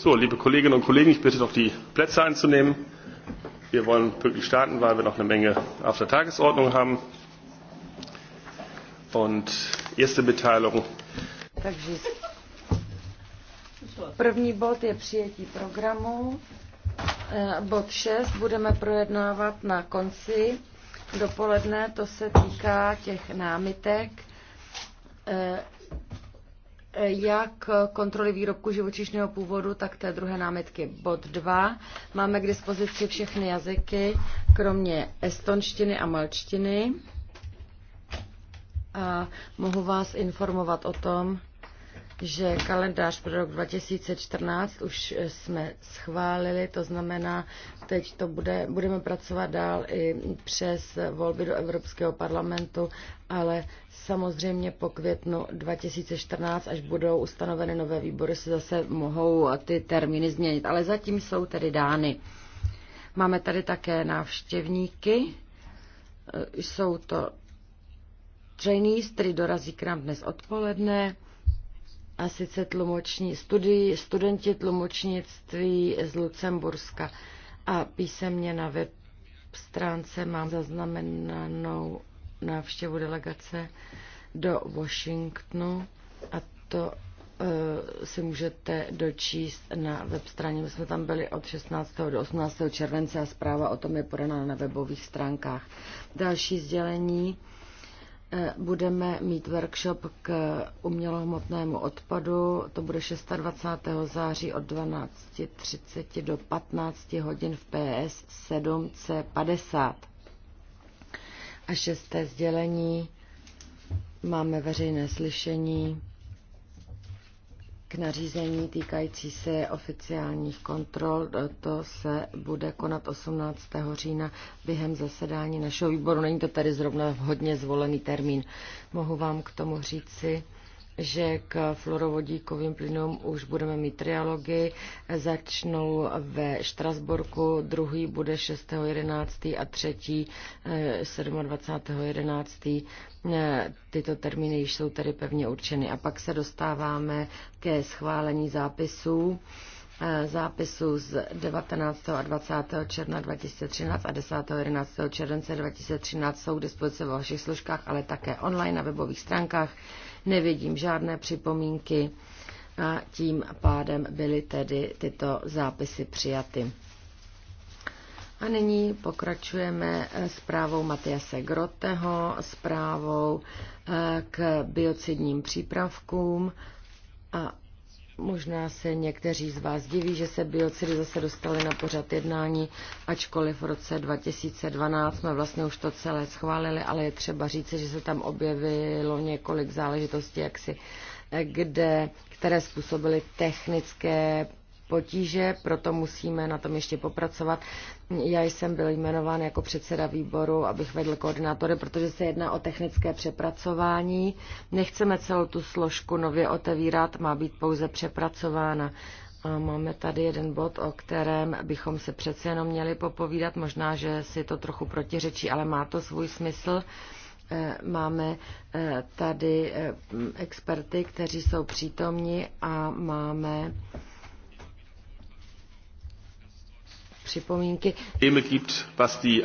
So, liebe Kolleginnen und Kollegen, ich bitte doch die Plätze einzunehmen. Wir wollen pünktlich starten, weil wir noch eine Menge auf der Tagesordnung haben. Und erste Mitteilung. Takže první bod je přijetí programu. Eh, bod 6 budeme projednávat na konci dopoledne. To se týká těch námitek eh, jak kontroly výrobku živočišného původu, tak té druhé námitky. Bod 2. Máme k dispozici všechny jazyky, kromě estonštiny a malčtiny. A mohu vás informovat o tom, že kalendář pro rok 2014 už jsme schválili, to znamená, teď to bude, budeme pracovat dál i přes volby do Evropského parlamentu, ale samozřejmě po květnu 2014, až budou ustanoveny nové výbory, se zase mohou ty termíny změnit, ale zatím jsou tedy dány. Máme tady také návštěvníky, jsou to trainees, který dorazí k nám dnes odpoledne a sice tlumoční studii, studenti tlumočnictví z Lucemburska. A písemně na web stránce mám zaznamenanou návštěvu delegace do Washingtonu a to uh, si můžete dočíst na web straně. My jsme tam byli od 16. do 18. července a zpráva o tom je podaná na webových stránkách. Další sdělení. Eh, budeme mít workshop k umělohmotnému odpadu. To bude 26. září od 12.30 do 15 hodin v PS 7C50. A šesté sdělení. Máme veřejné slyšení k nařízení týkající se oficiálních kontrol. To se bude konat 18. října během zasedání našeho výboru. Není to tady zrovna hodně zvolený termín. Mohu vám k tomu říci, že k fluorovodíkovým plynům už budeme mít trialogy. Začnou ve Štrasburku, druhý bude 6.11. a třetí 27.11. Eh, eh, tyto termíny již jsou tedy pevně určeny. A pak se dostáváme ke schválení zápisů eh, zápisu z 19. a 20. června 2013 a 10. a 11. července 2013 jsou k dispozici ve vašich složkách, ale také online na webových stránkách Nevidím žádné připomínky a tím pádem byly tedy tyto zápisy přijaty. A nyní pokračujeme eh, zprávou Matiase Groteho, zprávou eh, k biocidním přípravkům a Možná se někteří z vás diví, že se biocidy zase dostali na pořad jednání, ačkoliv v roce 2012 jsme vlastně už to celé schválili, ale je třeba říci, že se tam objevilo několik záležitostí, jaksi, eh, kde, které způsobily technické potíže, proto musíme na tom ještě popracovat. Já jsem byl jmenován jako předseda výboru, abych vedl koordinátory, protože se jedná o technické přepracování. Nechceme celou tu složku nově otevírat, má být pouze přepracována. A máme tady jeden bod, o kterém bychom se přece jenom měli popovídat. Možná, že si to trochu protiřečí, ale má to svůj smysl. Eh, máme eh, tady eh, experty, kteří jsou přítomni a máme připomínky. gibt, was die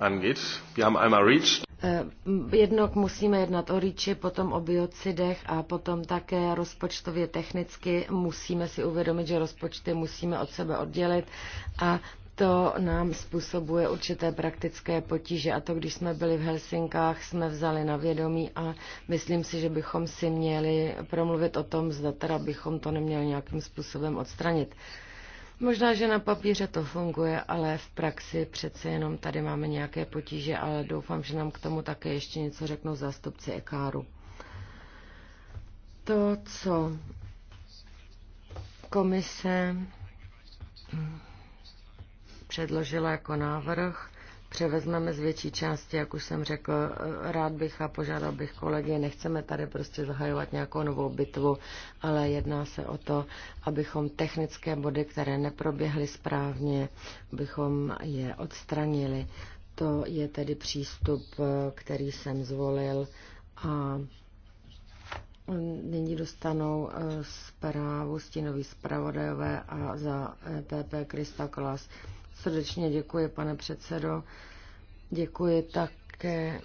angeht. Wir haben einmal REACH. Eh, jednak musíme jednat o REACHi, potom o biocidech a potom také rozpočtově technicky musíme si uvědomit, že rozpočty musíme od sebe oddělit a to nám způsobuje určité praktické potíže a to, když jsme byli v Helsinkách, jsme vzali na vědomí a myslím si, že bychom si měli promluvit o tom, zda teda bychom to neměli nějakým způsobem odstranit. Možná, že na papíře to funguje, ale v praxi přece jenom tady máme nějaké potíže, ale doufám, že nám k tomu také ještě něco řeknou zástupci Ekáru. To, co komise předložila jako návrh, převezmeme z větší části, jak už jsem řekl, rád bych a požádal bych kolegy, nechceme tady prostě zahajovat nějakou novou bitvu, ale jedná se o to, abychom technické body, které neproběhly správně, abychom je odstranili. To je tedy přístup, který jsem zvolil a Nyní dostanou eh, zprávu stínový zpravodajové a za PP e Krista Klas. Srdečně děkuji, pane předsedo. Děkuji také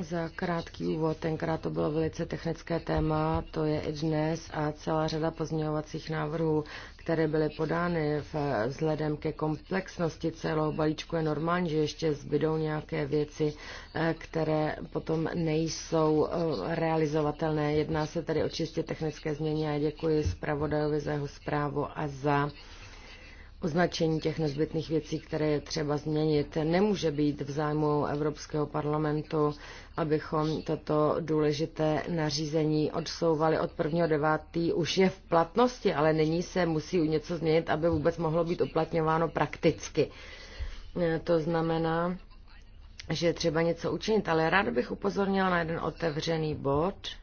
za krátký úvod. Tenkrát to bylo velice technické téma, to je i dnes a celá řada pozměňovacích návrhů, které byly podány vzhledem ke komplexnosti celého balíčku, je normální, že ještě zbydou nějaké věci, eh, které potom nejsou eh, realizovatelné. Jedná se tedy o čistě technické změny a děkuji zpravodajovi za jeho zprávu a za označení těch nezbytných věcí, které je třeba změnit. Nemůže být v zájmu Evropského parlamentu, abychom toto důležité nařízení odsouvali od 9. Už je v platnosti, ale nyní se musí u něco změnit, aby vůbec mohlo být uplatňováno prakticky. E, to znamená, že je třeba něco učinit, ale rád bych upozornila na jeden otevřený bod –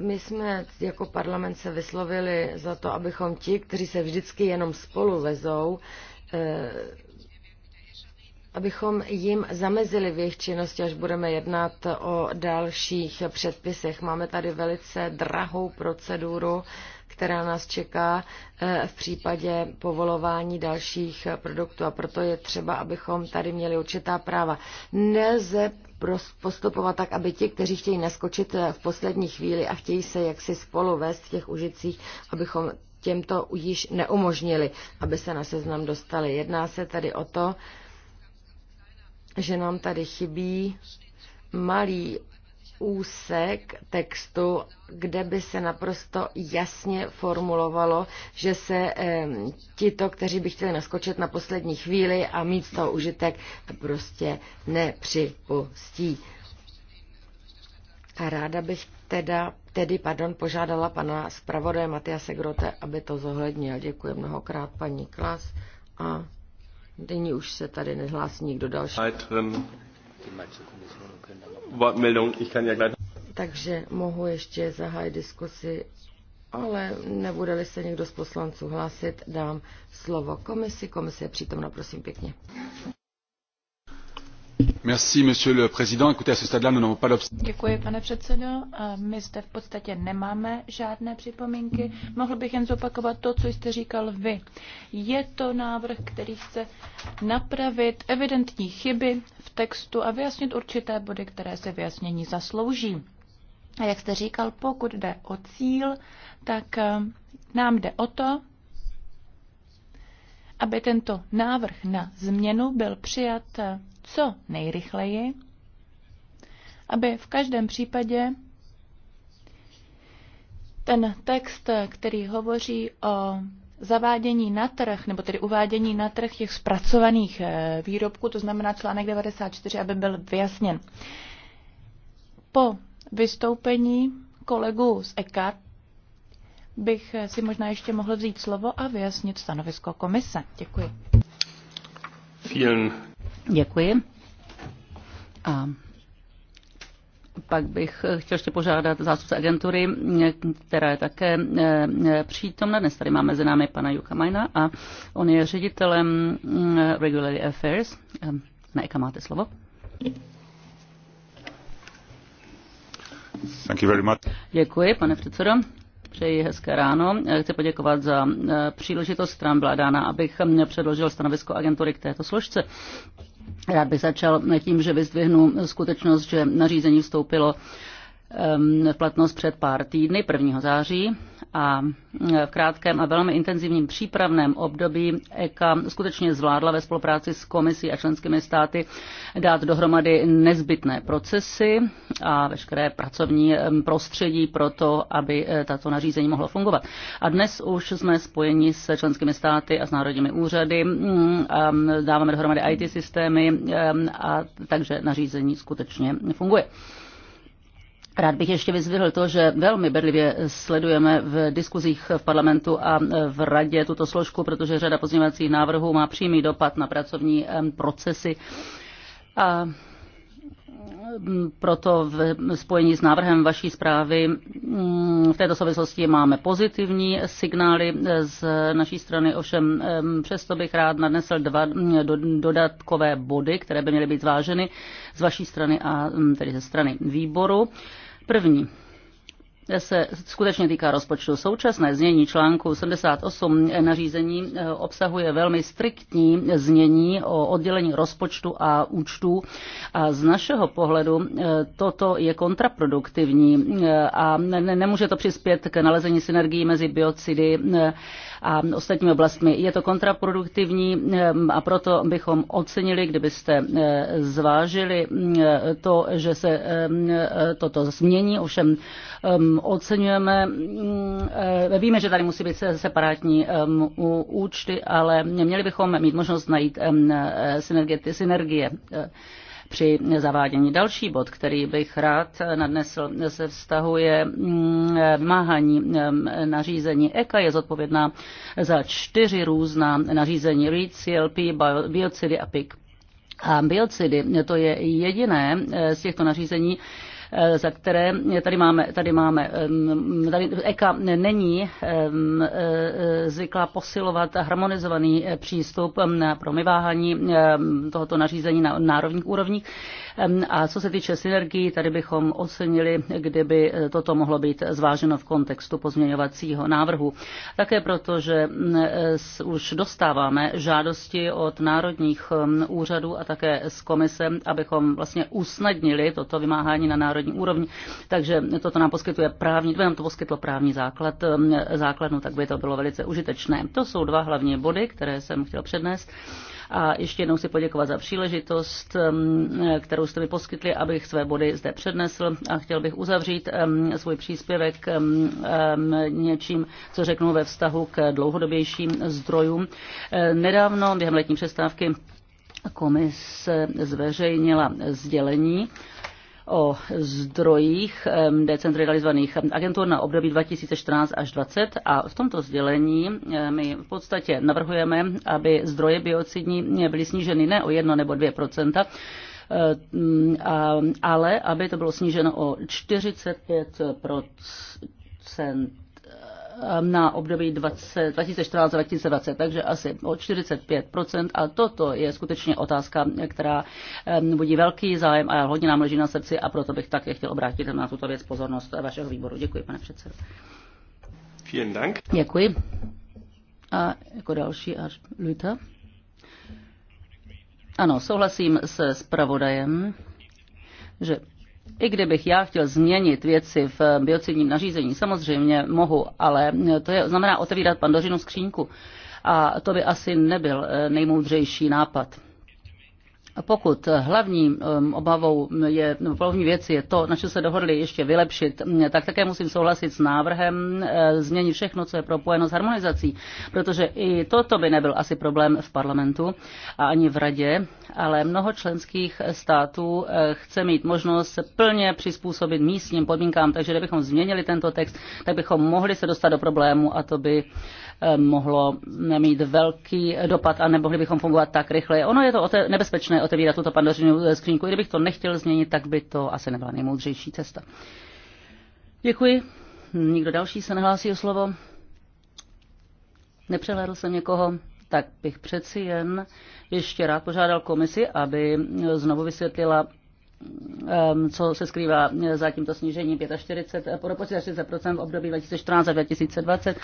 my jsme jako parlament se vyslovili za to, abychom ti, kteří se vždycky jenom spolu vezou, eh, abychom jim zamezili v jejich činnosti, až budeme jednat o dalších předpisech. Máme tady velice drahou proceduru, která nás čeká eh, v případě povolování dalších eh, produktů. A proto je třeba, abychom tady měli určitá práva. Nelze postupovat tak, aby ti, kteří chtějí naskočit eh, v poslední chvíli a chtějí se jaksi spolu vést v těch užicích, abychom těmto již neumožnili, aby se na seznam dostali. Jedná se tady o to, že nám tady chybí malý úsek textu, kde by se naprosto jasně formulovalo, že se ti, to, kteří by chtěli naskočit na poslední chvíli a mít z toho užitek, prostě nepřipustí. A ráda bych teda, tedy pardon, požádala pana zpravodaje Matiase Grote, aby to zohlednil. Děkuji mnohokrát paní Klas a nyní už se tady nehlásí nikdo další. Item. Takže mohu ještě zahájit diskusi, ale nebude-li se někdo z poslanců hlásit, dám slovo komisi. Komise je přítomna, prosím pěkně. Děkuji, pane předsedo. My zde v podstatě nemáme žádné připomínky. Mohl bych jen zopakovat to, co jste říkal vy. Je to návrh, který chce napravit evidentní chyby v textu a vyjasnit určité body, které se vyjasnění zaslouží. A jak jste říkal, pokud jde o cíl, tak eh, nám jde o to, aby tento návrh na změnu byl přijat eh, co nejrychleji, aby v každém případě ten text, který hovoří o zavádění na trh, nebo tedy uvádění na trh těch zpracovaných eh, výrobků, to znamená článek 94, aby byl vyjasněn. Po vystoupení kolegů z EKA bych si možná ještě mohl vzít slovo a vyjasnit stanovisko komise. Děkuji. Vielen Děkuji. A pak bych chtěl ještě požádat zástupce agentury, která je také eh, přítomna. Dnes tady máme mezi námi pana Juka Majna a on je ředitelem mm, Regulatory Affairs. Eh, Nejka, máte slovo. Thank you very much. Děkuji, pane předsedo. Přeji hezké ráno. Eh, chci poděkovat za příležitost, která byla dána, abych mm, předložil stanovisko agentury k této složce. Rád bych začal tím, že vyzdvihnu skutečnost, že nařízení vstoupilo ehm, v platnost před pár týdny, 1. září a e, v krátkém a velmi intenzivním přípravném období EKA skutečně zvládla ve spolupráci s komisí a členskými státy dát dohromady nezbytné procesy a veškeré pracovní e, prostředí pro to, aby e, tato nařízení mohlo fungovat. A dnes už jsme spojeni s členskými státy a s národními úřady, mm, dáváme dohromady IT systémy, a takže nařízení skutečně funguje. Rád bych ještě vyzvihl to, že velmi bedlivě sledujeme v diskuzích v parlamentu a v radě tuto složku, protože řada pozměňovacích návrhů má přímý dopad na pracovní procesy. A mm, proto v spojení s návrhem vaší zprávy mm, v této souvislosti máme pozitivní signály z naší strany, ovšem přesto bych rád nadnesl dva mm, dodatkové body, které by měly být zváženy z vaší strany a tedy ze strany výboru. První se skutečně týká rozpočtu. Současné znění článku 78 nařízení eh, obsahuje velmi striktní znění o oddělení rozpočtu a účtů a z našeho pohledu eh, toto je kontraproduktivní eh, a nemůže to přispět k nalezení synergií mezi biocidy a ostatními oblastmi. Je to kontraproduktivní a proto bychom ocenili, kdybyste eh, zvážili eh, to, že se eh, toto změní. Ovšem oceňujeme, mm, víme, že tady musí být separátní účty, ale měli bychom mít možnost najít synergie. synergie při zavádění. Další bod, který bych rád nadnesl, se vztahuje mm, vymáhání mm, nařízení ECA. Je zodpovědná za čtyři různá nařízení REIT, CLP, biocidy a PIC. A biocidy, to je jediné eh, z těchto nařízení, Eh, za které tady máme, tady máme, tady EKA není eh, zvykla posilovat harmonizovaný eh, přístup na promyváhání tohoto nařízení na národních úrovních. A co se týče synergii, tady bychom ocenili, kdyby toto mohlo být zváženo v kontextu pozměňovacího návrhu. Také proto, že už dostáváme žádosti od národních úřadů a také z komise, abychom vlastně usnadnili toto vymáhání na národních mezinárodní úrovni. Takže toto nám poskytuje právní, kdyby nám to poskytlo právní základ, eh, základnu, tak by to bylo velice užitečné. To jsou dva hlavní body, které jsem chtěl přednést. A ještě jednou si poděkovat za příležitost, eh, kterou jste mi poskytli, abych své body zde přednesl. A chtěl bych uzavřít eh, svůj příspěvek něčím, co řeknu ve vztahu k dlouhodobějším zdrojům. Nedávno během letní přestávky komise zveřejnila sdělení o zdrojích decentralizovaných agentur na období 2014 až 2020 a v tomto sdělení my v podstatě navrhujeme, aby zdroje biocidní byly sníženy ne o 1 nebo 2 eh, ale aby to bylo sníženo o 45 Ehm, na období 2014-2020, takže asi o 45%. A toto je skutečně otázka, která ehm, budí velký zájem a hodně nám leží na srdci a proto bych také chtěl obrátit na tuto věc pozornost vašeho výboru. Děkuji, pane předsedo. Vielen Dank. Děkuji. A jako další až Luta. Ano, souhlasím se zpravodajem, že i kdybych já chtěl změnit věci v biocidním nařízení, samozřejmě mohu, ale to je, znamená otevírat pandořinu skřínku. A to by asi nebyl eh, nejmoudřejší nápad. Pokud hlavní um, obavou je, no, hlavní věcí je to, na co se dohodli ještě vylepšit, tak také musím souhlasit s návrhem e, změnit všechno, co je propojeno s harmonizací, protože i toto by nebyl asi problém v parlamentu a ani v radě, ale mnoho členských států e, chce mít možnost se plně přizpůsobit místním podmínkám, takže kdybychom změnili tento text, tak bychom mohli se dostat do problému a to by mohlo mít velký dopad a nemohli bychom fungovat tak rychle. Ono je to ote- nebezpečné otevírat tuto pandořinu skřínku. I kdybych to nechtěl změnit, tak by to asi nebyla nejmoudřejší cesta. Děkuji. Nikdo další se nehlásí o slovo? Nepřehlédl jsem někoho, tak bych přeci jen ještě rád požádal komisi, aby znovu vysvětlila Um, co se skrývá za tímto snížením 45, eh, v období 2014 a 2020.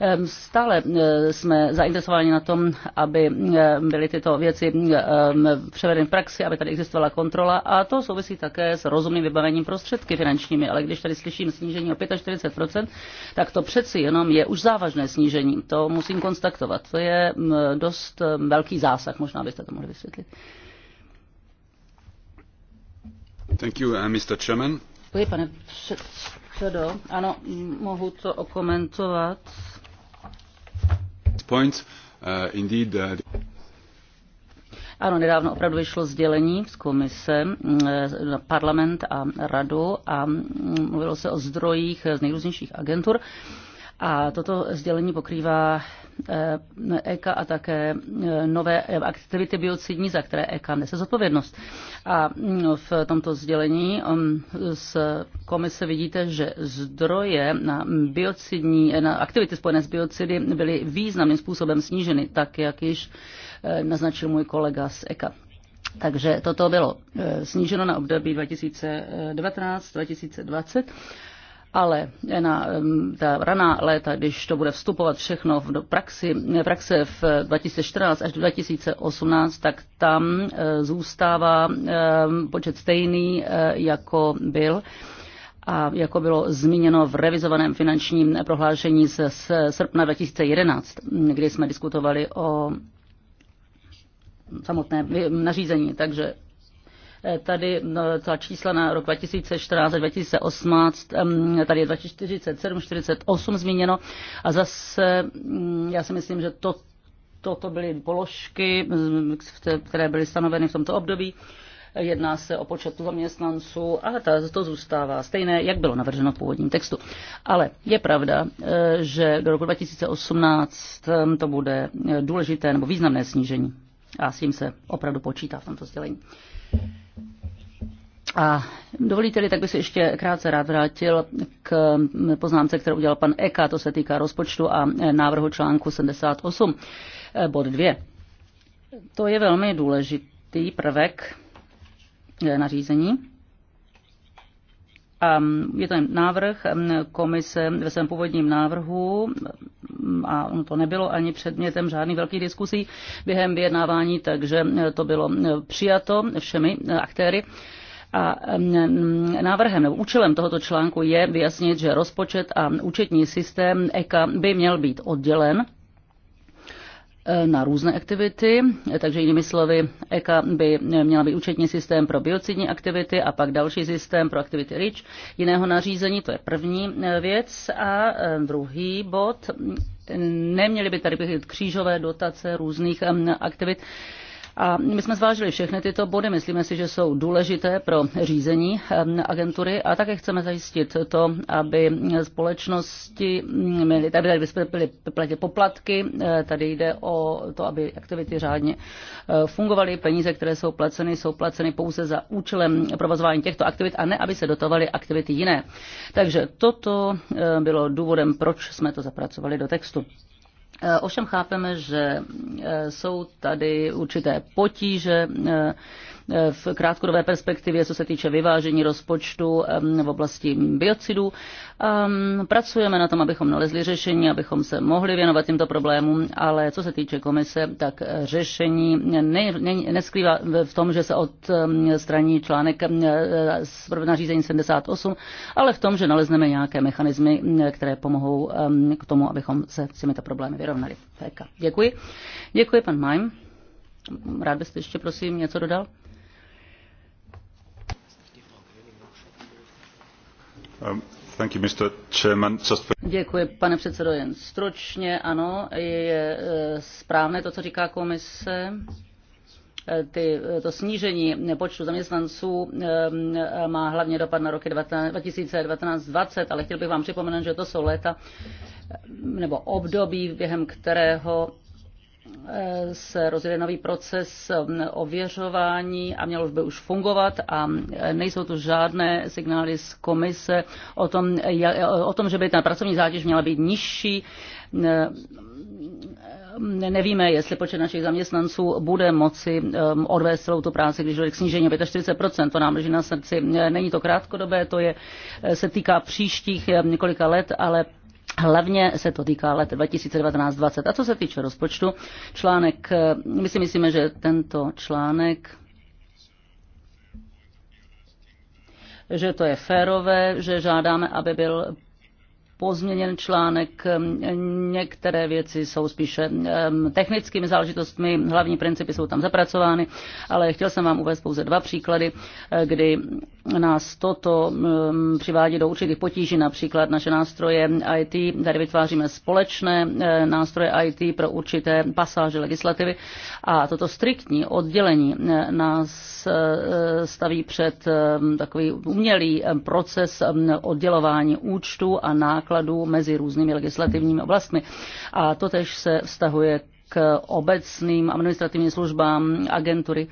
Ehm, stále eh, jsme zainteresováni na tom, aby ehm, byly tyto věci ehm, převedeny v praxi, aby tady existovala kontrola a to souvisí také s rozumným vybavením prostředky finančními, ale když tady slyším snížení o 45%, tak to přeci jenom je už závažné snížení. To musím konstatovat. To je dost velký zásah, možná byste to mohli vysvětlit. Uh, Děkuji, pane předsedo. Ano, mohu to okomentovat. Points, uh, indeed, uh... Ano, nedávno opravdu vyšlo sdělení z komise mm, eh, na parlament a radu a mm, mluvilo se o zdrojích z nejrůznějších agentur. A toto sdělení pokrývá Eh, EKA a také eh, nové aktivity biocidní, za které EKA nese zodpovědnost. A mm, v tomto sdělení mm, z komise vidíte, že zdroje na, biocidní, na aktivity spojené s biocidy byly významným způsobem sníženy, tak jak již eh, naznačil můj kolega z EKA. Takže toto bylo sníženo na období 2019-2020 ale na ta raná léta, když to bude vstupovat všechno do praxi, praxe v 2014 až 2018, tak tam e, zůstává počet stejný, e, jako byl a jako bylo zmíněno v revizovaném finančním prohlášení z srpna 2011, kdy jsme diskutovali o samotné nařízení. Takže Eh, tady no, ta čísla na rok 2014 a 2018, tady je 2047, 48 zmíněno. A zase mm, já si myslím, že to, toto byly položky, mm, které byly stanoveny v tomto období. Jedná se o počet zaměstnanců a ta, to zůstává stejné, jak bylo navrženo v původním textu. Ale je pravda, eh, že do roku 2018 to bude eh, důležité nebo významné snížení. A s tím se opravdu počítá v tomto sdělení. A dovolíte-li, tak bych se ještě krátce rád vrátil k poznámce, kterou udělal pan Eka, to se týká rozpočtu a návrhu článku 78, eh, bod 2. To je velmi důležitý prvek eh, nařízení. A mm, je to návrh mm, komise ve svém původním návrhu mm, a to nebylo ani předmětem žádných velkých diskusí během vyjednávání, takže eh, to bylo přijato všemi aktéry. A návrhem nebo účelem tohoto článku je vyjasnit, že rozpočet a účetní systém EKA by měl být oddělen e, na různé aktivity, takže jinými slovy, EKA by měla být účetní systém pro biocidní aktivity a pak další systém pro aktivity REACH jiného nařízení, to je první e, věc. A e, druhý bod, neměly by tady být křížové dotace různých aktivit, a my jsme zvážili všechny tyto body, myslíme si, že jsou důležité pro řízení ehm, agentury a také chceme zajistit to, aby společnosti, měly, aby tady byly platě poplatky, eh, tady jde o to, aby aktivity řádně eh, fungovaly, peníze, které jsou placeny, jsou placeny pouze za účelem provozování těchto aktivit a ne, aby se dotovaly aktivity jiné. Takže toto eh, bylo důvodem, proč jsme to zapracovali do textu. Eh, ovšem chápeme, že eh, jsou tady určité potíže eh, v krátkodobé perspektivě, co se týče vyvážení rozpočtu v oblasti biocidů. Pracujeme na tom, abychom nalezli řešení, abychom se mohli věnovat těmto problémům, ale co se týče komise, tak řešení ne, ne, neskrývá v tom, že se odstraní článek z nařízení 78, ale v tom, že nalezneme nějaké mechanismy, které pomohou k tomu, abychom se s těmito problémy vyrovnali. Féka. Děkuji. Děkuji, pan Majm. Rád byste ještě, prosím, něco dodal? Um, Děkuji, pane předsedo, jen stručně. Ano, je eh, správné to, co říká komise eh, ty, eh, to snížení počtu zaměstnanců má hlavně dopad na roky 2019-2020, ale chtěl bych vám připomenout, že to jsou léta nebo období, během kterého se rozjede nový proces um, ověřování a mělo by už fungovat a um, nejsou tu žádné signály z komise o tom, o tom že by ta pracovní zátěž měla být nižší nevíme, jestli počet našich zaměstnanců bude moci um, odvést celou tu práci, když dojde k snížení o 45%. To nám leží na srdci. Není to krátkodobé, to je, se týká příštích několika let, ale Hlavně se to týká let 2019-2020. A co se týče rozpočtu, článek, eh, my si myslíme, že tento článek že to je férové, že žádáme, aby byl pozměněn článek. Eh, některé věci jsou spíše eh, technickými záležitostmi, hlavní principy jsou tam zapracovány, ale chtěl jsem vám uvést pouze dva příklady, kdy nás toto mm, přivádí do určitých potíží, například naše nástroje IT, tady vytváříme společné eh, nástroje IT pro určité pasáže legislativy a toto striktní oddělení eh, nás eh, staví před takový umělý proces oddělování účtu a nákladů mezi různými legislativními oblastmi. A to tež se vztahuje k obecným administrativním službám agentury.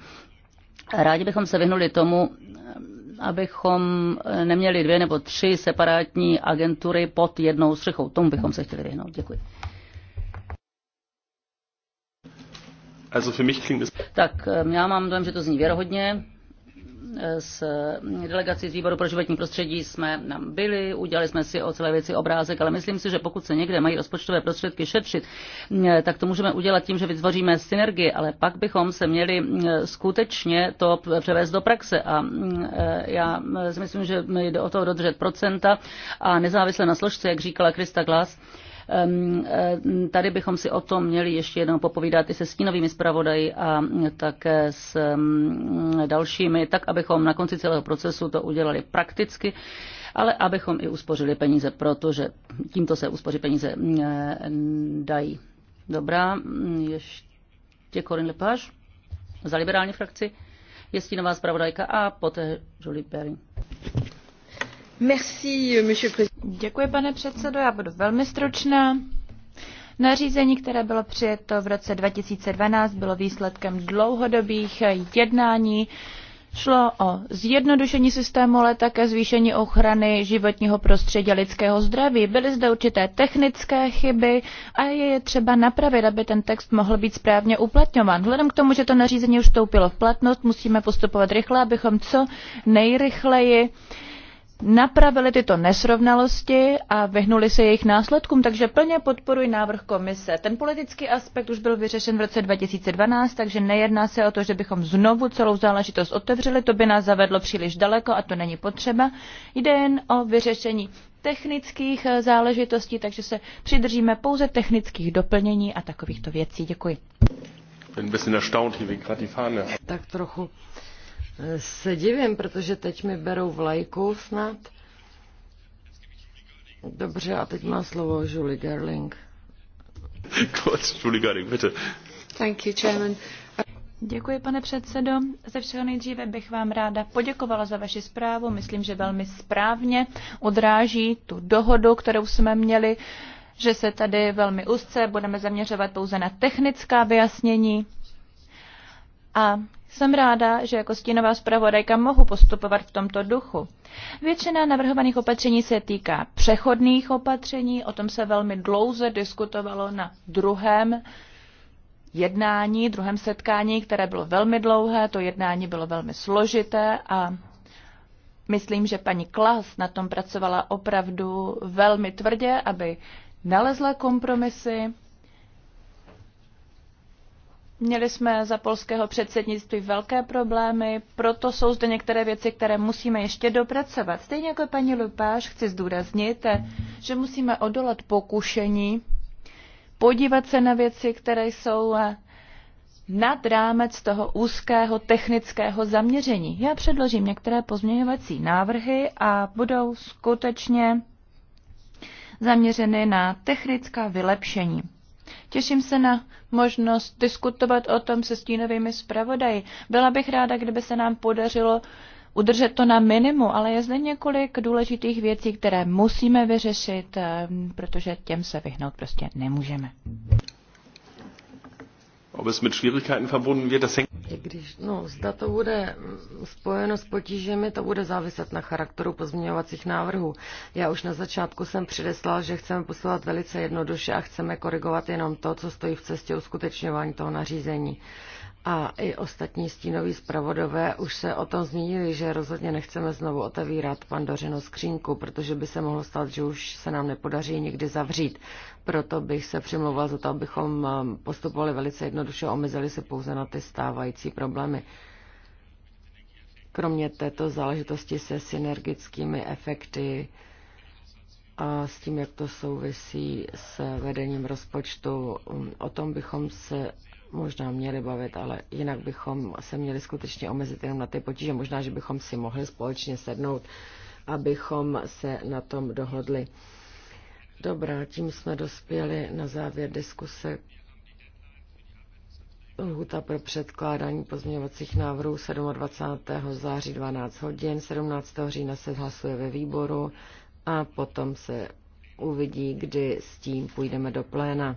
Rádi bychom se vyhnuli tomu, abychom eh, neměli dvě nebo tři separátní agentury pod jednou střechou. Tomu bychom se chtěli vyhnout. Děkuji. Also für mich klingt Tak eh, já mám dojem, že to zní věrohodně s delegací z výboru pro životní prostředí jsme nám byli, udělali jsme si o celé věci obrázek, ale myslím si, že pokud se někde mají rozpočtové prostředky šetřit, eh, tak to můžeme udělat tím, že vytvoříme synergii, ale pak bychom se měli eh, skutečně to převést do praxe. A eh, já si myslím, že jde o to dodržet procenta a nezávisle na složce, jak říkala Krista Glass, Tady bychom si o tom měli ještě jednou popovídat i se stínovými zpravodaji a také s dalšími, tak abychom na konci celého procesu to udělali prakticky ale abychom i uspořili peníze, protože tímto se uspoří peníze dají. Dobrá, ještě Korin Lepáš za liberální frakci, je stínová zpravodajka a poté Julie Perry. Euh, Děkuji, pane předsedo, já budu velmi stručná. Nařízení, které bylo přijeto v roce 2012, bylo výsledkem dlouhodobých jednání. Šlo o zjednodušení systému, ale také zvýšení ochrany životního prostředí a lidského zdraví. Byly zde určité technické chyby a je je třeba napravit, aby ten text mohl být správně uplatňován. Vzhledem k tomu, že to nařízení už vstoupilo v platnost, musíme postupovat rychle, abychom co nejrychleji napravili tyto nesrovnalosti a vyhnuli se jejich následkům, takže plně podporuji návrh komise. Ten politický aspekt už byl vyřešen v roce 2012, takže nejedná se o to, že bychom znovu celou záležitost otevřeli, to by nás zavedlo příliš daleko a to není potřeba. Jde jen o vyřešení technických eh, záležitostí, takže se přidržíme pouze technických doplnění a takovýchto věcí. Děkuji. Tak trochu se divím, protože teď mi berou vlajku snad. Dobře, a teď má slovo Julie Gerling. God, Julie Gerling, bitte. Thank you, Chairman. Děkuji, pane předsedo. Ze všeho nejdříve bych vám ráda poděkovala za vaši zprávu. Myslím, že velmi správně odráží tu dohodu, kterou jsme měli, že se tady velmi úzce budeme zaměřovat pouze na technická vyjasnění. A jsem ráda, že jako stínová zpravodajka mohu postupovat v tomto duchu. Většina navrhovaných opatření se týká přechodných opatření, o tom se velmi dlouze diskutovalo na druhém jednání, druhém setkání, které bylo velmi dlouhé, to jednání bylo velmi složité a myslím, že paní Klas na tom pracovala opravdu velmi tvrdě, aby nalezla kompromisy Měli jsme za polského předsednictví velké problémy, proto jsou zde některé věci, které musíme ještě dopracovat. Stejně jako paní Lupáš chci zdůraznit, že musíme odolat pokušení podívat se na věci, které jsou nad rámec toho úzkého technického zaměření. Já předložím některé pozměňovací návrhy a budou skutečně zaměřeny na technická vylepšení. Těším se na možnost diskutovat o tom se stínovými zpravodaji. Byla bych ráda, kdyby se nám podařilo udržet to na minimu, ale je zde několik důležitých věcí, které musíme vyřešit, eh, protože těm se vyhnout prostě nemůžeme ob es mit Schwierigkeiten verbunden wird, das hängt když, no, zda to bude mm, spojeno s potížemi, to bude záviset na charakteru pozměňovacích návrhů. Já už na začátku jsem předeslal, že chceme poslat velice jednoduše a chceme korigovat jenom to, co stojí v cestě uskutečňování toho nařízení. Uh, a i ostatní stínoví zpravodové už se o tom zmínili, že rozhodně nechceme znovu otevírat pandořinu skřínku, protože by se mohlo stát, že už se nám nepodaří nikdy zavřít. Proto bych se přimlouval za to, abychom eh, postupovali velice jednoduše, omezili se pouze na ty stávající problémy. Kromě této záležitosti se synergickými efekty a s tím, jak to souvisí s vedením rozpočtu, mm, o tom bychom se možná měli bavit, ale jinak bychom se měli skutečně omezit jenom na ty potíže. Možná, že bychom si mohli společně sednout, abychom se na tom dohodli. Dobrá, tím jsme dospěli na závěr diskuse. Lhuta pro předkládání pozměňovacích návrhů 27. září 12 hodin, 17. října se hlasuje ve výboru a potom se uvidí, kdy s tím půjdeme do pléna.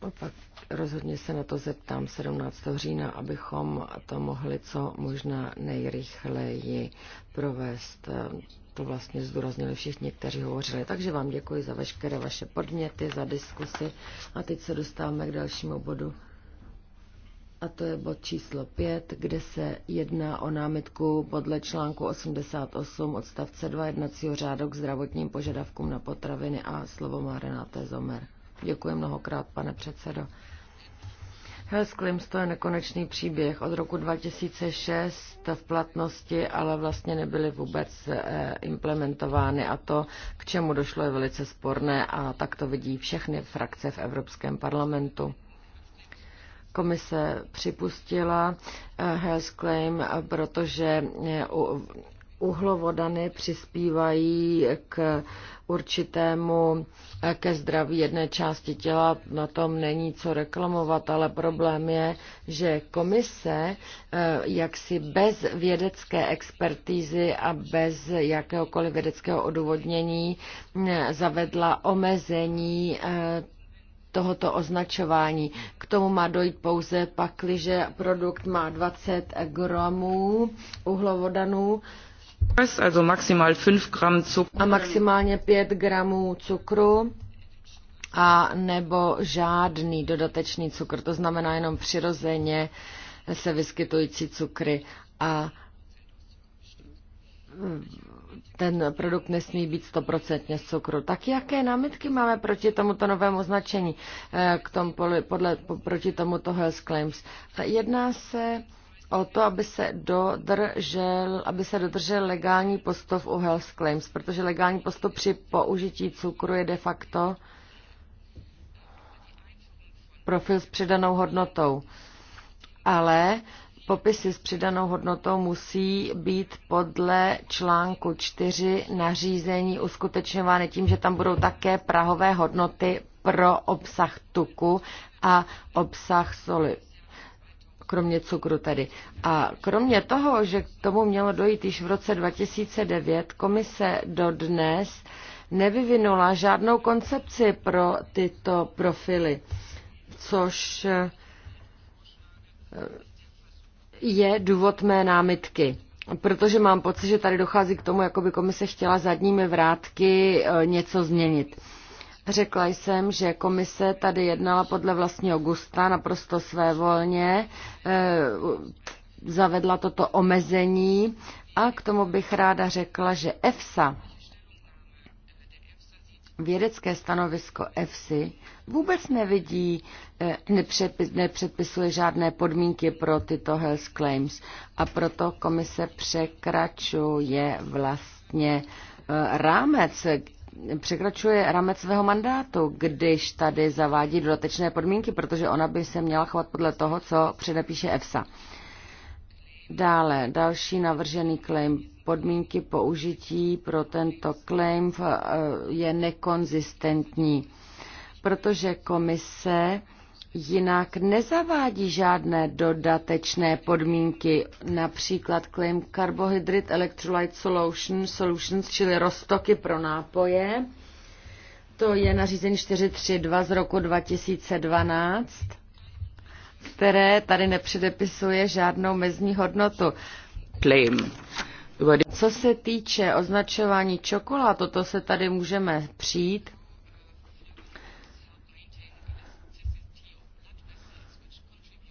Pak no rozhodně se na to zeptám 17. října, abychom to mohli co možná nejrychleji provést. To vlastně zdůraznili všichni, kteří hovořili. Takže vám děkuji za veškeré vaše podněty, za diskusy. A teď se dostáváme k dalšímu bodu. A to je bod číslo 5, kde se jedná o námitku podle článku 88 odstavce 2 jednacího řádu k zdravotním požadavkům na potraviny a slovo má Renáte Zomer. Děkuji mnohokrát, pane předsedo. Hells Klims to je nekonečný příběh. Od roku 2006 v platnosti, ale vlastně nebyly vůbec eh, implementovány a to, k čemu došlo, je velice sporné a tak to vidí všechny frakce v Evropském parlamentu. Komise připustila eh, Hells Claim, eh, protože uhlovodany přispívají k určitému ke zdraví jedné části těla, na tom není co reklamovat, ale problém je, že komise eh, jaksi bez vědecké expertízy a bez jakéhokoliv vědeckého odůvodnění eh, zavedla omezení eh, tohoto označování. K tomu má dojít pouze když produkt má 20 gramů uhlovodanů a maximálně 5 gramů cukru a nebo žádný dodatečný cukr, to znamená jenom přirozeně se vyskytující cukry a ten produkt nesmí být stoprocentně z cukru. Tak jaké námitky máme proti tomuto novému označení, eh, k tomu, podle, proti tomuto health claims? Jedná se o to, aby se, dodržel, aby se dodržel legální postup u health claims, protože legální postup při použití cukru je de facto profil s přidanou hodnotou. Ale popisy s přidanou hodnotou musí být podle článku 4 nařízení uskutečňovány tím, že tam budou také prahové hodnoty pro obsah tuku a obsah soli kromě cukru tedy. A kromě toho, že k tomu mělo dojít již v roce 2009, komise dodnes nevyvinula žádnou koncepci pro tyto profily, což eh, je důvod mé námitky. Protože mám pocit, že tady dochází k tomu, jako by komise chtěla zadními vrátky eh, něco změnit. Řekla jsem, že komise tady jednala podle vlastního gusta naprosto svévolně, eh, zavedla toto omezení a k tomu bych ráda řekla, že EFSA, vědecké stanovisko EFSI vůbec nevidí, eh, nepředpisuje žádné podmínky pro tyto health claims a proto komise překračuje vlastně eh, rámec, překračuje rámec svého mandátu, když tady zavádí dodatečné podmínky, protože ona by se měla chovat podle toho, co předepíše EFSA. Dále, další navržený claim. Podmínky použití pro tento claim eh, je nekonzistentní, protože komise jinak nezavádí žádné dodatečné podmínky, například claim Carbohydrate Electrolyte Solution, Solutions, čili roztoky pro nápoje. To je nařízení 432 z roku 2012, které tady nepředepisuje žádnou mezní hodnotu. Claim. Co se týče označování čokolád, toto se tady můžeme přijít,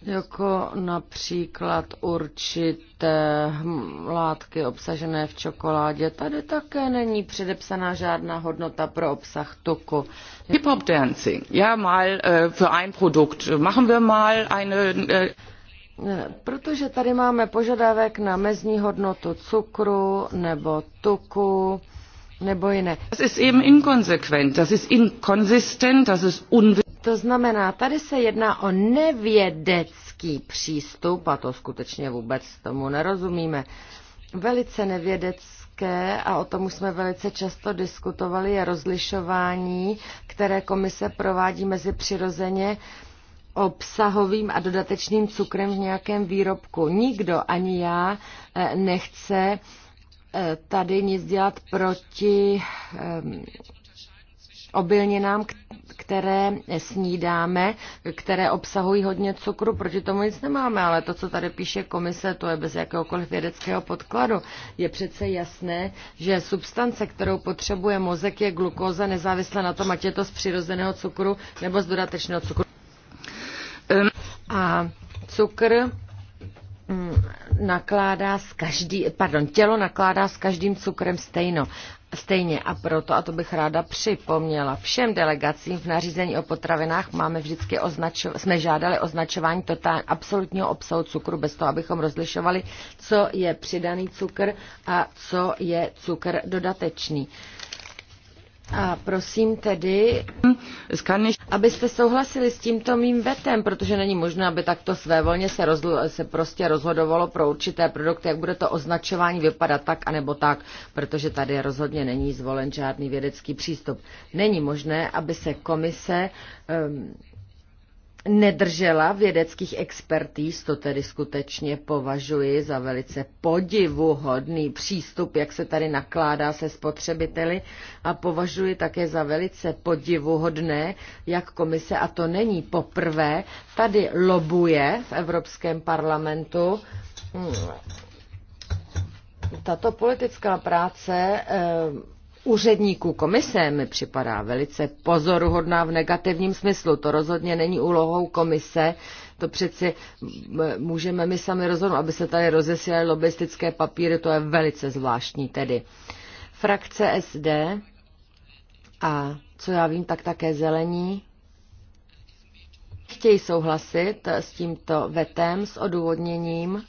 jako například určité hm, látky obsažené v čokoládě. Tady také není předepsaná žádná hodnota pro obsah tuku. Hip-hop dancing. Ja, mal uh, für ein Produkt. Machen wir mal eine... Uh... Protože tady máme požadavek na mezní hodnotu cukru nebo tuku nebo jiné. Das ist eben inkonsequent, das ist inkonsistent, das ist unwissend. To znamená, tady se jedná o nevědecký přístup, a to skutečně vůbec tomu nerozumíme, velice nevědecké, a o tom už jsme velice často diskutovali, je rozlišování, které komise provádí mezi přirozeně obsahovým a dodatečným cukrem v nějakém výrobku. Nikdo, ani já, eh, nechce eh, tady nic dělat proti ehm, obilninám, které snídáme, které obsahují hodně cukru, proti tomu nic nemáme, ale to, co tady píše komise, to je bez jakéhokoliv vědeckého podkladu. Je přece jasné, že substance, kterou potřebuje mozek, je glukóza nezávisle na tom, ať je to z přirozeného cukru nebo z dodatečného cukru. A cukr mm, nakládá s každý, pardon, tělo nakládá s každým cukrem stejno. Stejně a proto, a to bych ráda připomněla, všem delegacím v nařízení o potravinách máme vždycky označo- jsme žádali označování totál absolutního obsahu cukru bez toho, abychom rozlišovali, co je přidaný cukr a co je cukr dodatečný. A prosím tedy, abyste souhlasili s tímto mým vetem, protože není možné, aby takto svévolně se, se prostě rozhodovalo pro určité produkty, jak bude to označování vypadat tak anebo tak, protože tady rozhodně není zvolen žádný vědecký přístup. Není možné, aby se komise um, nedržela vědeckých expertíz, to tedy skutečně považuji za velice podivuhodný přístup, jak se tady nakládá se spotřebiteli a považuji také za velice podivuhodné, jak komise, a to není poprvé, tady lobuje v Evropském parlamentu hmm, tato politická práce eh, úředníků komise mi připadá velice pozoruhodná v negativním smyslu. To rozhodně není úlohou komise, to přeci můžeme my sami rozhodnout, aby se tady rozesílaly lobbystické papíry, to je velice zvláštní tedy. Frakce SD a co já vím, tak také zelení chtějí souhlasit s tímto vetem, s odůvodněním,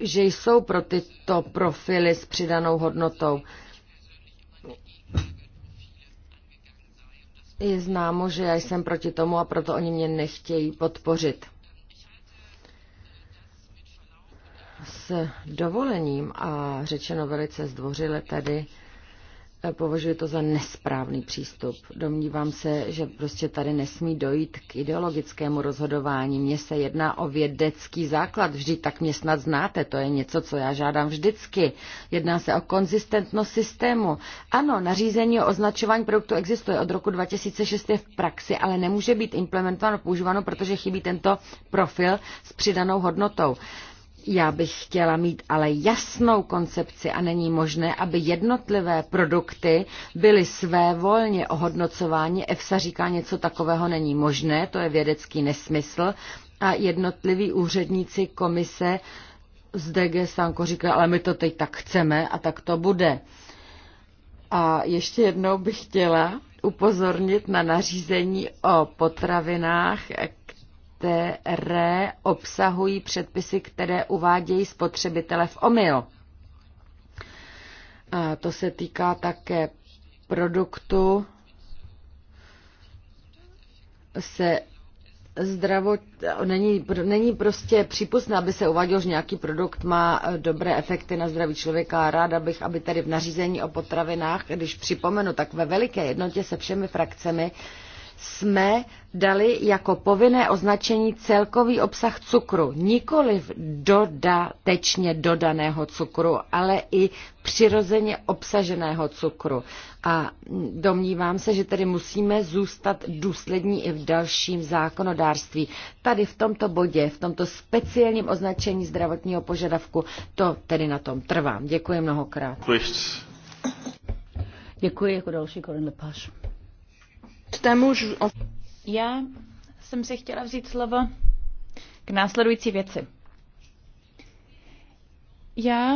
že jsou pro tyto profily s přidanou hodnotou. Je známo, že já jsem proti tomu a proto oni mě nechtějí podpořit. S dovolením a řečeno velice zdvořile tady Považuji to za nesprávný přístup. Domnívám se, že prostě tady nesmí dojít k ideologickému rozhodování. Mně se jedná o vědecký základ. Vždy tak mě snad znáte, to je něco, co já žádám vždycky. Jedná se o konzistentnost systému. Ano, nařízení o označování produktu existuje od roku 2006 je v praxi, ale nemůže být implementováno, používáno, protože chybí tento profil s přidanou hodnotou. Já bych chtěla mít ale jasnou koncepci a není možné, aby jednotlivé produkty byly svévolně ohodnocovány. EFSA říká, něco takového není možné, to je vědecký nesmysl. A jednotliví úředníci komise z DG Sanko říká, ale my to teď tak chceme a tak to bude. A ještě jednou bych chtěla upozornit na nařízení o potravinách, které obsahují předpisy, které uvádějí spotřebitele v omyl. A to se týká také produktu se zdravot, není, není prostě přípustné, aby se uvadil, že nějaký produkt má eh, dobré efekty na zdraví člověka ráda bych, aby tady v nařízení o potravinách, když připomenu, tak ve veliké jednotě se všemi frakcemi jsme dali jako povinné označení celkový obsah cukru, nikoli dodatečně dodaného cukru, ale i přirozeně obsaženého cukru. A domnívám se, že tedy musíme zůstat důslední i v dalším zákonodárství. Tady v tomto bodě, v tomto speciálním označení zdravotního požadavku, to tedy na tom trvám. Děkuji mnohokrát. Děkuji jako další Korin Lepáš. Já jsem si chtěla vzít slovo k následující věci. Já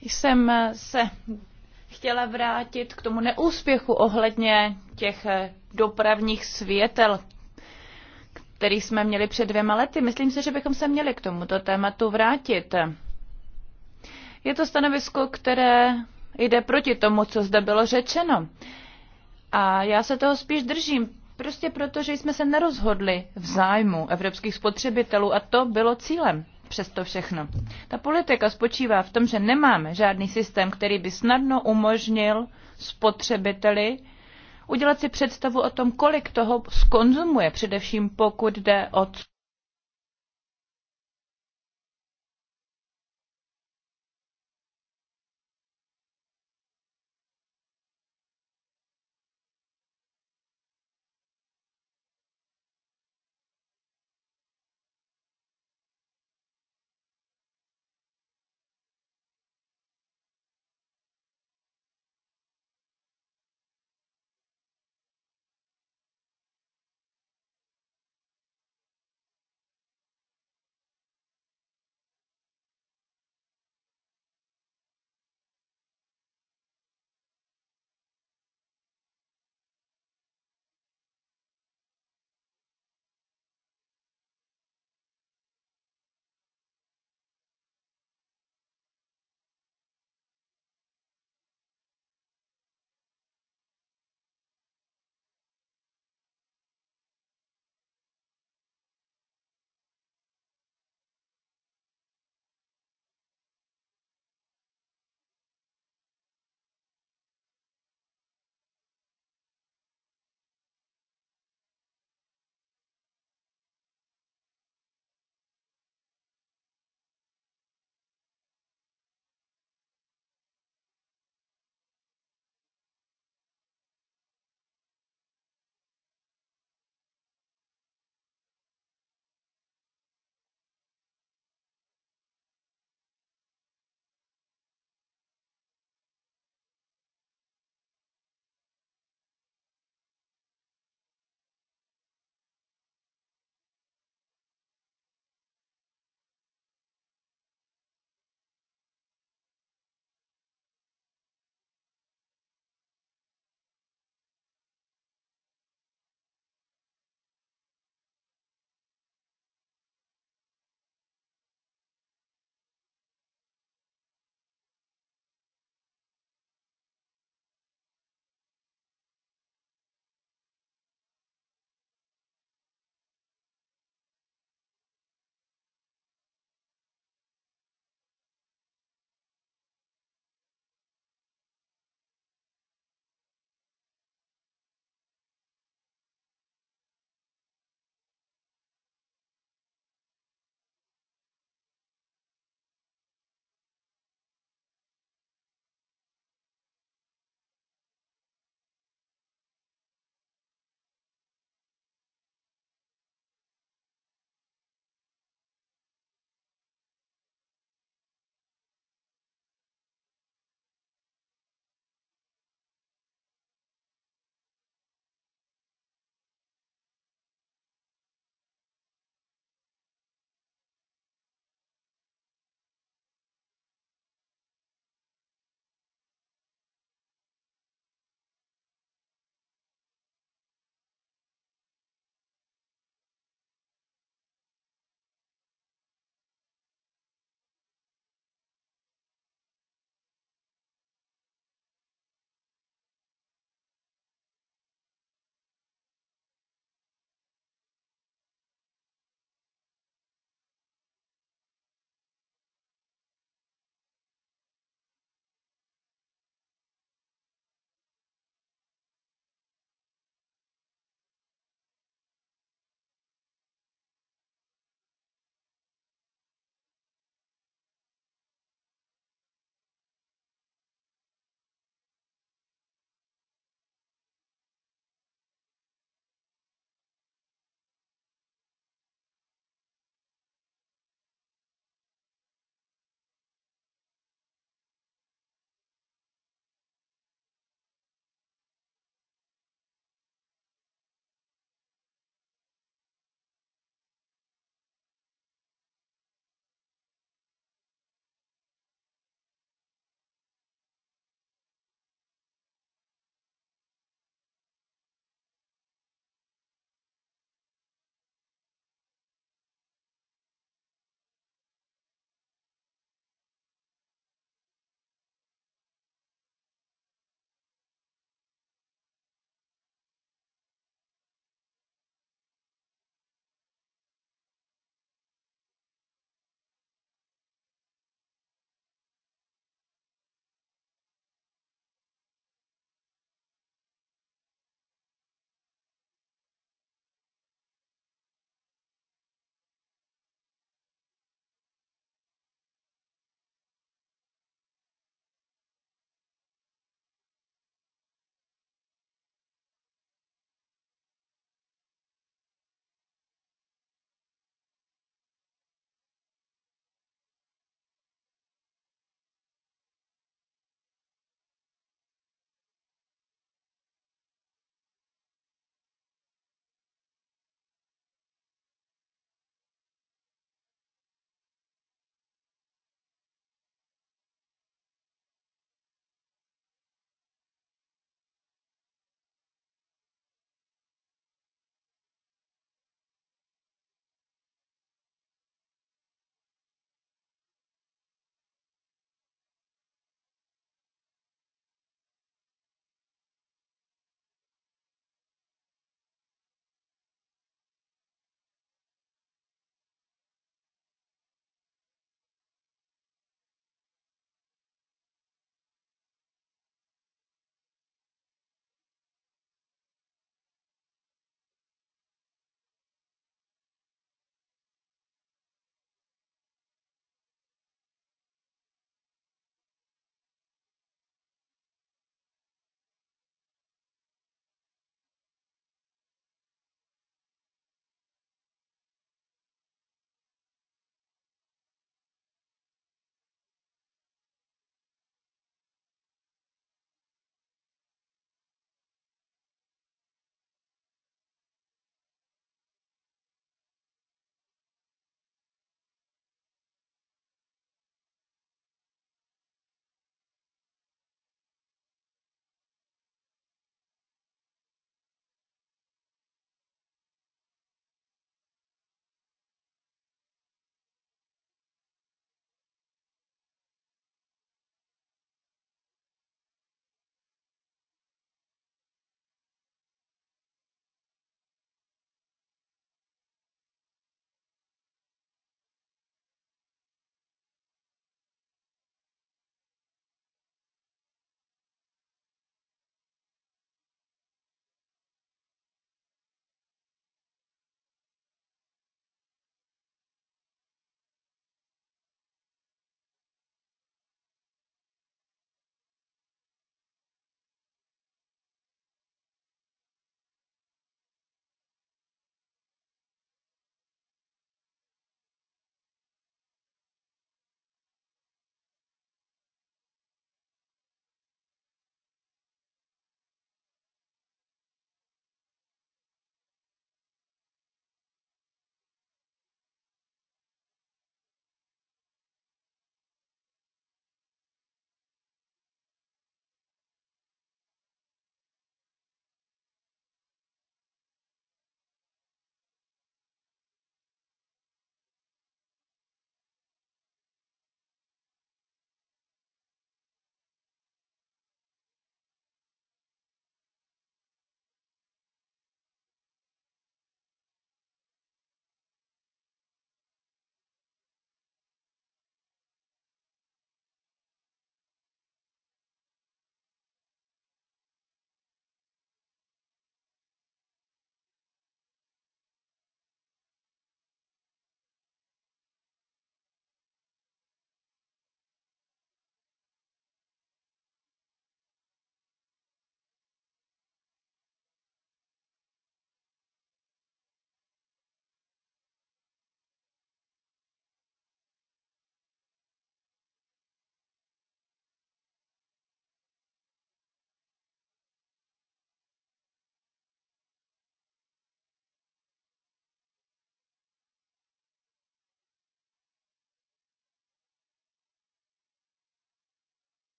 jsem se chtěla vrátit k tomu neúspěchu ohledně těch dopravních světel, který jsme měli před dvěma lety. Myslím si, že bychom se měli k tomuto tématu vrátit. Je to stanovisko, které jde proti tomu, co zde bylo řečeno. A já se toho spíš držím, prostě proto, že jsme se nerozhodli v zájmu evropských spotřebitelů a to bylo cílem přesto všechno. Ta politika spočívá v tom, že nemáme žádný systém, který by snadno umožnil spotřebiteli udělat si představu o tom, kolik toho skonzumuje, především pokud jde o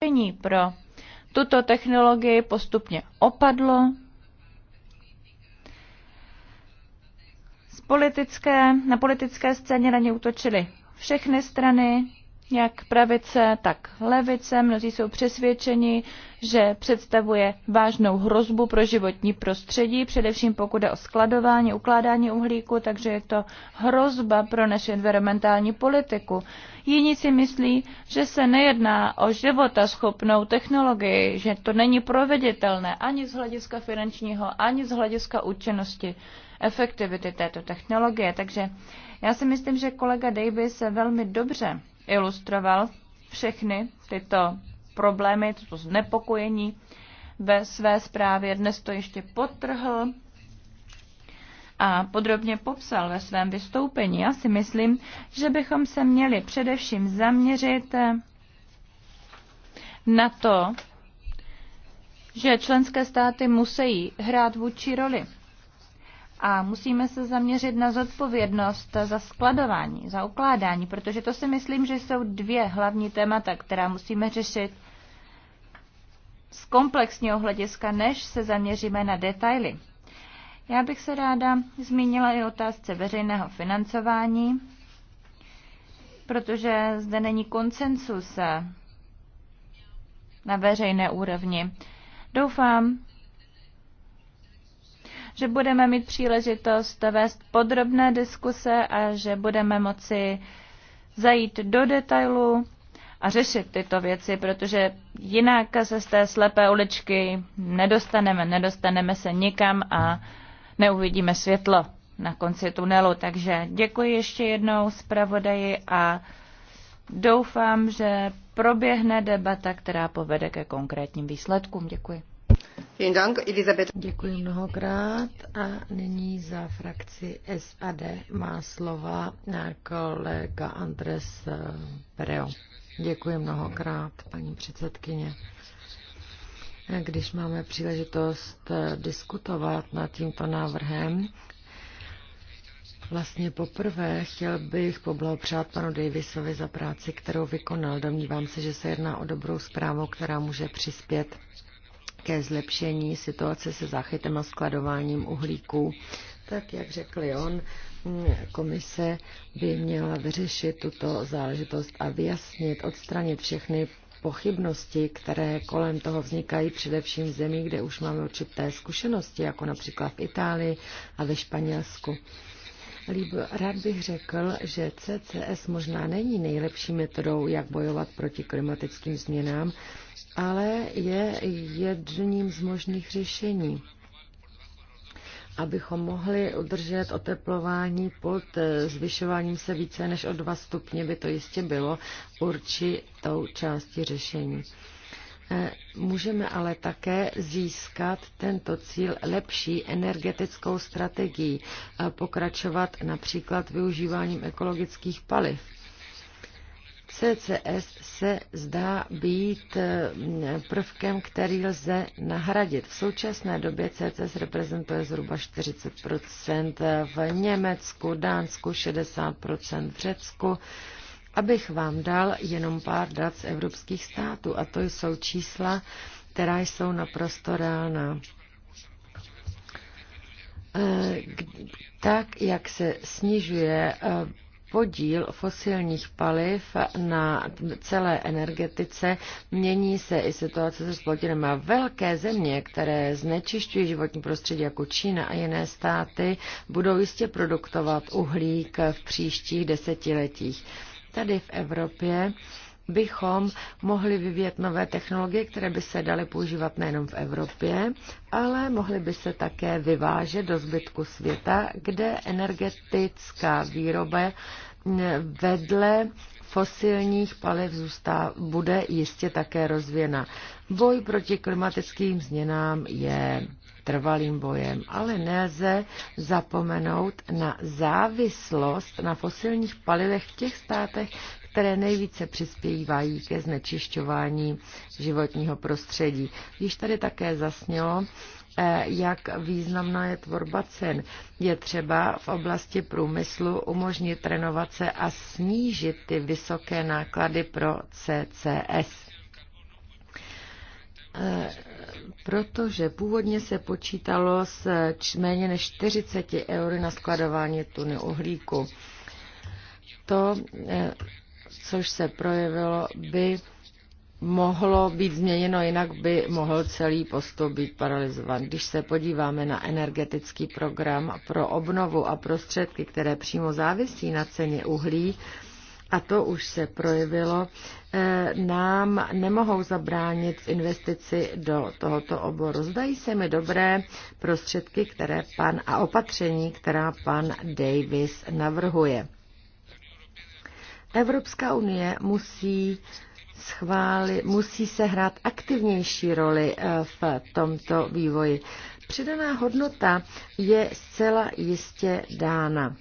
Pení pro tuto technologii postupně opadlo. Z politické, na politické scéně na ně útočily všechny strany, jak pravice, tak levice. Mnozí jsou přesvědčeni, že představuje vážnou hrozbu pro životní prostředí, především pokud je o skladování, ukládání uhlíku, takže je to hrozba pro naši environmentální politiku. Jiní si myslí, že se nejedná o životaschopnou technologii, že to není proveditelné ani z hlediska finančního, ani z hlediska účinnosti efektivity této technologie. Takže já si myslím, že kolega Davis velmi dobře ilustroval všechny tyto problémy, toto znepokojení ve své zprávě. Dnes to ještě potrhl a podrobně popsal ve svém vystoupení. Já si myslím, že bychom se měli především zaměřit na to, že členské státy musí hrát vůči roli a musíme se zaměřit na zodpovědnost za skladování, za ukládání, protože to si myslím, že jsou dvě hlavní témata, která musíme řešit z komplexního hlediska, než se zaměříme na detaily. Já bych se ráda zmínila i otázce veřejného financování, protože zde není koncensus na veřejné úrovni. Doufám, že budeme mít příležitost vést podrobné diskuse a že budeme moci zajít do detailu a řešit tyto věci, protože jinak se z té slepé uličky nedostaneme, nedostaneme se nikam a neuvidíme světlo na konci tunelu. Takže děkuji ještě jednou zpravodaji a doufám, že proběhne debata, která povede ke konkrétním výsledkům. Děkuji. Děkuji mnohokrát a nyní za frakci SAD má slova kolega Andres eh, Pereo. Děkuji mnohokrát, paní předsedkyně. Eh, když máme příležitost eh, diskutovat nad tímto návrhem, Vlastně poprvé chtěl bych poblahopřát panu Davisovi za práci, kterou vykonal. Domnívám se, že se jedná o dobrou zprávu, která může přispět ke zlepšení situace se zachytem a skladováním uhlíků. Tak, jak řekl on, mm, komise by měla vyřešit tuto záležitost a vyjasnit, odstranit všechny pochybnosti, které kolem toho vznikají především v zemích, kde už máme určité zkušenosti, jako například v Itálii a ve Španělsku. Líb, rád bych řekl, že CCS možná není nejlepší metodou, jak bojovat proti klimatickým změnám, ale je jedním z možných řešení abychom mohli udržet oteplování pod eh, zvyšováním se více než o 2 stupně, by to jistě bylo určitou částí řešení. Eh, můžeme ale také získat tento cíl lepší energetickou strategií, pokračovat například využíváním ekologických paliv CCS se zdá být eh, prvkem, který lze nahradit. V současné době CCS reprezentuje zhruba 40 eh, v Německu, Dánsku 60 v Řecku. Abych vám dal jenom pár dat z evropských států, a to jsou čísla, která jsou naprosto reálná eh, tak, jak se snižuje podíl fosilních paliv na celé energetice mění se i situace se spolutinem a velké země, které znečišťují životní prostředí jako Čína a jiné státy, budou jistě produktovat uhlík v příštích desetiletích. Tady v Evropě bychom mohli vyvíjet nové technologie, které by se daly používat nejenom v Evropě, ale mohly by se také vyvážet do zbytku světa, kde energetická výroba vedle fosilních paliv zůstá, bude jistě také rozvěna. Boj proti klimatickým změnám je trvalým bojem, ale nelze zapomenout na závislost na fosilních palivech v těch státech, které nejvíce přispívají ke znečišťování životního prostředí. Již tady také zasnělo, eh, jak významná je tvorba cen. Je třeba v oblasti průmyslu umožnit se a snížit ty vysoké náklady pro CCS eh, protože původně se počítalo s méně než 40 eur na skladování tuny uhlíku. To eh, což se projevilo, by mohlo být změněno, jinak by mohl celý postup být paralizovan. Když se podíváme na energetický program pro obnovu a prostředky, které přímo závisí na ceně uhlí, a to už se projevilo, eh, nám nemohou zabránit v investici do tohoto oboru. Zdají se mi dobré prostředky které pan, a opatření, která pan Davis navrhuje. Evropská unie musí schválit, musí se hrát aktivnější roli eh, v tomto vývoji. Přidaná hodnota je zcela jistě dána.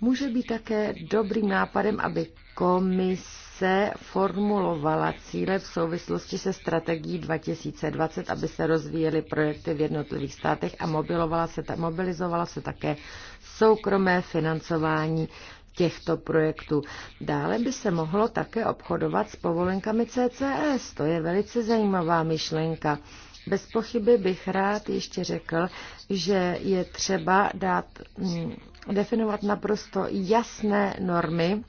Může být také dobrým nápadem, aby komise formulovala cíle v souvislosti se strategií 2020, aby se rozvíjely projekty v jednotlivých státech a mobilizovala se, mobilizovala se také soukromé financování těchto projektů. Dále by se mohlo také obchodovat s povolenkami CCS. To je velice zajímavá myšlenka. Bez pochyby bych rád ještě řekl, že je třeba dát, mm, definovat naprosto jasné normy,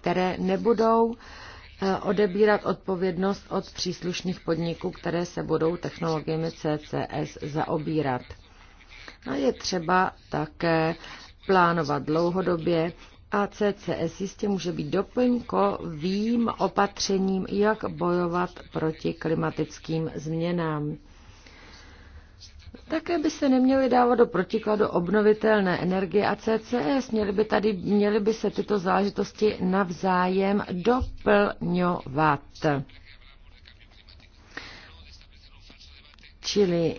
které nebudou eh, odebírat odpovědnost od příslušných podniků, které se budou technologiemi CCS zaobírat. No je třeba také plánovat dlouhodobě a CCS jistě může být doplňkovým opatřením, jak bojovat proti klimatickým změnám. Také by se neměly dávat do protikladu obnovitelné energie a CCS. Měly by, tady, měly by se tyto záležitosti navzájem doplňovat. Čili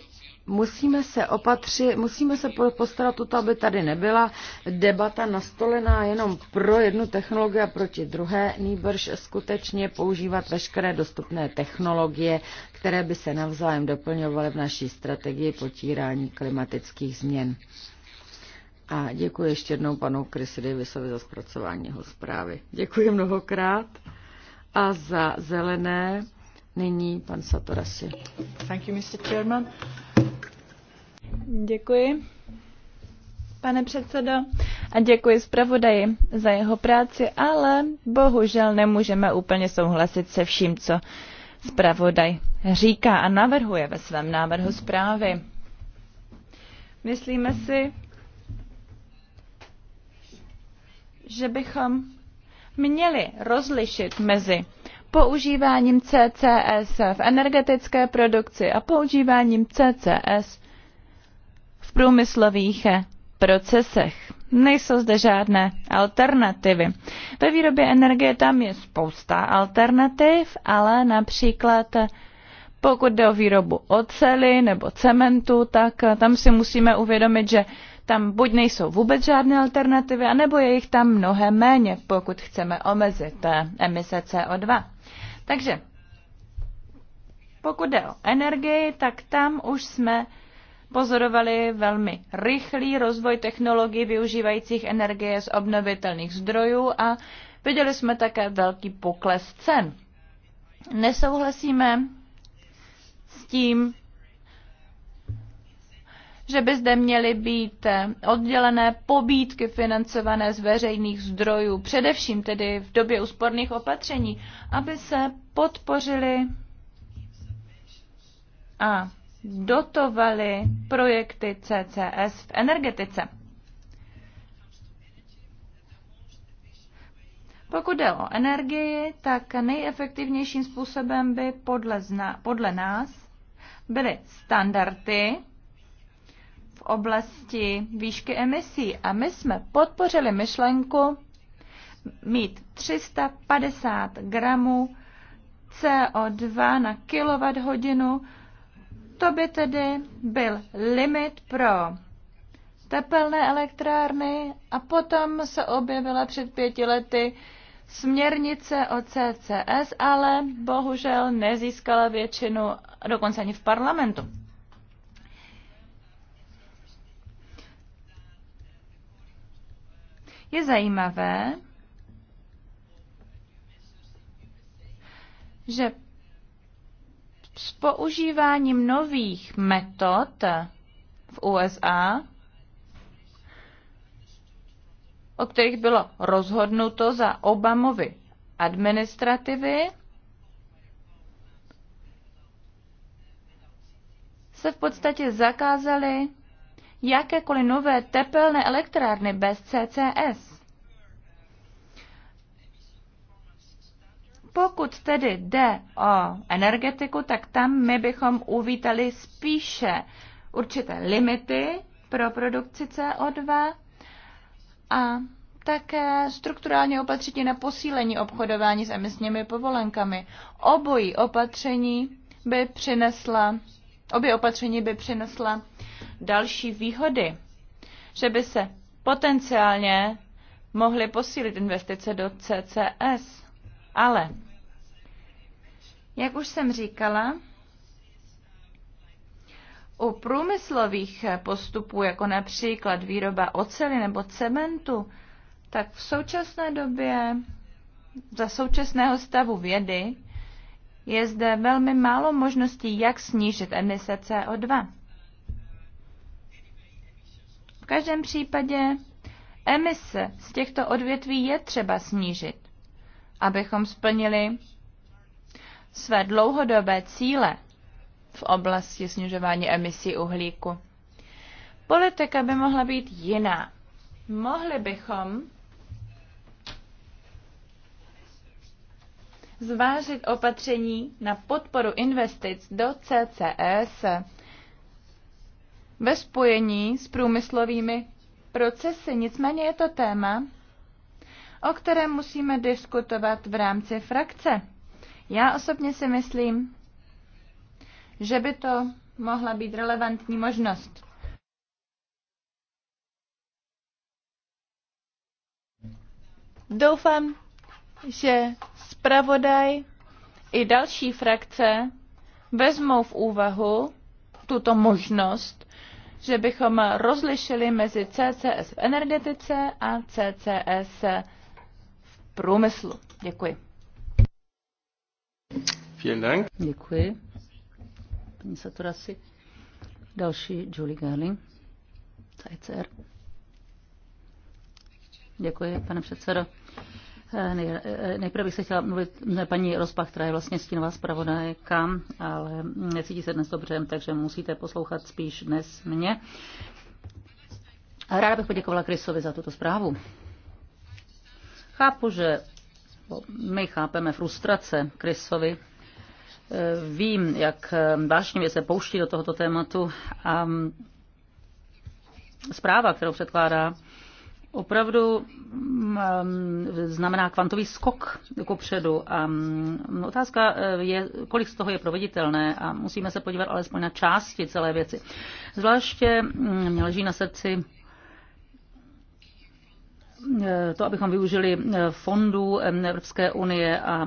musíme se opatřit, musíme se postarat o to, aby tady nebyla debata nastolená jenom pro jednu technologii a proti druhé, nýbrž skutečně používat veškeré dostupné technologie, které by se navzájem doplňovaly v naší strategii potírání klimatických změn. A děkuji ještě jednou panu Chrisi Davisovi za zpracování jeho zprávy. Děkuji mnohokrát a za zelené Nyní pan Satorasi. Thank you, Mr. Chairman. Děkuji, pane předsedo, a děkuji zpravodaji za jeho práci, ale bohužel nemůžeme úplně souhlasit se vším, co zpravodaj říká a navrhuje ve svém návrhu zprávy. Myslíme si, že bychom měli rozlišit mezi používáním CCS v energetické produkci a používáním CCS v průmyslových procesech. Nejsou zde žádné alternativy. Ve výrobě energie tam je spousta alternativ, ale například pokud jde o výrobu ocely nebo cementu, tak tam si musíme uvědomit, že tam buď nejsou vůbec žádné alternativy, anebo je jich tam mnohem méně, pokud chceme omezit eh, emise CO2. Takže pokud jde o energii, tak tam už jsme pozorovali velmi rychlý rozvoj technologií využívajících energie z obnovitelných zdrojů a viděli jsme také velký pokles cen. Nesouhlasíme s tím, že by zde měly být oddělené pobídky financované z veřejných zdrojů, především tedy v době úsporných opatření, aby se podpořili a dotovali projekty CCS v energetice. Pokud jde o energii, tak nejefektivnějším způsobem by podle, zna, podle nás byly standardy v oblasti výšky emisí. A my jsme podpořili myšlenku mít 350 gramů CO2 na kilowatt hodinu to by tedy byl limit pro tepelné elektrárny a potom se objevila před pěti lety směrnice o CCS, ale bohužel nezískala většinu, dokonce ani v parlamentu. Je zajímavé, že s používáním nových metod v USA, o kterých bylo rozhodnuto za Obamovy administrativy, se v podstatě zakázaly jakékoliv nové tepelné elektrárny bez CCS. pokud tedy jde o energetiku, tak tam my bychom uvítali spíše určité limity pro produkci CO2 a také strukturálně opatření na posílení obchodování s emisními povolenkami. Obojí opatření by přinesla, obě opatření by přinesla další výhody, že by se potenciálně mohly posílit investice do CCS. Ale, jak už jsem říkala, u průmyslových postupů, jako například výroba oceli nebo cementu, tak v současné době, za současného stavu vědy, je zde velmi málo možností, jak snížit emise CO2. V každém případě emise z těchto odvětví je třeba snížit abychom splnili své dlouhodobé cíle v oblasti snižování emisí uhlíku. Politika by mohla být jiná. Mohli bychom zvážit opatření na podporu investic do CCS ve spojení s průmyslovými procesy. Nicméně je to téma, o kterém musíme diskutovat v rámci frakce. Já osobně si myslím, že by to mohla být relevantní možnost. Doufám, že zpravodaj i další frakce vezmou v úvahu tuto možnost, že bychom rozlišili mezi CCS v energetice a CCS průmyslu. Děkuji. Vielen Dank. Děkuji. Paní Saturasi. Další Julie Garling. E CR. Děkuji, pane předsedo. Eh, eh, nejprve bych se chtěla mluvit paní Rozpach, která je vlastně stínová zpravodajka, ale necítí se dnes dobře, takže musíte poslouchat spíš dnes mě. Ráda bych poděkovala Krisovi za tuto zprávu. Chápu, že my chápeme frustrace Krysovi. Eh, vím, jak eh, vášnivě se pouští do tohoto tématu a mm, zpráva, kterou předkládá, opravdu mm, eh, znamená kvantový skok ku předu. A mm, otázka je, kolik z toho je proveditelné a musíme se podívat alespoň na části celé věci. Zvláště mě leží na srdci Eh, to, abychom využili eh, fondů Evropské unie a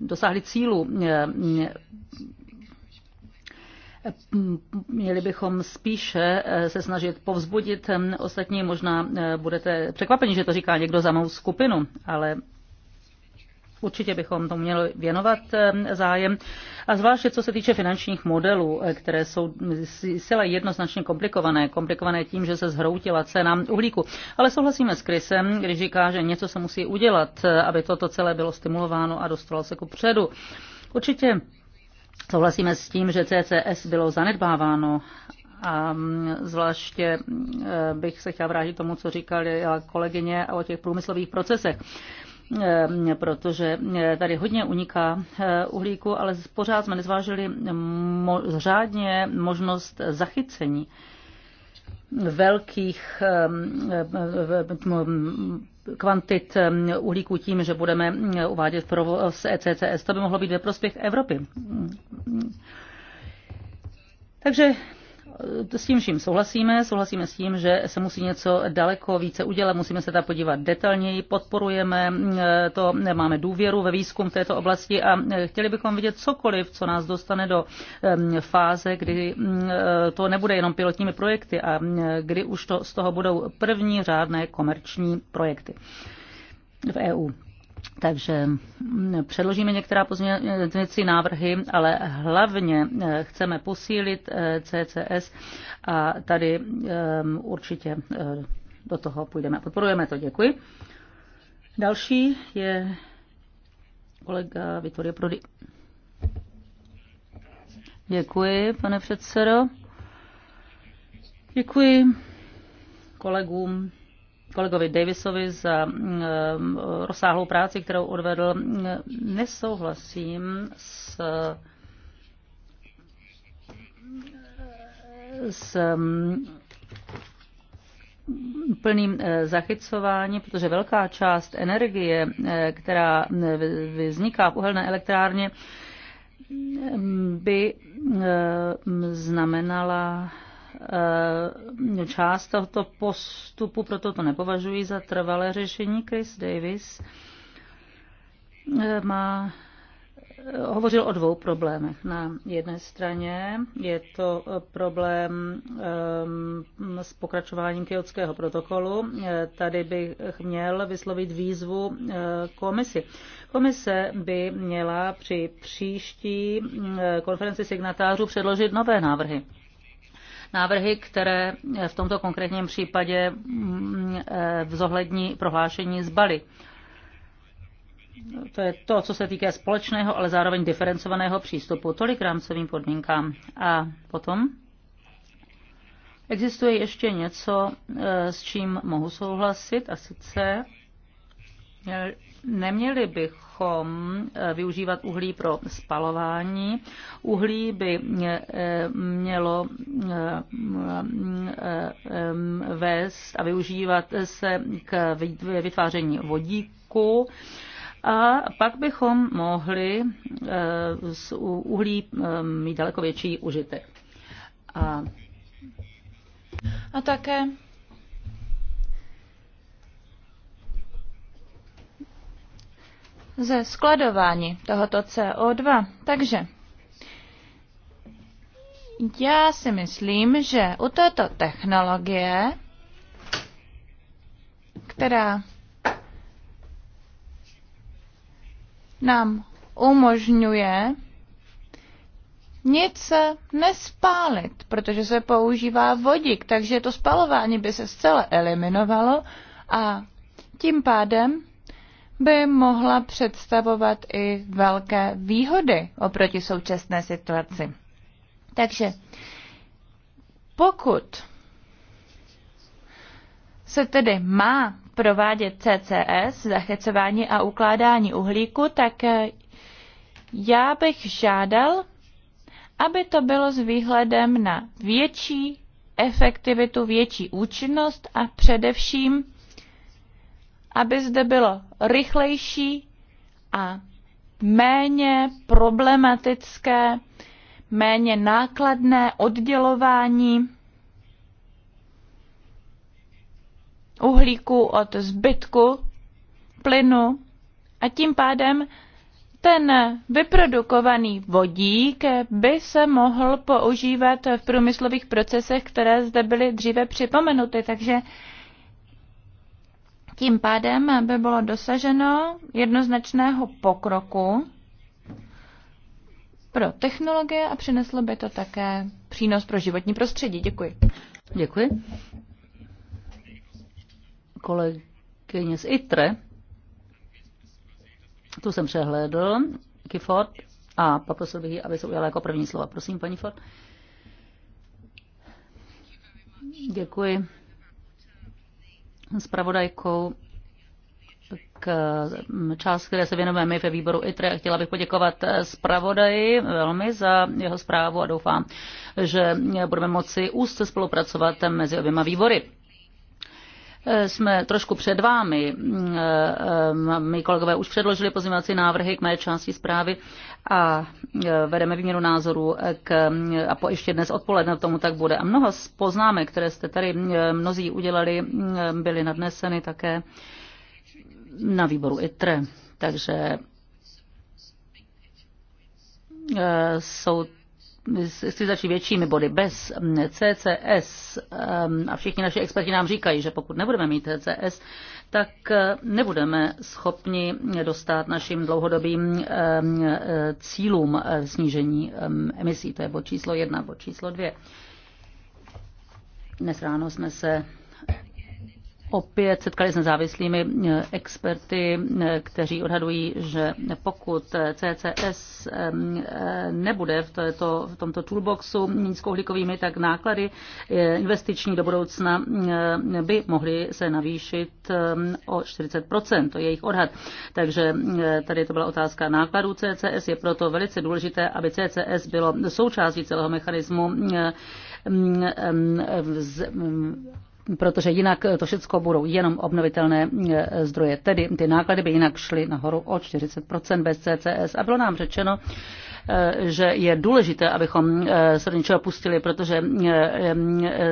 dosáhli cílu eh, Měli bychom spíše se snažit povzbudit ostatní. Možná budete překvapeni, že to říká někdo za mou skupinu, ale Určitě bychom tomu měli věnovat zájem. A zvláště co se týče finančních modelů, eh, které jsou zcela jednoznačně komplikované. Komplikované tím, že se zhroutila cena uhlíku. Ale souhlasíme s Krisem, když říká, že něco se musí udělat, eh, aby toto celé bylo stimulováno a dostalo se ku předu. Určitě souhlasíme s tím, že CCS bylo zanedbáváno a mm, zvláště eh, bych se chtěla vrátit tomu, co říkali kolegyně o těch průmyslových procesech. Ehm, protože eh, tady hodně uniká eh, uhlíku, ale pořád jsme nezvážili mo- řádně možnost zachycení velkých ehm, ehm, kvantit uhlíku tím, že budeme eh, uvádět provoz ECCS. To by mohlo být ve prospěch Evropy. Takže s tím vším souhlasíme, souhlasíme s tím, že se musí něco daleko více udělat, musíme se tam podívat detailněji, podporujeme eh, to, eh, máme důvěru ve výzkum v této oblasti a eh, chtěli bychom vidět cokoliv, co nás dostane do fáze, kdy mm, to nebude jenom pilotními projekty a mm, kdy už to z toho budou první řádné komerční projekty v EU. Takže mm, předložíme některá pozměňovací návrhy, ale hlavně eh, chceme posílit eh, CCS a tady eh, určitě do toho půjdeme. Podporujeme to, děkuji. Další je kolega Vitorie Prody. Děkuji, pane předsedo. Děkuji kolegům kolegovi Davisovi za mm, eh, rozsáhlou práci, kterou odvedl. Nesouhlasím s s mm, plným eh, zachycováním, protože velká část energie, eh, která vzniká v uhelné elektrárně, mm, by znamenala Eh, část tohoto postupu, proto to nepovažuji za trvalé řešení. Chris Davis eh, má eh, hovořil o dvou problémech. Na jedné straně je to problém um, s pokračováním kyotského protokolu. Tady bych měl vyslovit výzvu uh, komisi. Komise by měla při příští konferenci signatářů předložit nové návrhy návrhy, které v tomto konkrétním případě mm, eh, zohlední prohlášení z Bali. To je to, co se týká společného, ale zároveň diferencovaného přístupu. Tolik rámcovým podmínkám. A potom existuje ještě něco, eh, s čím mohu souhlasit, a sice eh, Neměli bychom eh, využívat uhlí pro spalování. Uhlí by eh, mělo eh, vést a využívat se k vytváření vodíku. A pak bychom mohli z uhlí mít daleko větší užitek. A, a také ze skladování tohoto CO2. Takže já si myslím, že u této technologie, která nám umožňuje nic nespálit, protože se používá vodík, takže to spalování by se zcela eliminovalo a tím pádem by mohla představovat i velké výhody oproti současné situaci. Takže pokud se tedy má provádět CCS, zachycování a ukládání uhlíku, tak já bych žádal, aby to bylo s výhledem na větší efektivitu, větší účinnost a především aby zde bylo rychlejší a méně problematické, méně nákladné oddělování uhlíku od zbytku plynu a tím pádem ten vyprodukovaný vodík by se mohl používat v průmyslových procesech, které zde byly dříve připomenuty. Takže tím pádem by bylo dosaženo jednoznačného pokroku pro technologie a přineslo by to také přínos pro životní prostředí. Děkuji. Děkuji. Kolegyně z ITRE, tu jsem přehlédl, Kifot, a poprosil bych ji, aby se ujala jako první slova. Prosím, paní Ford. Děkuji zpravodajkou k mm, část, které se věnujeme my ve výboru ITRE. Chtěla bych poděkovat eh, zpravodaji velmi za jeho zprávu a doufám, že budeme moci úzce spolupracovat mezi oběma výbory. Eh, jsme trošku před vámi. Mm, eh, eh, my kolegové už předložili pozměňovací návrhy k mé části zprávy a vedeme výměnu názorů k, mm, a po, ještě dnes odpoledne tomu tak bude. A mnoho z poznámek, které jste tady mm, mnozí udělali, byly nadneseny také na výboru ITRE. Takže jsou chci začít většími body. Bez mm, CCS mm, a všichni naši experti nám říkají, že pokud nebudeme mít CCS, tak eh, nebudeme schopni dostat našim dlouhodobým eh, cílům eh, snížení mm, emisí. To je bod číslo jedna, bod číslo dvě. Dnes ráno jsme se opět setkali s nezávislými eh, experty, eh, kteří odhadují, že pokud CCS eh, nebude v, této, v tomto toolboxu nízkouhlíkovými, tak náklady investiční do budoucna by mohly se navýšit o 40 to je jejich odhad. Takže tady to byla otázka nákladů CCS. Je proto velice důležité, aby CCS bylo součástí celého mechanismu mm, mm, mm, protože jinak to všechno budou jenom obnovitelné e, zdroje. Tedy ty náklady by jinak šly nahoru o 40% bez CCS. A bylo nám řečeno, e, že je důležité, abychom e, se do něčeho pustili, protože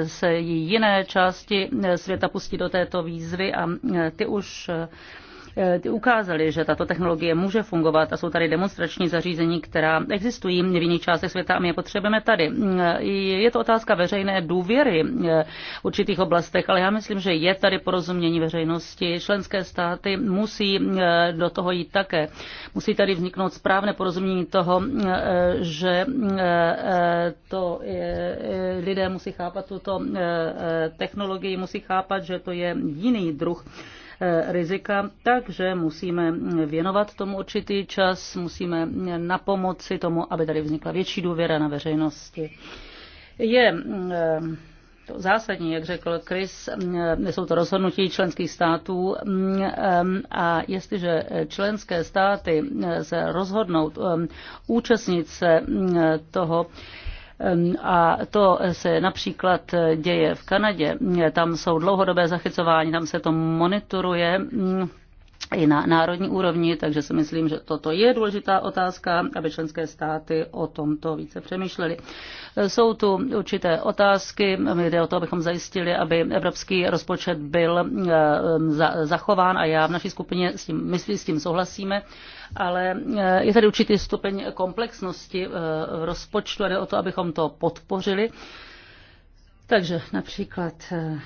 se jiné části světa pustí do této výzvy a ty už Eh, ukázali, že tato technologie může fungovat a jsou tady demonstrační zařízení, která existují v jiných částech světa a my je potřebujeme tady. Eh, je to otázka veřejné důvěry eh, v určitých oblastech, ale já myslím, že je tady porozumění veřejnosti. Členské státy musí do toho jít také. Musí tady vzniknout správné porozumění toho, že to je, lidé musí chápat tuto technologii, musí chápat, že to je jiný druh Eh, rizika, takže musíme věnovat tomu určitý čas, musíme na pomoci tomu, aby tady vznikla větší důvěra na veřejnosti. Je eh, to zásadní, jak řekl Chris, eh, jsou to rozhodnutí členských států a jestliže členské státy se rozhodnou účastnit se toho, a to se například děje v Kanadě. Tam jsou dlouhodobé zachycování, tam se to monitoruje mm, i na národní úrovni, takže si myslím, že toto je důležitá otázka, aby členské státy o tomto více přemýšleli. Jsou tu určité otázky, jde o to, abychom zajistili, aby evropský rozpočet byl zachován a já v naší skupině s tím, myslím, s tím souhlasíme ale eh, je tady určitý stupeň komplexnosti eh, v rozpočtu a jde o to, abychom to podpořili. Takže například eh,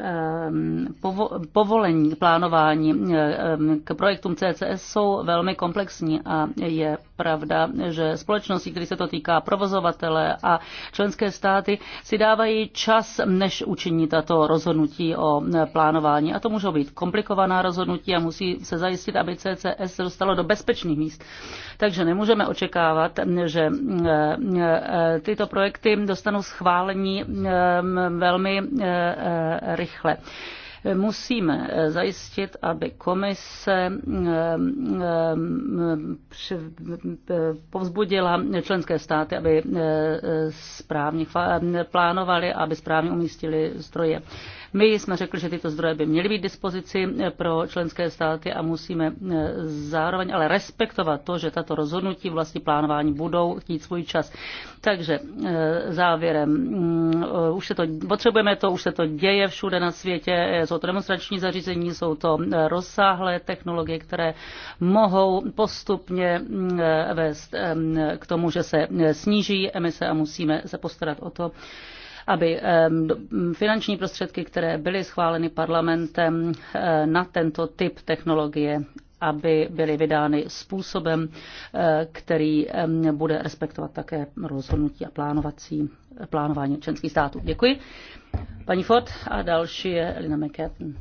Ehm, povolení plánování ehm, k projektům CCS jsou velmi komplexní a je pravda, že společnosti, které se to týká provozovatele a členské státy, si dávají čas, než učiní tato rozhodnutí o e, plánování. A to můžou být komplikovaná rozhodnutí a musí se zajistit, aby CCS se dostalo do bezpečných míst. Takže nemůžeme očekávat, že e, e, tyto projekty dostanou schválení ehm, velmi rychle. Musíme eh, zajistit, aby komise eh, eh, povzbudila členské státy, aby správně plánovali, aby správně umístili zdroje. My jsme řekli, že tyto zdroje by měly být dispozici pro členské státy a musíme zároveň ale respektovat to, že tato rozhodnutí vlastní plánování budou chtít svůj čas. Takže závěrem, mm, už se to, potřebujeme to, už se to děje všude na světě, jsou to demonstrační zařízení, jsou to eh, rozsáhlé technologie, které mohou postupně mm, eh, vést eh, mm, k tomu, že se sníží emise a musíme se postarat o to, aby mm, finanční prostředky, které byly schváleny parlamentem na tento typ technologie, aby byly vydány způsobem, eh, který eh, bude respektovat také rozhodnutí a plánovací, plánování členských států. Děkuji. Paní Ford a další je Elina McCartan.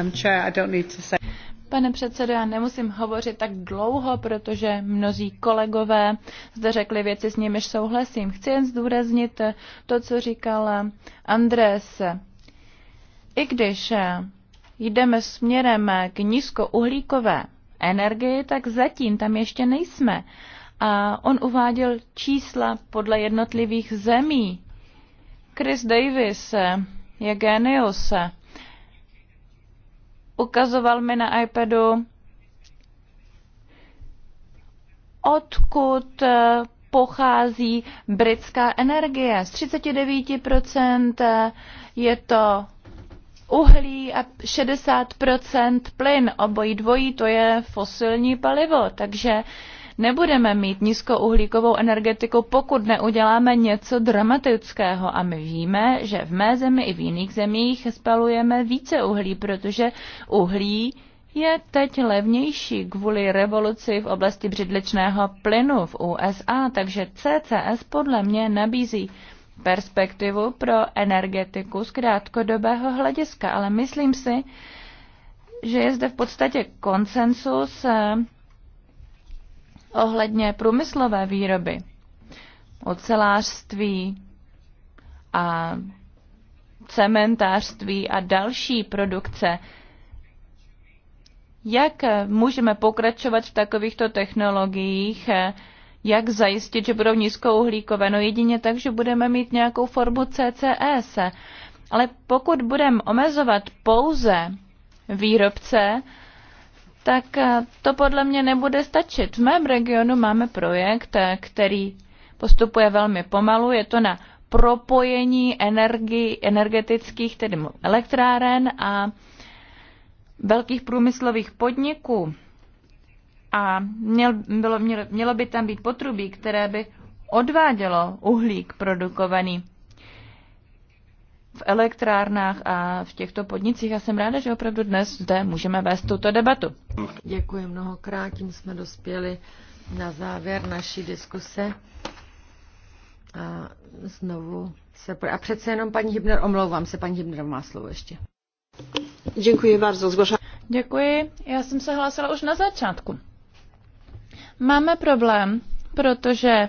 Um, Pane předsedo, já nemusím hovořit tak dlouho, protože mnozí kolegové zde řekli věci, s nimiž souhlasím. Chci jen zdůraznit to, co říkal Andres. I když eh, jdeme směrem k nízkouhlíkové energii, tak zatím tam ještě nejsme. A on uváděl čísla podle jednotlivých zemí. Chris Davis je genius. Ukazoval mi na iPadu, odkud pochází britská energie. Z 39% je to uhlí a 60 plyn. Obojí dvojí to je fosilní palivo, takže nebudeme mít nízkouhlíkovou energetiku, pokud neuděláme něco dramatického. A my víme, že v mé zemi i v jiných zemích spalujeme více uhlí, protože uhlí je teď levnější kvůli revoluci v oblasti břidličného plynu v USA, takže CCS podle mě nabízí perspektivu pro energetiku z krátkodobého hlediska, ale myslím si, že je zde v podstatě konsensus eh, ohledně průmyslové výroby, ocelářství a cementářství a další produkce. Jak můžeme pokračovat v takovýchto technologiích, eh, jak zajistit, že budou nízkouhlíkové. No jedině tak, že budeme mít nějakou formu CCS. E Ale pokud budeme omezovat pouze výrobce, tak eh, to podle mě nebude stačit. V mém regionu máme projekt, eh, který postupuje velmi pomalu. Je to na propojení energi, energetických, tedy elektráren a velkých průmyslových podniků a měl, bylo, mělo, mělo by tam být potrubí, které by odvádělo uhlík produkovaný v elektrárnách a v těchto podnicích. Já jsem ráda, že opravdu dnes zde můžeme vést tuto debatu. Děkuji mnohokrát, tím jsme dospěli na závěr naší diskuse. A znovu se... A přece jenom paní Hibner, omlouvám se, paní Hibner má slovo ještě. Děkuji bardzo, zgłaszam. Děkuji, já jsem se hlásila už na začátku. Máme problém, protože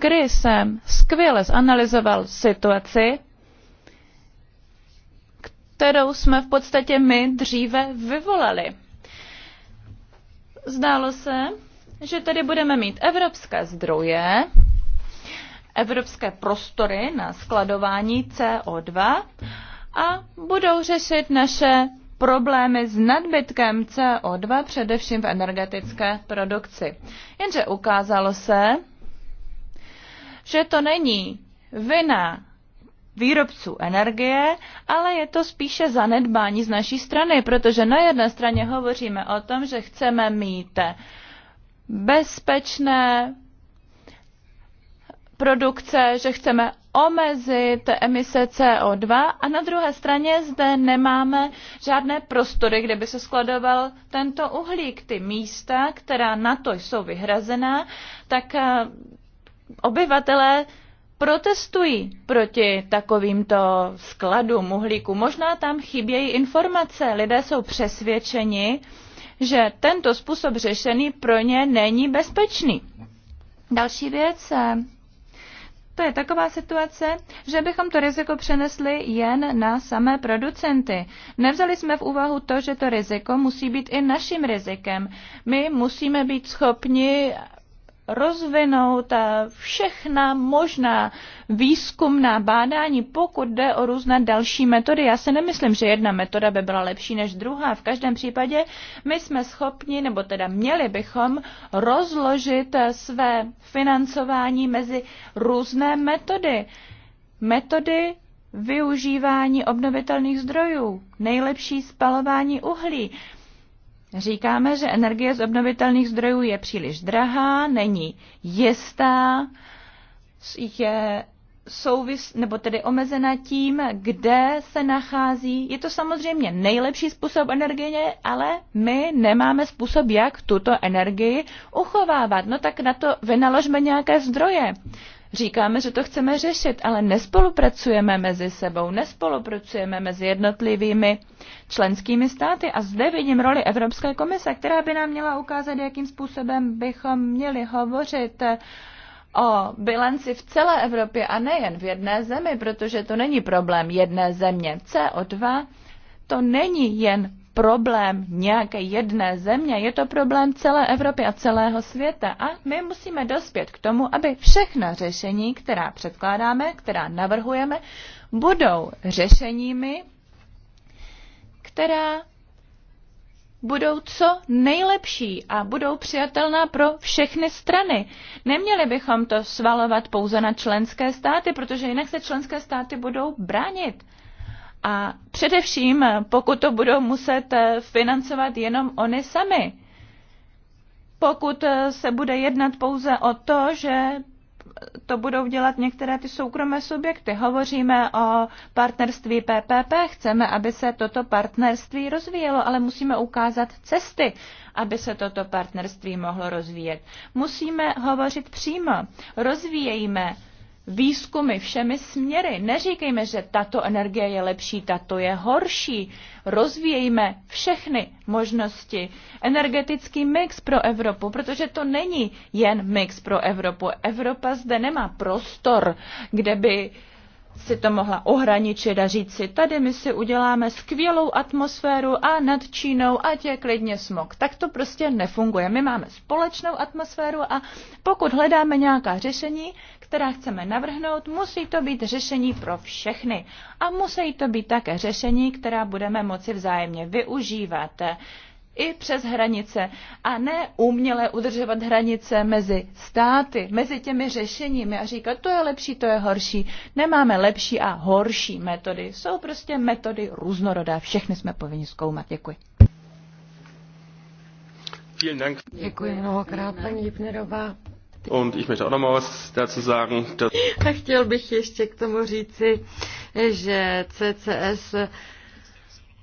Chris jsem skvěle zanalizoval situaci, kterou jsme v podstatě my dříve vyvolali. Zdálo se, že tady budeme mít evropské zdroje, evropské prostory na skladování CO2 a budou řešit naše problémy s nadbytkem CO2, především v energetické produkci. Jenže ukázalo se, že to není vina výrobců energie, ale je to spíše zanedbání z naší strany, protože na jedné straně hovoříme o tom, že chceme mít bezpečné produkce, že chceme omezit emise CO2 a na druhé straně zde nemáme žádné prostory, kde by se skladoval tento uhlík. Ty místa, která na to jsou vyhrazená, tak eh, obyvatelé protestují proti takovýmto skladům uhlíku. Možná tam chybějí informace. Lidé jsou přesvědčeni, že tento způsob řešení pro ně není bezpečný. Další věc, eh, to je taková situace, že bychom to riziko přenesli jen na samé producenty. Nevzali jsme v úvahu to, že to riziko musí být i naším rizikem. My musíme být schopni rozvinout všechna možná výzkumná bádání, pokud jde o různé další metody. Já si nemyslím, že jedna metoda by byla lepší než druhá. V každém případě my jsme schopni, nebo teda měli bychom, rozložit své financování mezi různé metody. Metody využívání obnovitelných zdrojů, nejlepší spalování uhlí. Říkáme, že energie z obnovitelných zdrojů je příliš drahá, není jistá, je souvis, nebo tedy omezena tím, kde se nachází. Je to samozřejmě nejlepší způsob energie, ale my nemáme způsob, jak tuto energii uchovávat. No tak na to vynaložme nějaké zdroje. Říkáme, že to chceme řešit, ale nespolupracujeme mezi sebou, nespolupracujeme mezi jednotlivými členskými státy. A zde vidím roli Evropské komise, která by nám měla ukázat, jakým způsobem bychom měli hovořit o bilanci v celé Evropě a nejen v jedné zemi, protože to není problém jedné země. CO2 to není jen problém nějaké jedné země, je to problém celé Evropy a celého světa. A my musíme dospět k tomu, aby všechna řešení, která předkládáme, která navrhujeme, budou řešeními, která budou co nejlepší a budou přijatelná pro všechny strany. Neměli bychom to svalovat pouze na členské státy, protože jinak se členské státy budou bránit. A především, pokud to budou muset eh, financovat jenom oni sami. Pokud eh, se bude jednat pouze o to, že to budou dělat některé ty soukromé subjekty. Hovoříme o partnerství PPP, chceme, aby se toto partnerství rozvíjelo, ale musíme ukázat cesty, aby se toto partnerství mohlo rozvíjet. Musíme hovořit přímo. Rozvíjejme výzkumy všemi směry. Neříkejme, že tato energie je lepší, tato je horší. Rozvíjejme všechny možnosti. Energetický mix pro Evropu, protože to není jen mix pro Evropu. Evropa zde nemá prostor, kde by uh, si to mohla ohraničit a říct si, tady my si uděláme skvělou atmosféru a nad Čínou, ať je klidně smog. Tak to prostě nefunguje. My máme společnou atmosféru a pokud hledáme nějaká řešení, která chceme navrhnout, musí to být řešení pro všechny. A musí to být také řešení, která budeme moci vzájemně využívat i přes hranice a ne uměle udržovat hranice mezi státy, mezi těmi řešeními a říkat, to je lepší, to je horší. Nemáme lepší a horší metody. Jsou prostě metody různorodé. Všechny jsme povinni zkoumat. Děkuji. Děkuji mnohokrát, paní Jipnerová. Und ich möchte auch noch mal was dazu sagen, dass... A chtěl bych ještě k tomu říci, že CCS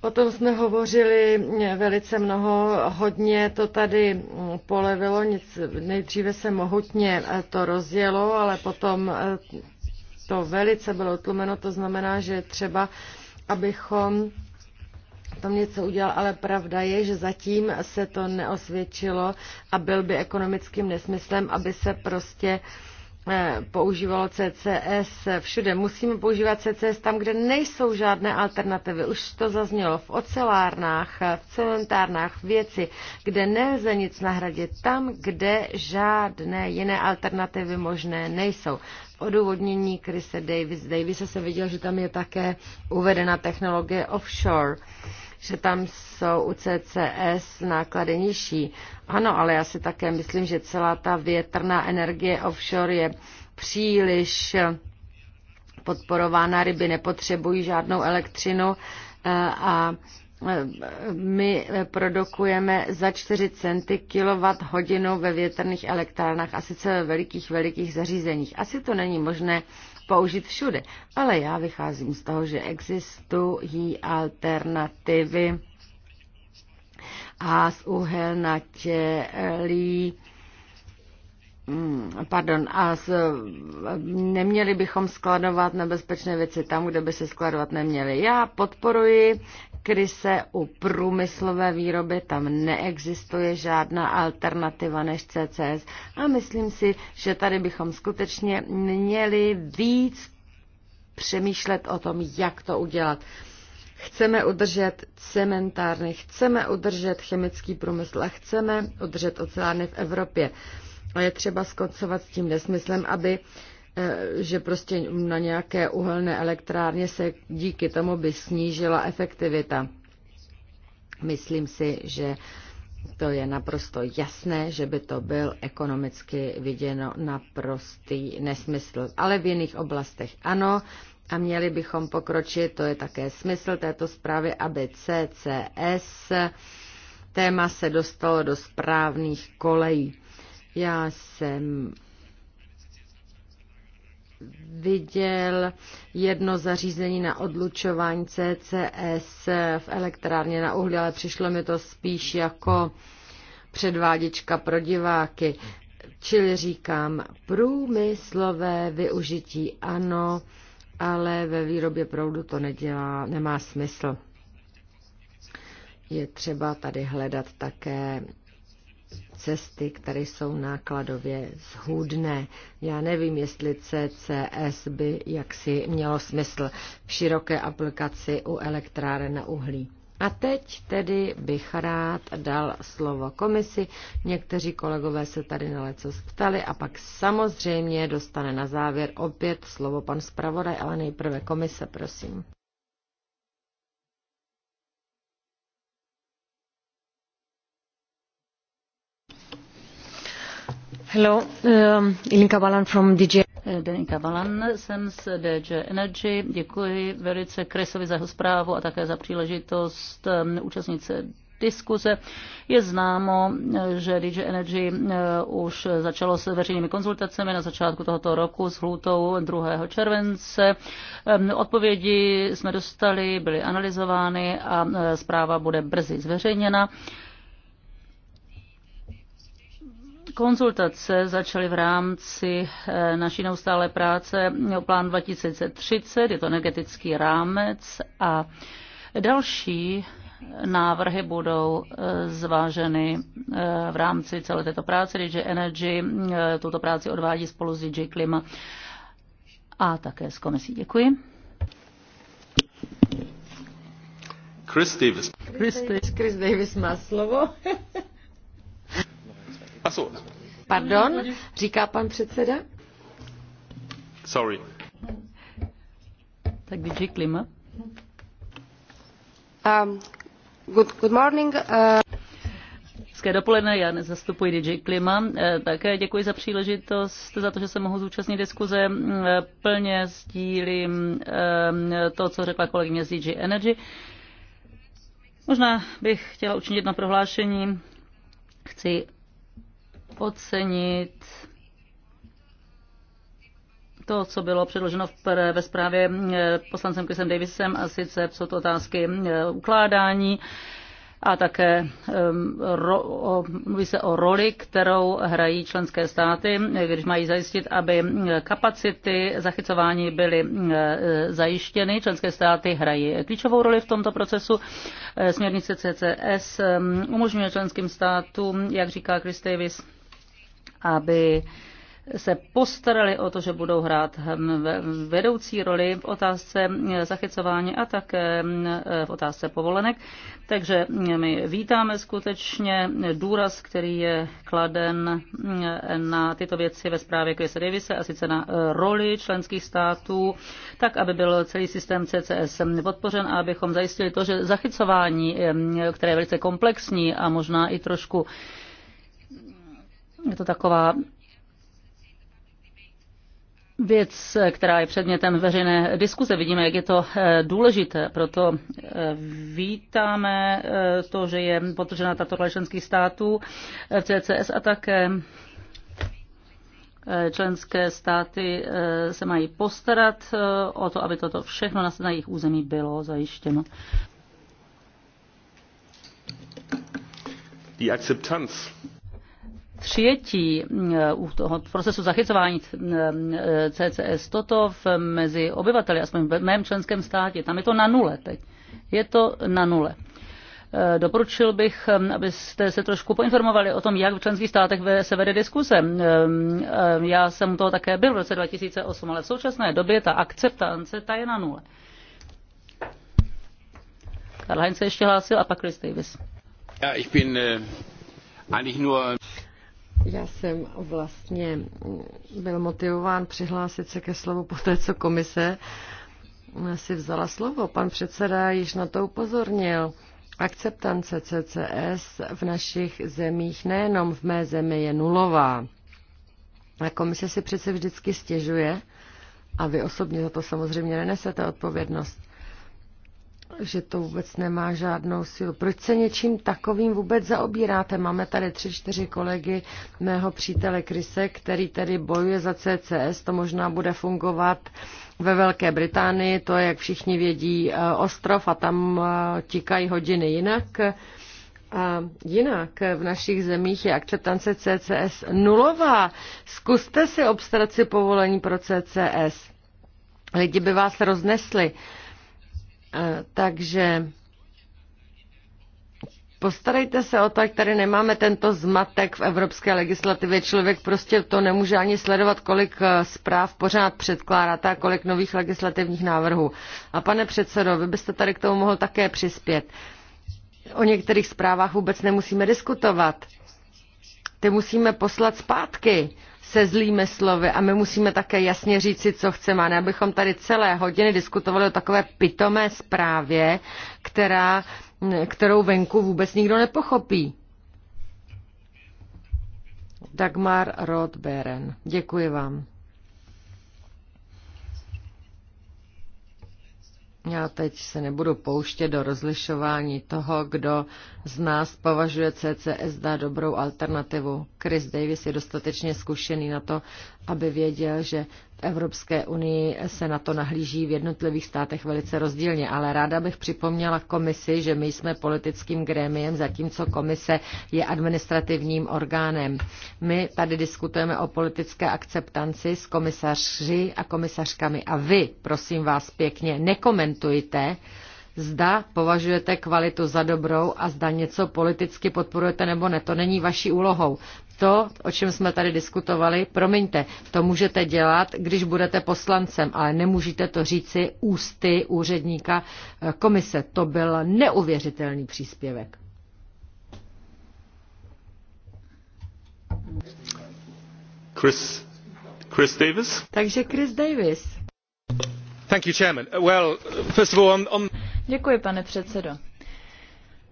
Potom jsme hovořili eh, velice mnoho, hodně to tady mm, polevilo, nic, nejdříve se mohutně eh, to rozjelo, ale potom eh, to velice bylo utlumeno, to znamená, že třeba, abychom tam něco udělal, ale pravda je, že zatím se to neosvědčilo a byl by ekonomickým nesmyslem, aby se prostě uh, Eh, používalo CCS všude. Musíme používat CCS tam, kde nejsou žádné alternativy. Už to zaznělo v ocelárnách, v cementárnách, věci, kde nelze nic nahradit. Tam, kde žádné jiné alternativy možné nejsou. V odůvodnění Chrise Davis, Davis se viděl, že tam je také uvedena technologie offshore. Uh, že tam jsou u CCS náklady nižší. Ano, ale já si také myslím, že celá ta větrná energie offshore je příliš eh, podporována. Ryby nepotřebují žádnou elektřinu eh, a eh, my produkujeme za 4 centy kilowatt hodinu ve větrných elektrárnách a sice ve velikých, velikých zařízeních. Asi to není možné použít všude. Ale já vycházím z toho, že existují alternativy a z uhelnatělí Mm, pardon, a z, neměli bychom skladovat nebezpečné věci tam, kde by se skladovat neměly. Já podporuji kryse u průmyslové výroby, tam neexistuje žádná alternativa než CCS a myslím si, že tady bychom skutečně měli víc přemýšlet o tom, jak to udělat. Chceme udržet cementárny, chceme udržet chemický průmysl a chceme udržet oceány v Evropě. A je třeba skoncovat s tím nesmyslem, aby eh, že prostě na nějaké uhelné elektrárně se díky tomu by snížila efektivita. Myslím si, že to je naprosto jasné, že by to byl ekonomicky viděno naprostý nesmysl. Ale v jiných oblastech ano, a měli bychom pokročit, to je také smysl této zprávy, aby CCS téma se dostalo do správných kolejí. Já jsem viděl jedno zařízení na odlučování CCS v elektrárně na uhlí, ale přišlo mi to spíš jako předváděčka pro diváky. Čili říkám, průmyslové využití ano, ale ve výrobě proudu to nedělá, nemá smysl. Je třeba tady hledat také cesty, které jsou nákladově zhůdné. Já nevím, jestli CCS by jaksi mělo smysl v široké aplikaci u elektráren na uhlí. A teď tedy bych rád dal slovo komisi. Někteří kolegové se tady na leco ptali a pak samozřejmě dostane na závěr opět slovo pan zpravodaj, ale nejprve komise, prosím. Balan um, eh, jsem z DG Energy. Děkuji velice Kresovi za jeho zprávu a také za příležitost účastnit se diskuze. Je známo, eh, že DJ Energy eh, už začalo s veřejnými konzultacemi na začátku tohoto roku s hlutou 2. července. Odpovědi jsme dostali, byly analyzovány a zpráva bude brzy zveřejněna. Konzultace začaly v rámci eh, naší neustále práce o plán 2030, je to energetický rámec a další návrhy budou eh, zváženy eh, v rámci celé této práce. DJ Energy tuto práci odvádí spolu s DJ Klima a také s komisí. Děkuji. Chris Davis. Chris Davis, Chris Davis má slovo. Pardon, říká pan předseda. Sorry. Tak DJ Klima. Um, good, good morning. Uh... Hezké dopoledne, já zastupuji DJ Klima. Eh, také děkuji za příležitost, za to, že se mohu zúčastnit diskuze. Eh, plně sdílím eh, to, co řekla kolegyně z DJ Energy. Možná bych chtěla učinit jedno prohlášení. Chci ocenit to, co bylo předloženo ve zprávě eh, poslancem Chrisem Davisem, a sice jsou to otázky eh, ukládání a také ehm, ro, o, mluví se o roli, kterou hrají členské státy, když mají zajistit, aby eh, kapacity zachycování byly zajištěny. Členské státy hrají klíčovou roli v tomto procesu. Směrnice CCS ehm, umožňuje členským státům, jak říká Chris Davis, aby se postarali o to, že budou hrát hm, vedoucí roli v otázce zachycování a také hm, v otázce povolenek. Takže my vítáme skutečně důraz, který je kladen hm, na tyto věci ve zprávě Chrise Davise a sice na roli členských států, tak aby byl celý systém CCS podpořen a abychom zajistili to, že zachycování, které je velice komplexní a možná i trošku je to taková věc, která je předmětem veřejné diskuze. Vidíme, jak je to eh, důležité. Proto eh, vítáme eh, to, že je potržena tato členských států v CCS a také členské státy se mají postarat o to, aby toto všechno na jejich území bylo zajištěno. Die Akzeptanz přijetí eh, u toho procesu zachycování eh, CCS toto v, mezi obyvateli, aspoň v mém členském státě, tam je to na nule teď. Je to na nule. Eh, doporučil bych, abyste se trošku poinformovali o tom, jak v členských státech se vede diskuse. Já jsem u toho také byl v roce 2008, ale v současné době ta akceptance, ta je na nule. Karl Heinz se ještě hlásil a pak Chris Davis. Já, ich bin, uh, eigentlich nur... Já jsem vlastně mm, byl motivován přihlásit se ke slovu po té, co komise mm, si vzala slovo. Pan předseda již na to upozornil. Akceptance CCS v našich zemích, nejenom v mé zemi, je nulová. A komise si přece vždycky stěžuje, a vy osobně za to samozřejmě nenesete odpovědnost, že to vůbec nemá žádnou sílu. Proč se něčím takovým vůbec zaobíráte? Máme tady tři, čtyři kolegy mého přítele Krise, který tedy bojuje za CCS, to možná bude fungovat ve Velké Británii, to je, jak všichni vědí, eh, ostrov a tam eh, tikají hodiny jinak. A eh, jinak v našich zemích je akceptance CCS nulová. Zkuste si obstrat si povolení pro CCS. Lidi by vás roznesli. Eh, takže postarejte se o to, ať tady nemáme tento zmatek v evropské legislativě. Člověk prostě to nemůže ani sledovat, kolik eh, zpráv pořád předkládáte a kolik nových legislativních návrhů. A pane předsedo, vy byste tady k tomu mohl také přispět. O některých zprávách vůbec nemusíme diskutovat. Ty musíme poslat zpátky se zlými slovy a my musíme také jasně říci, co chceme, a ne abychom tady celé hodiny diskutovali o takové pitomé zprávě, která, kterou venku vůbec nikdo nepochopí. Dagmar Rothberen, Děkuji vám. Já teď se nebudu pouštět do rozlišování toho, kdo z nás považuje CCS za dobrou alternativu. Chris Davis je dostatečně zkušený na to, aby věděl, že Evropské unii se na to nahlíží v jednotlivých státech velice rozdílně, ale ráda bych připomněla komisi, že my jsme politickým grémiem, zatímco komise je administrativním orgánem. My tady diskutujeme o politické akceptanci s komisaři a komisařkami a vy, prosím vás pěkně, nekomentujte, zda považujete kvalitu za dobrou a zda něco politicky podporujete nebo ne. To není vaší úlohou to, o čem jsme tady diskutovali, promiňte, to můžete dělat, když budete poslancem, ale nemůžete to říci ústy úředníka eh, komise. To byl neuvěřitelný příspěvek. Chris, Chris Davis? Takže Chris Davis. Thank you, Chairman. Well, first of all, on, on... Děkuji, pane předsedo.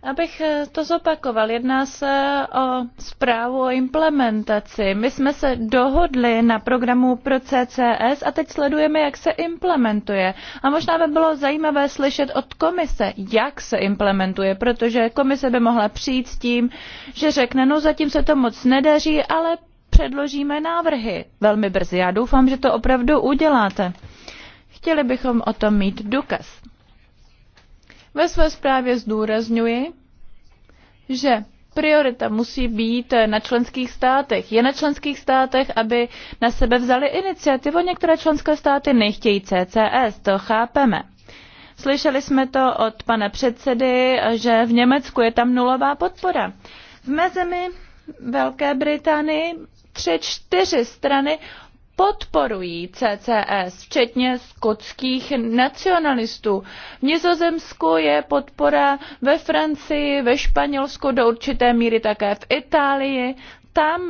Abych eh, to zopakoval, jedná se o zprávu o implementaci. My jsme se dohodli na programu pro CCS a teď sledujeme, jak se implementuje. A možná by bylo zajímavé slyšet od komise, jak se implementuje, protože komise by mohla přijít s tím, že řekne, no zatím se to moc nedaří, ale předložíme návrhy velmi brzy. Já doufám, že to opravdu uděláte. Chtěli bychom o tom mít důkaz. Ve své zprávě zdůrazňuji, že priorita musí být na členských státech. Je na členských státech, aby na sebe vzali iniciativu. Některé členské státy nechtějí CCS, to chápeme. Slyšeli jsme to od pana předsedy, že v Německu je tam nulová podpora. V mé zemi Velké Británii tři, čtyři strany podporují CCS, včetně skotských nacionalistů. V Nizozemsku je podpora ve Francii, ve Španělsku, do určité míry také v Itálii. Tam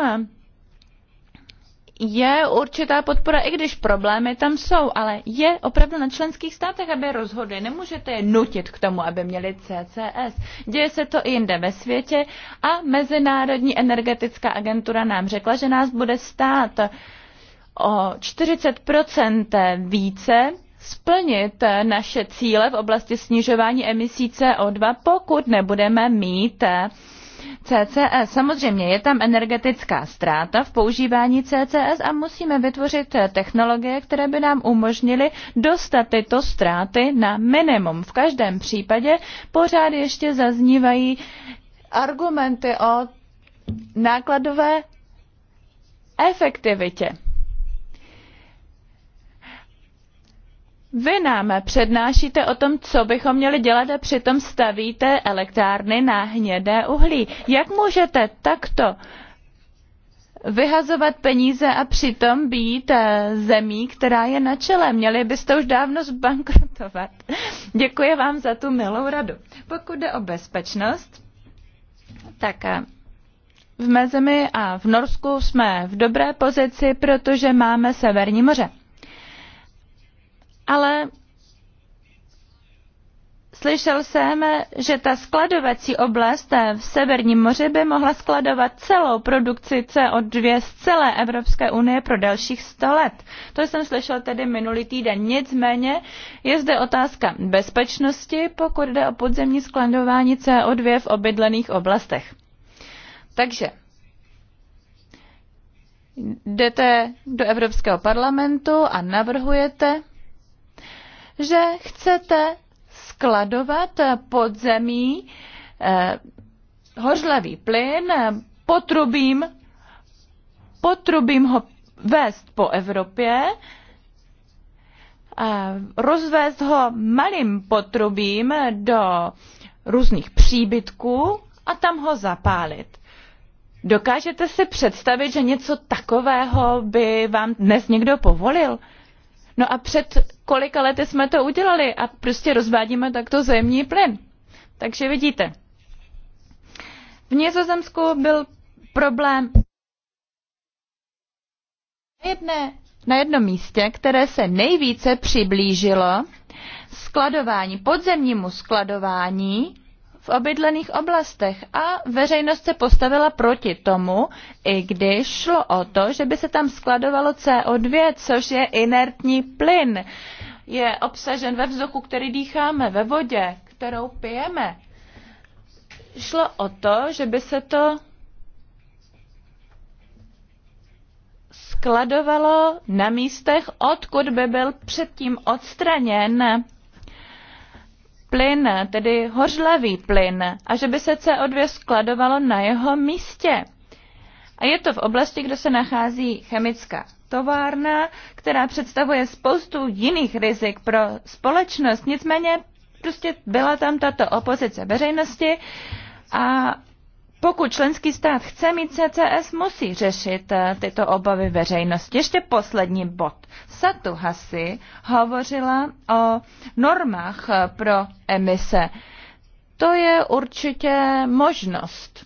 je určitá podpora, i když problémy tam jsou, ale je opravdu na členských státech, aby rozhodli. Nemůžete je nutit k tomu, aby měli CCS. Děje se to i jinde ve světě a Mezinárodní energetická agentura nám řekla, že nás bude stát o 40 více splnit naše cíle v oblasti snižování emisí CO2, pokud nebudeme mít CCS. Samozřejmě je tam energetická ztráta v používání CCS a musíme vytvořit technologie, které by nám umožnily dostat tyto ztráty na minimum. V každém případě pořád ještě zaznívají argumenty o nákladové efektivitě. Vy nám přednášíte o tom, co bychom měli dělat a přitom stavíte elektrárny na hnědé uhlí. Jak můžete takto vyhazovat peníze a přitom být eh, zemí, která je na čele. Měli byste už dávno zbankrotovat. Děkuji vám za tu milou radu. Pokud jde o bezpečnost, tak eh, v mé zemi a v Norsku jsme v dobré pozici, protože máme Severní moře ale slyšel jsem, že ta skladovací oblast v Severním moři by mohla skladovat celou produkci CO2 z celé Evropské unie pro dalších 100 let. To jsem slyšel tedy minulý týden. Nicméně je zde otázka bezpečnosti, pokud jde o podzemní skladování CO2 v obydlených oblastech. Takže jdete do Evropského parlamentu a navrhujete že chcete skladovat pod zemí eh, hořlavý plyn, potrubím, potrubím ho vést po Evropě, rozvést ho malým potrubím do různých příbytků a tam ho zapálit. Dokážete si představit, že něco takového by vám dnes někdo povolil? No a před kolika lety jsme to udělali a prostě rozvádíme takto zemní plyn. Takže vidíte, v Nizozemsku byl problém na, jedné, na jednom místě, které se nejvíce přiblížilo skladování, podzemnímu skladování v obydlených oblastech a veřejnost se postavila proti tomu, i když šlo o to, že by se tam skladovalo CO2, což je inertní plyn. Je obsažen ve vzduchu, který dýcháme, ve vodě, kterou pijeme. Šlo o to, že by se to skladovalo na místech, odkud by byl předtím odstraněn plyn, tedy hořlavý plyn, a že by se CO2 skladovalo na jeho místě. A je to v oblasti, kde se nachází chemická továrna, která představuje spoustu jiných rizik pro společnost. Nicméně prostě byla tam tato opozice veřejnosti a pokud členský stát chce mít CCS, musí řešit eh, tyto obavy veřejnosti. Ještě poslední bod. Satu Hasi hovořila o normách eh, pro emise. To je určitě možnost.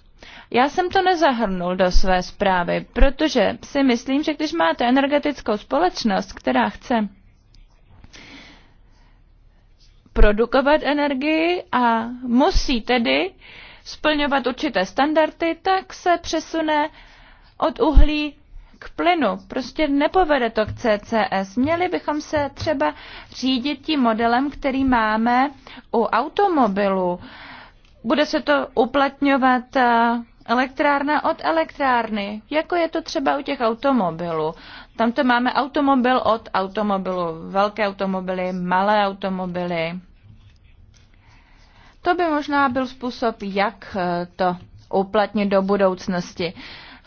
Já jsem to nezahrnul do své zprávy, protože si myslím, že když máte energetickou společnost, která chce produkovat energii a musí tedy uh, splňovat určité standardy, tak se přesune od uhlí k plynu. Prostě nepovede to k CCS. Měli bychom se třeba řídit tím modelem, který máme u automobilu. Bude se to uplatňovat eh, elektrárna od elektrárny, jako je to třeba u těch automobilů. Tam to máme automobil od automobilu, velké automobily, malé automobily, to by možná byl způsob, jak eh, to uplatnit do budoucnosti.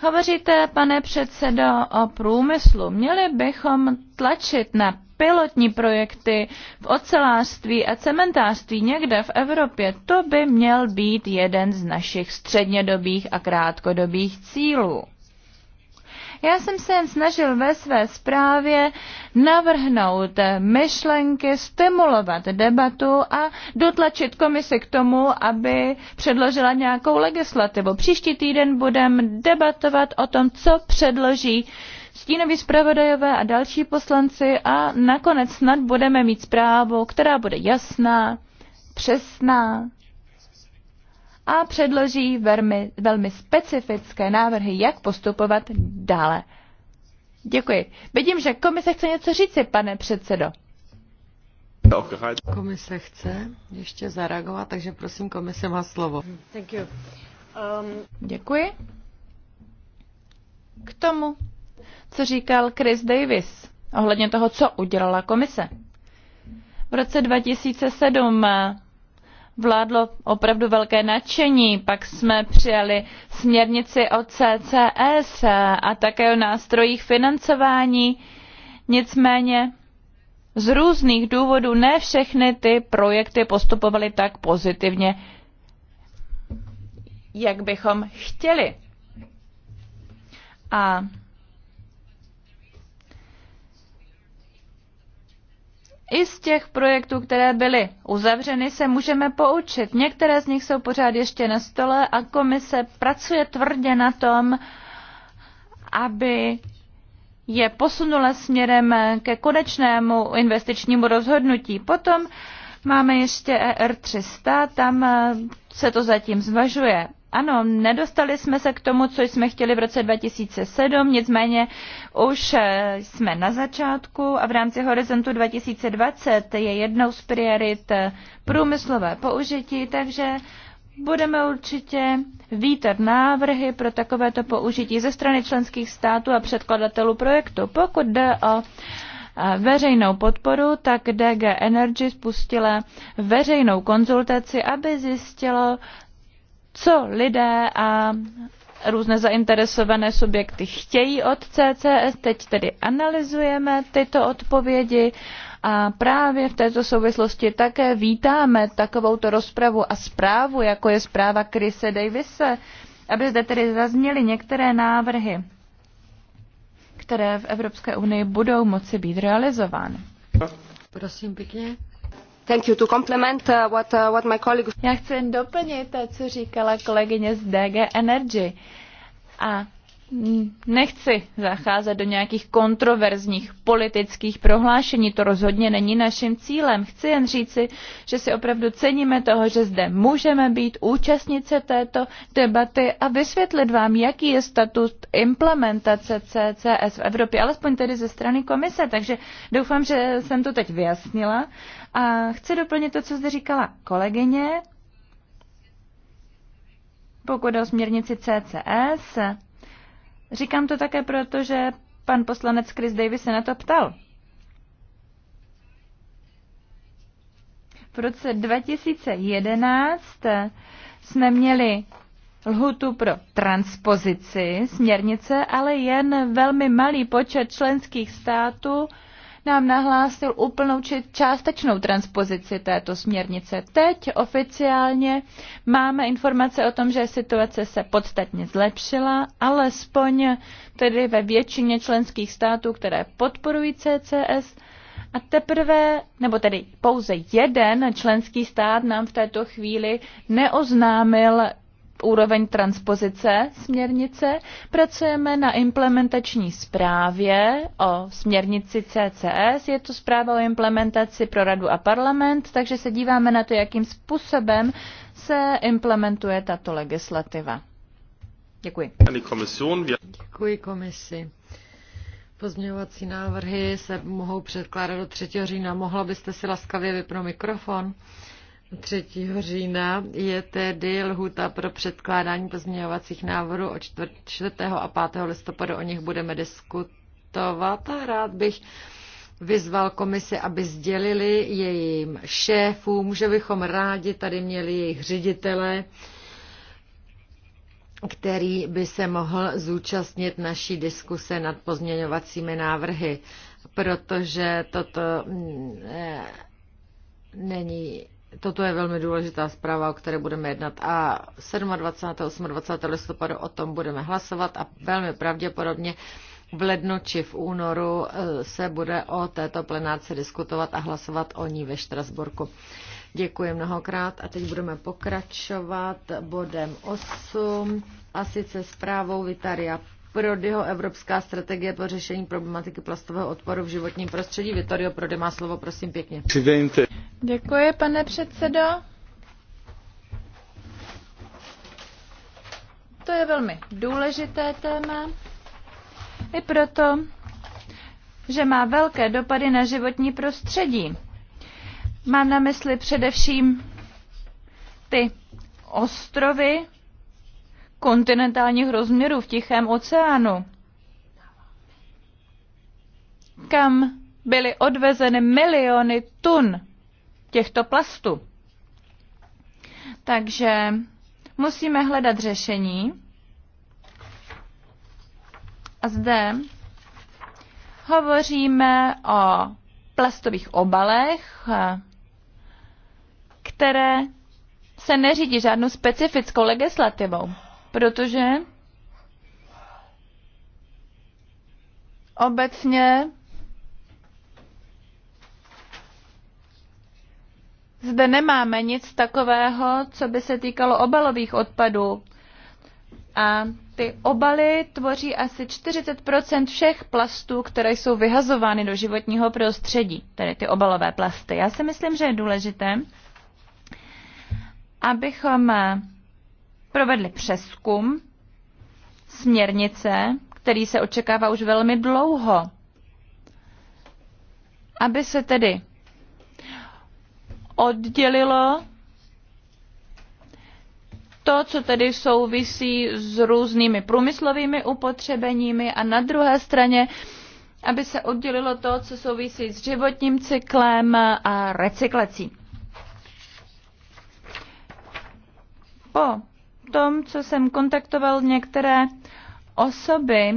Hovoříte, pane předsedo, o průmyslu. Měli bychom tlačit na pilotní projekty v ocelářství a cementářství někde v Evropě. To by měl být jeden z našich střednědobých a krátkodobých cílů. Já jsem se jen snažil ve své zprávě navrhnout myšlenky, stimulovat debatu a dotlačit komisi k tomu, aby předložila nějakou legislativu. Příští týden budeme debatovat o tom, co předloží stínoví zpravodajové a další poslanci a nakonec snad budeme mít zprávu, která bude jasná, přesná a předloží velmi, velmi specifické návrhy, jak postupovat dále. Děkuji. Vidím, že komise chce něco říci, pane předsedo. Komise chce ještě zareagovat, takže prosím, komise má slovo. Thank you. Um... Děkuji. K tomu, co říkal Chris Davis ohledně toho, co udělala komise. V roce 2007 vládlo opravdu velké nadšení. Pak jsme přijali směrnici o CCS a také o nástrojích financování. Nicméně z různých důvodů ne všechny ty projekty postupovaly tak pozitivně, jak bychom chtěli. A I z těch projektů, které byly uzavřeny, se můžeme poučit. Některé z nich jsou pořád ještě na stole a komise pracuje tvrdě na tom, aby je posunula směrem ke konečnému investičnímu rozhodnutí. Potom máme ještě ER300, tam se to zatím zvažuje. Ano, nedostali jsme se k tomu, co jsme chtěli v roce 2007, nicméně už eh, jsme na začátku a v rámci Horizontu 2020 je jednou z priorit eh, průmyslové použití, takže budeme určitě vítat návrhy pro takovéto použití ze strany členských států a předkladatelů projektu. Pokud jde o eh, veřejnou podporu, tak DG Energy spustila veřejnou konzultaci, aby zjistilo, co lidé a různé zainteresované subjekty chtějí od CCS. Teď tedy analyzujeme tyto odpovědi a právě v této souvislosti také vítáme takovouto rozpravu a zprávu, jako je zpráva Krise Davise, aby zde tedy zazněly některé návrhy, které v Evropské unii budou moci být realizovány. Prosím pěkně. Uh, uh, Já chci jen doplnit, eh, co říkala kolegyně z DG Energy. A nechci zacházet do nějakých kontroverzních politických prohlášení, to rozhodně není naším cílem. Chci jen říci, že si opravdu ceníme toho, že zde můžeme být účastnice této debaty a vysvětlit vám, jaký je status implementace CCS v Evropě, alespoň tedy ze strany komise. Takže doufám, že jsem to teď vyjasnila a chci doplnit to, co zde říkala kolegyně, pokud o směrnici CCS. Říkám to také proto, že pan poslanec Chris Davis se na to ptal. V roce 2011 jsme měli lhutu pro transpozici směrnice, ale jen velmi malý počet členských států nám nahlásil úplnou či částečnou transpozici této směrnice. Teď oficiálně máme informace o tom, že situace se podstatně zlepšila, alespoň tedy ve většině členských států, které podporují CCS, a teprve, nebo tedy pouze jeden členský stát nám v této chvíli neoznámil úroveň transpozice směrnice. Pracujeme na implementační zprávě o směrnici CCS. Je to zpráva o implementaci pro radu a parlament, takže se díváme na to, jakým způsobem se implementuje tato legislativa. Děkuji. Děkuji komisi. Pozměňovací návrhy se mohou předkládat do 3. října. Mohla byste si laskavě vypnout mikrofon? 3. října je tedy lhuta pro předkládání pozměňovacích návrhů od 4. a 5. listopadu. O nich budeme diskutovat a rád bych vyzval komisi, aby sdělili jejím šéfům, že bychom rádi tady měli jejich ředitele, který by se mohl zúčastnit naší diskuse nad pozměňovacími návrhy, protože toto mm, eh, není Toto je velmi důležitá zpráva, o které budeme jednat a 27. 28. listopadu o tom budeme hlasovat a velmi pravděpodobně v lednu či v únoru eh, se bude o této plenáci diskutovat a hlasovat o ní ve Štrasburku. Děkuji mnohokrát a teď budeme pokračovat bodem 8 a sice zprávou Vitaria Prodyho Evropská strategie pro řešení problematiky plastového odpadu v životním prostředí. Vittorio Prody má slovo, prosím pěkně. Děkuji, pane předsedo. To je velmi důležité téma. I proto, že má velké dopady na životní prostředí. Mám na mysli především ty ostrovy, kontinentálních rozměrů v Tichém oceánu, kam byly odvezeny miliony tun těchto plastů. Takže musíme hledat řešení. A zde hovoříme o plastových obalech, které se neřídí žádnou specifickou legislativou protože obecně zde nemáme nic takového, co by se týkalo obalových odpadů. A ty obaly tvoří asi 40 všech plastů, které jsou vyhazovány do životního prostředí, tedy ty obalové plasty. Já si myslím, že je důležité, abychom provedli přeskum směrnice, který se očekává už velmi dlouho, aby se tedy oddělilo to, co tedy souvisí s různými průmyslovými upotřebeními a na druhé straně, aby se oddělilo to, co souvisí s životním cyklem a recyklací. Po tom, co jsem kontaktoval některé osoby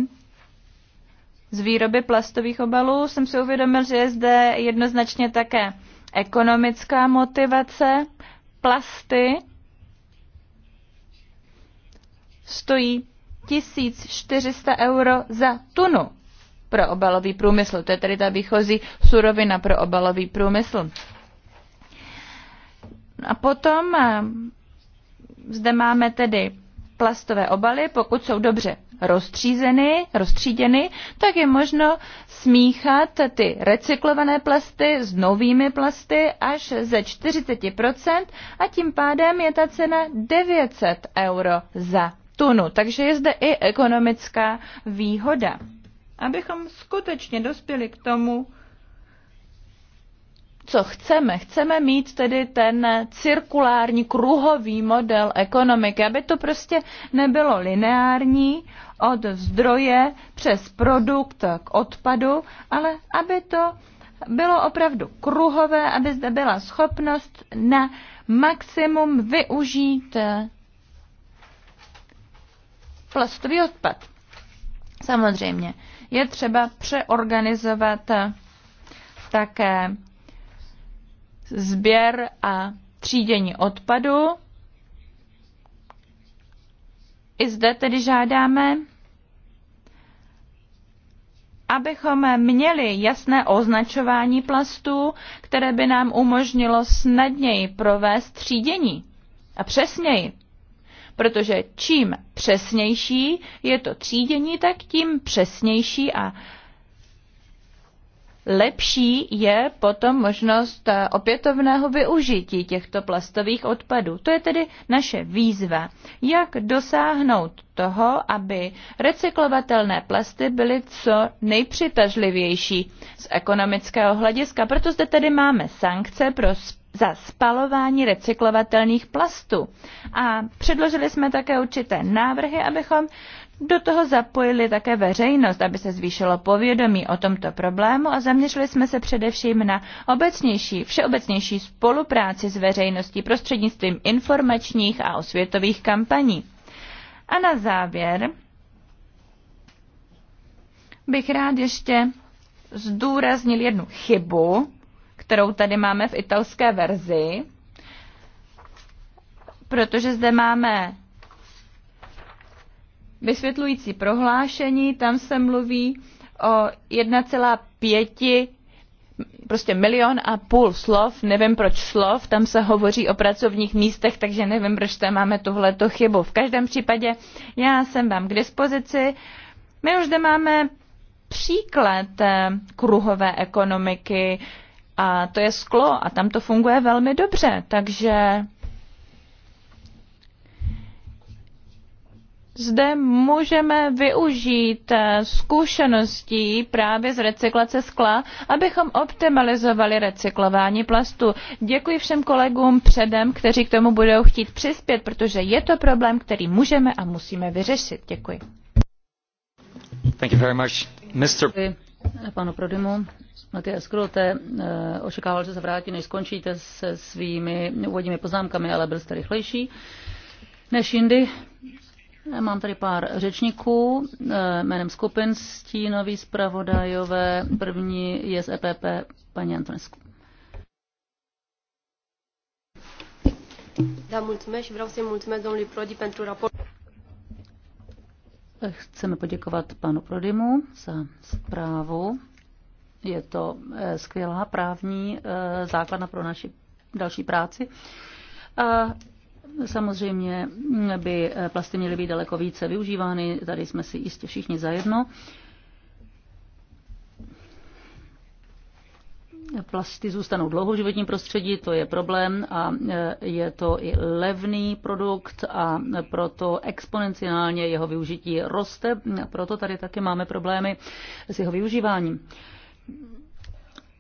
z výroby plastových obalů, jsem si uvědomil, že je zde jednoznačně také ekonomická motivace. Plasty stojí 1400 euro za tunu pro obalový průmysl. To je tedy ta výchozí surovina pro obalový průmysl. A potom zde máme tedy plastové obaly, pokud jsou dobře roztřízeny, roztříděny, tak je možno smíchat ty recyklované plasty s novými plasty až ze 40% a tím pádem je ta cena 900 euro za tunu. Takže je zde i ekonomická výhoda. Abychom skutečně dospěli k tomu, co chceme. Chceme mít tedy ten cirkulární kruhový model ekonomiky, aby to prostě nebylo lineární od zdroje přes produkt k odpadu, ale aby to bylo opravdu kruhové, aby zde byla schopnost na maximum využít eh, plastový odpad. Samozřejmě je třeba přeorganizovat eh, také sběr a třídění odpadu. I zde tedy žádáme, abychom měli jasné označování plastů, které by nám umožnilo snadněji provést třídění. A přesněji. Protože čím přesnější je to třídění, tak tím přesnější a lepší je potom možnost eh, opětovného využití těchto plastových odpadů. To je tedy naše výzva, jak dosáhnout toho, aby recyklovatelné plasty byly co nejpřitažlivější z ekonomického hlediska. Proto zde tedy máme sankce pro za spalování recyklovatelných plastů. A předložili jsme také určité návrhy, abychom do toho zapojili také veřejnost, aby se zvýšilo povědomí o tomto problému a zaměřili jsme se především na obecnější, všeobecnější spolupráci s veřejností prostřednictvím informačních a osvětových kampaní. A na závěr bych rád ještě zdůraznil jednu chybu, kterou tady máme v italské verzi, protože zde máme vysvětlující prohlášení, tam se mluví o 1,5 prostě milion a půl slov, nevím proč slov, tam se hovoří o pracovních místech, takže nevím, proč tam máme tuhleto chybu. V každém případě já jsem vám k dispozici. My už zde máme příklad eh, kruhové ekonomiky a to je sklo a tam to funguje velmi dobře, takže zde můžeme využít eh, zkušeností právě z recyklace skla, abychom optimalizovali recyklování plastu. Děkuji všem kolegům předem, kteří k tomu budou chtít přispět, protože je to problém, který můžeme a musíme vyřešit. Děkuji. Thank you very much. Mr. panu Prodymu. Matěj Krote, eh, očekával, že se vrátí, než skončíte se svými úvodními poznámkami, ale byl jste rychlejší než jindy. Mám tady pár řečníků eh, jménem skupin Stínový zpravodajové. První je z EPP paní Antonescu. Da, mulțumesc și vreau să-i mulțumesc domnului Prodi pentru raport. Eh, chceme poděkovat panu Prodimu za zprávu. Je to eh, skvělá právní základna pro naši další práci. A Samozřejmě by plasty měly být daleko více využívány, tady jsme si jistě všichni zajedno. Plasty zůstanou dlouho v životním prostředí, to je problém a je to i levný produkt a proto exponenciálně jeho využití roste a proto tady také máme problémy s jeho využíváním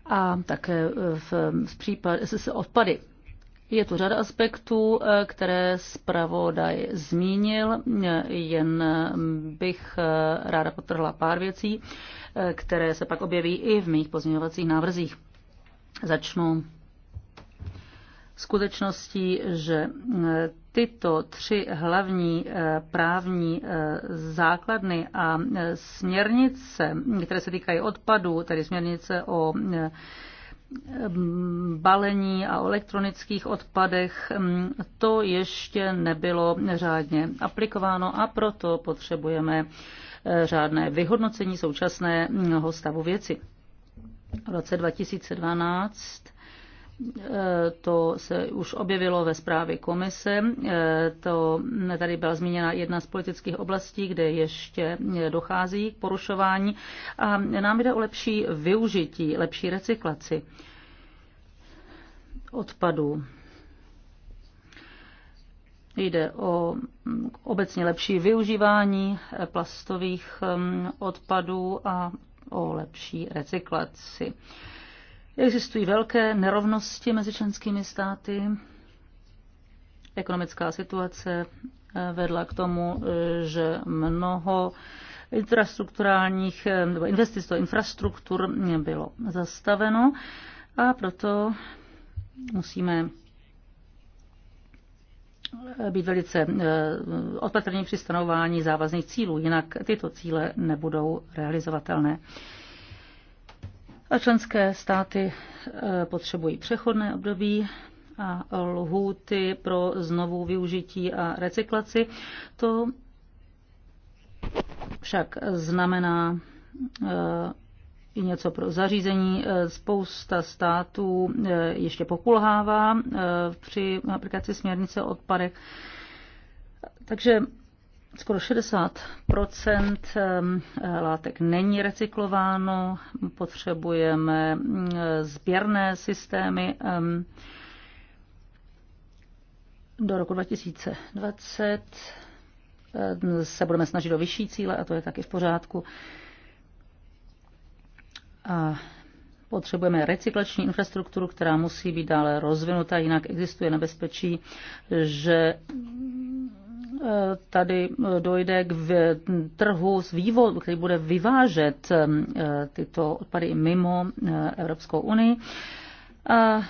a také v, v případě, s, s odpady. Je tu řada aspektů, eh, které zpravodaj zmínil, jen bych eh, ráda potrhla pár věcí, eh, které se pak objeví i v mých pozměňovacích návrzích. Začnu skutečností, že tyto tři hlavní právní základny a směrnice, které se týkají odpadů, tedy směrnice o Ehm, balení a o elektronických odpadech, ehm, to ještě nebylo řádně aplikováno a proto potřebujeme eh, řádné vyhodnocení současného stavu věci. V roce 2012 to se už objevilo ve zprávě komise. To tady byla zmíněna jedna z politických oblastí, kde ještě dochází k porušování. A nám jde o lepší využití, lepší recyklaci odpadů. Jde o obecně lepší využívání plastových mm, odpadů a o lepší recyklaci. Existují velké nerovnosti mezi členskými státy. Ekonomická situace eh, vedla k tomu, eh, že mnoho infrastrukturálních eh, nebo investic do infrastruktur bylo zastaveno a proto musíme být velice opatrní při stanování závazných cílů, jinak tyto cíle nebudou realizovatelné. A členské státy e, potřebují přechodné období a lhůty pro znovu využití a recyklaci. To však znamená e, i něco pro zařízení. E, spousta států ještě pokulhává při aplikaci směrnice odpadek. Takže skoro 60 látek není recyklováno, potřebujeme sběrné systémy do roku 2020 se budeme snažit o vyšší cíle a to je taky v pořádku. A potřebujeme recyklační infrastrukturu, která musí být dále rozvinuta, jinak existuje nebezpečí, že tady eh, dojde k trhu s vývozem, který bude vyvážet eh, tyto odpady mimo eh, Evropskou unii. A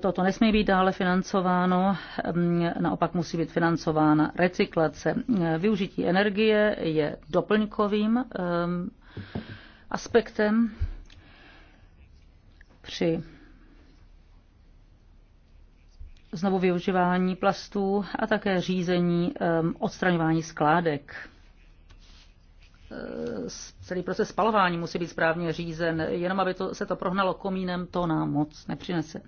Toto nesmí být dále financováno, mm, naopak musí být financována recyklace. Využití energie je doplňkovým aspektem při znovu využívání plastů a také řízení odstraňování skládek. E, celý proces spalování musí být správně řízen, jenom aby to, se to prohnalo komínem, to nám moc nepřinese.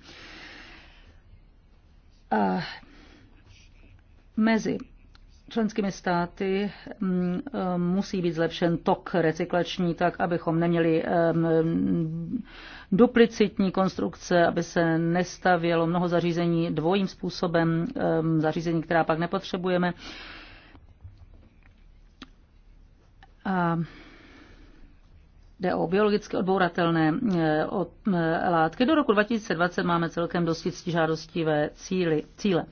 E, mezi členskými státy mm, eh, musí být zlepšen tok recyklační tak, abychom neměli eh, duplicitní konstrukce, aby se nestavělo mnoho zařízení dvojím způsobem, eh, zařízení, která pak nepotřebujeme. A Jde o biologicky odbouratelné od látky. Do roku 2020 máme celkem dosti žádostivé cíly, cíle.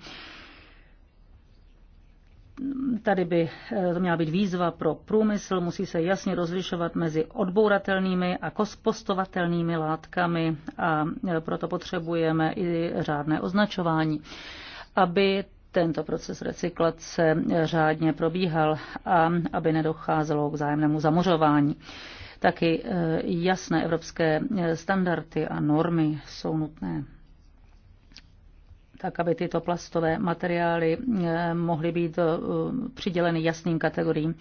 Tady by eh, to měla být výzva pro průmysl, musí se jasně rozlišovat mezi odbouratelnými a kospostovatelnými látkami a eh, proto potřebujeme i řádné označování, aby tento proces recyklace eh, řádně probíhal a aby nedocházelo k vzájemnému zamořování. Taky jasné evropské standardy a normy jsou nutné tak aby tyto plastové materiály eh, mohly být eh, přiděleny jasným kategoriím.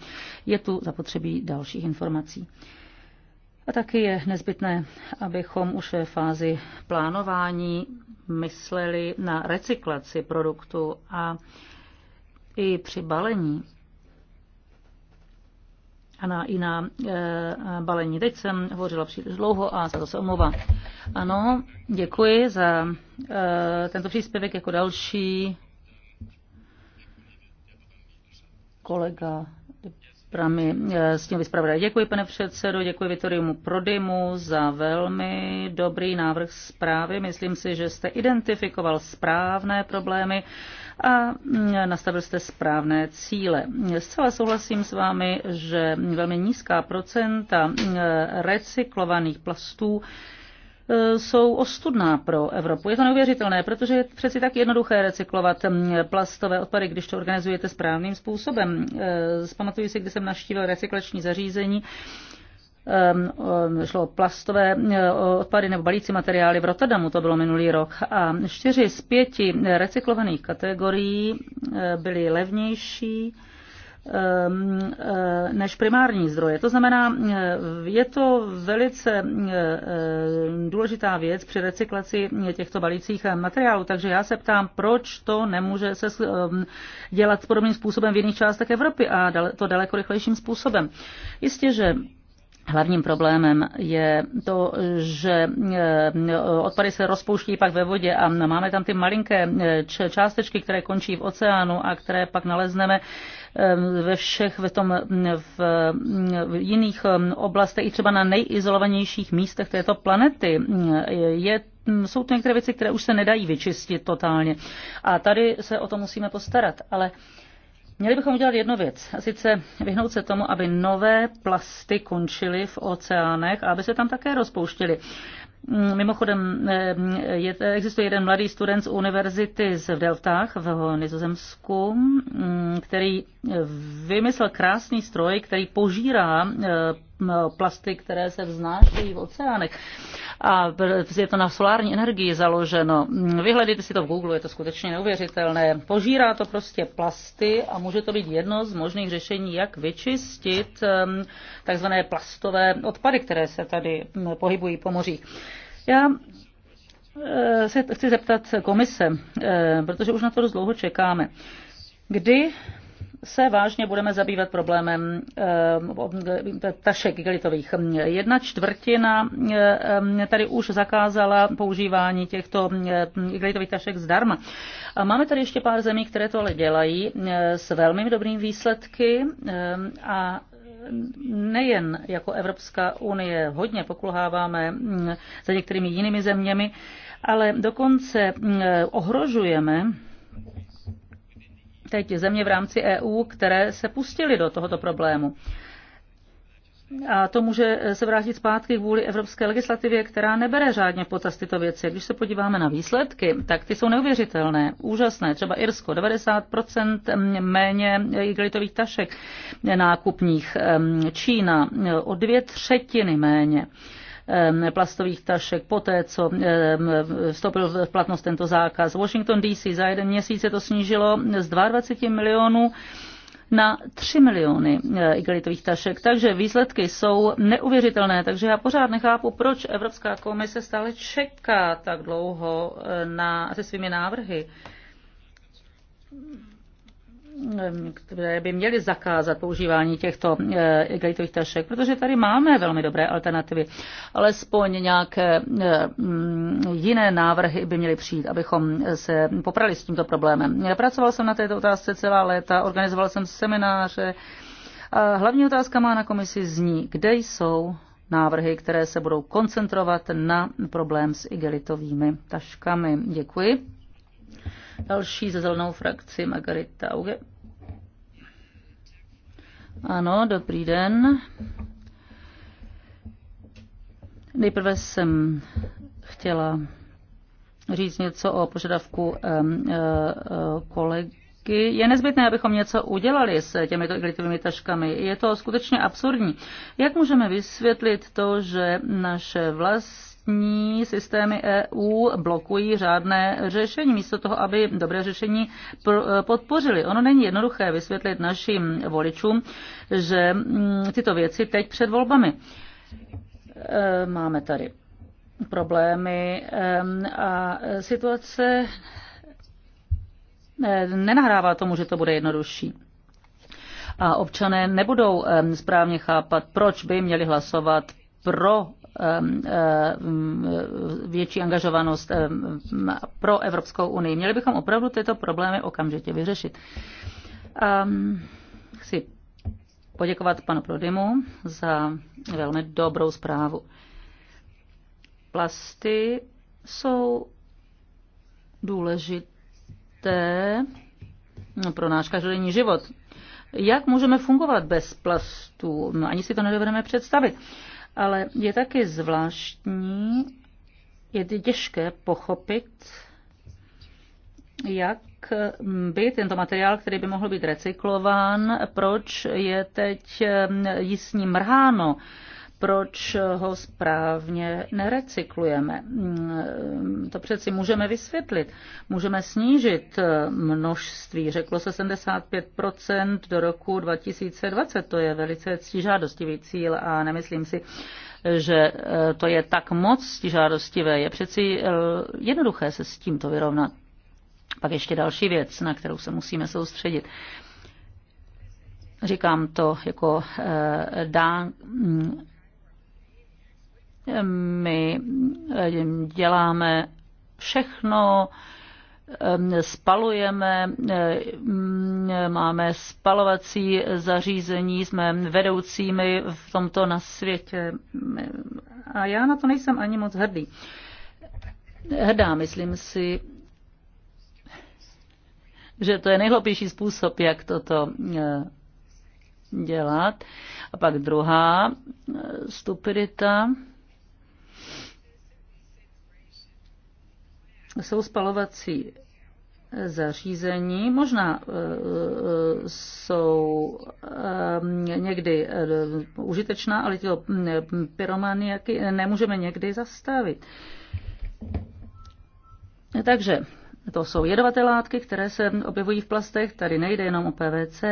Je tu zapotřebí dalších informací. A taky je nezbytné, abychom už ve fázi plánování mysleli na recyklaci produktu a i při balení a na jiná e, balení. Teď jsem hovořila příliš dlouho a za to se omlouvám. Ano, děkuji za e, tento příspěvek jako další kolega Prami, e, s tím vyspravodaj. Děkuji, pane předsedo, děkuji Vitoriumu Prodymu za velmi dobrý návrh zprávy. Myslím si, že jste identifikoval správné problémy a mm, nastavil jste správné cíle. Zcela souhlasím s vámi, že velmi nízká procenta mm, recyklovaných plastů e, jsou ostudná pro Evropu. Je to neuvěřitelné, protože je přeci tak jednoduché recyklovat mm, plastové odpady, když to organizujete správným způsobem. E, Zpamatuju si, když jsem navštívil recyklační zařízení Ehm, ehm, šlo o plastové eh, odpady nebo balící materiály v Rotterdamu, to bylo minulý rok. A čtyři z pěti recyklovaných kategorií eh, byly levnější ehm, eh, než primární zdroje. To znamená, je to velice důležitá věc při recyklaci těchto balících materiálů, takže já se ptám, proč to nemůže se dělat podobným způsobem v jiných částech Evropy a to daleko rychlejším způsobem. Jistě, že Hlavním problémem je to, že eh, odpady se rozpouští pak ve vodě a máme tam ty malinké eh, částečky, které končí v oceánu a které pak nalezneme eh, ve všech ve tom, v, v jiných oblastech, i třeba na nejizolovanějších místech této planety. Je hm, jsou to některé věci, které už se nedají vyčistit totálně. A tady se o to musíme postarat. Ale uh, Měli bychom udělat jednu věc, a sice vyhnout se tomu, aby nové plasty končily v oceánech a aby se tam také rozpouštěly. Mm, mimochodem, eh, je, existuje jeden mladý student z univerzity v Deltách v Nizozemsku, mm, který eh, vymyslel krásný stroj, který požírá eh, plasty, které se vznášejí v oceánech. A je to na solární energii založeno. Vyhledejte si to v Google, je to skutečně neuvěřitelné. Požírá to prostě plasty a může to být jedno z možných řešení, jak vyčistit takzvané plastové odpady, které se tady pohybují po mořích. Já e, se chci zeptat komise, e, protože už na to dost dlouho čekáme. Kdy se vážně budeme zabývat problémem eh, tašek gelitových. Jedna čtvrtina eh, tady už zakázala používání těchto eh, gelitových tašek zdarma. A máme tady ještě pár zemí, které to ale dělají s velmi dobrými výsledky a nejen jako Evropská unie hodně pokulháváme za některými jinými zeměmi, ale dokonce ohrožujeme teď země v rámci EU, které se pustily do tohoto problému. A to může se vrátit zpátky kvůli evropské legislativě, která nebere řádně v potaz tyto věci. Když se podíváme na výsledky, tak ty jsou neuvěřitelné, úžasné. Třeba Irsko, 90% méně igelitových tašek nákupních, Čína o dvě třetiny méně plastových tašek poté, co vstoupil v platnost tento zákaz. Washington DC za jeden měsíc se to snížilo z 22 milionů na 3 miliony eh, igelitových tašek. Takže výsledky jsou neuvěřitelné. Takže já pořád nechápu, proč Evropská komise stále čeká tak dlouho eh, na, se svými návrhy které by měly zakázat používání těchto eh, gaitových tašek, protože tady máme velmi dobré alternativy. Alespoň nějaké mm, jiné návrhy by měly přijít, abychom se poprali s tímto problémem. Pracoval jsem na této otázce celá léta, organizoval jsem semináře. A hlavní otázka má na komisi zní, kde jsou návrhy, které se budou koncentrovat na problém s igelitovými taškami. Děkuji. Další ze zelenou frakci Margarita Auge. Ano, dobrý den. Nejprve jsem chtěla říct něco o požadavku kolegy je nezbytné, abychom něco udělali s těmito igelitovými taškami. Je to skutečně absurdní. Jak můžeme vysvětlit to, že naše vlast vlastní systémy EU blokují řádné řešení, místo toho, aby dobré řešení podpořili. Ono není jednoduché vysvětlit našim voličům, že mm, tyto věci teď před volbami. E, máme tady problémy e, a situace e, nenahrává tomu, že to bude jednodušší a občané nebudou správně chápat, proč by měli hlasovat pro Um, um, větší angažovanost um, pro Evropskou unii. Měli bychom opravdu tyto problémy okamžitě vyřešit. chci poděkovat panu Prodymu za velmi dobrou zprávu. Plasty jsou důležité pro náš každodenní život. Jak můžeme fungovat bez plastů? No, ani si to nedovedeme představit ale je taky zvláštní, je těžké pochopit, jak mm, by tento materiál, který by mohl být recyklován, proč je teď mm, jí s ním mrháno proč ho správně nerecyklujeme. To přeci můžeme vysvětlit. Můžeme snížit množství, řeklo se 75% do roku 2020. To je velice ctižádostivý cíl a nemyslím si, že to je tak moc ctižádostivé. Je přeci eh, jednoduché se s tímto vyrovnat. Pak ještě další věc, na kterou se musíme soustředit. Říkám to jako eh, dá, my eh, děláme všechno, ehm, spalujeme, eh, mm, máme spalovací zařízení, jsme vedoucími v tomto na světě. A já na to nejsem ani moc hrdý. Hrdá, myslím si, že to je nejhloupější způsob, jak toto eh, dělat. A pak druhá stupidita. jsou spalovací zařízení. Možná eh, eh, jsou eh, někdy užitečná, ale tyto mm, pyromaniaky nemůžeme někdy zastavit. Takže to jsou jedovaté látky, které se objevují v plastech. Tady nejde jenom o PVC,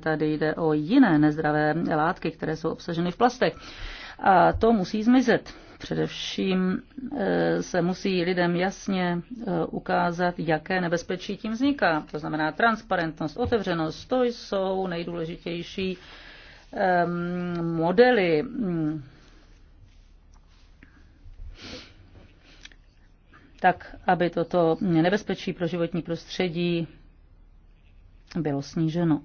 tady jde o jiné nezdravé látky, které jsou obsaženy v plastech. A to musí zmizet. Především eh, se musí lidem jasně eh, ukázat, jaké nebezpečí tím vzniká. To znamená transparentnost, otevřenost, to jsou nejdůležitější ehm, modely hmm. tak, aby toto nebezpečí pro životní prostředí bylo sníženo.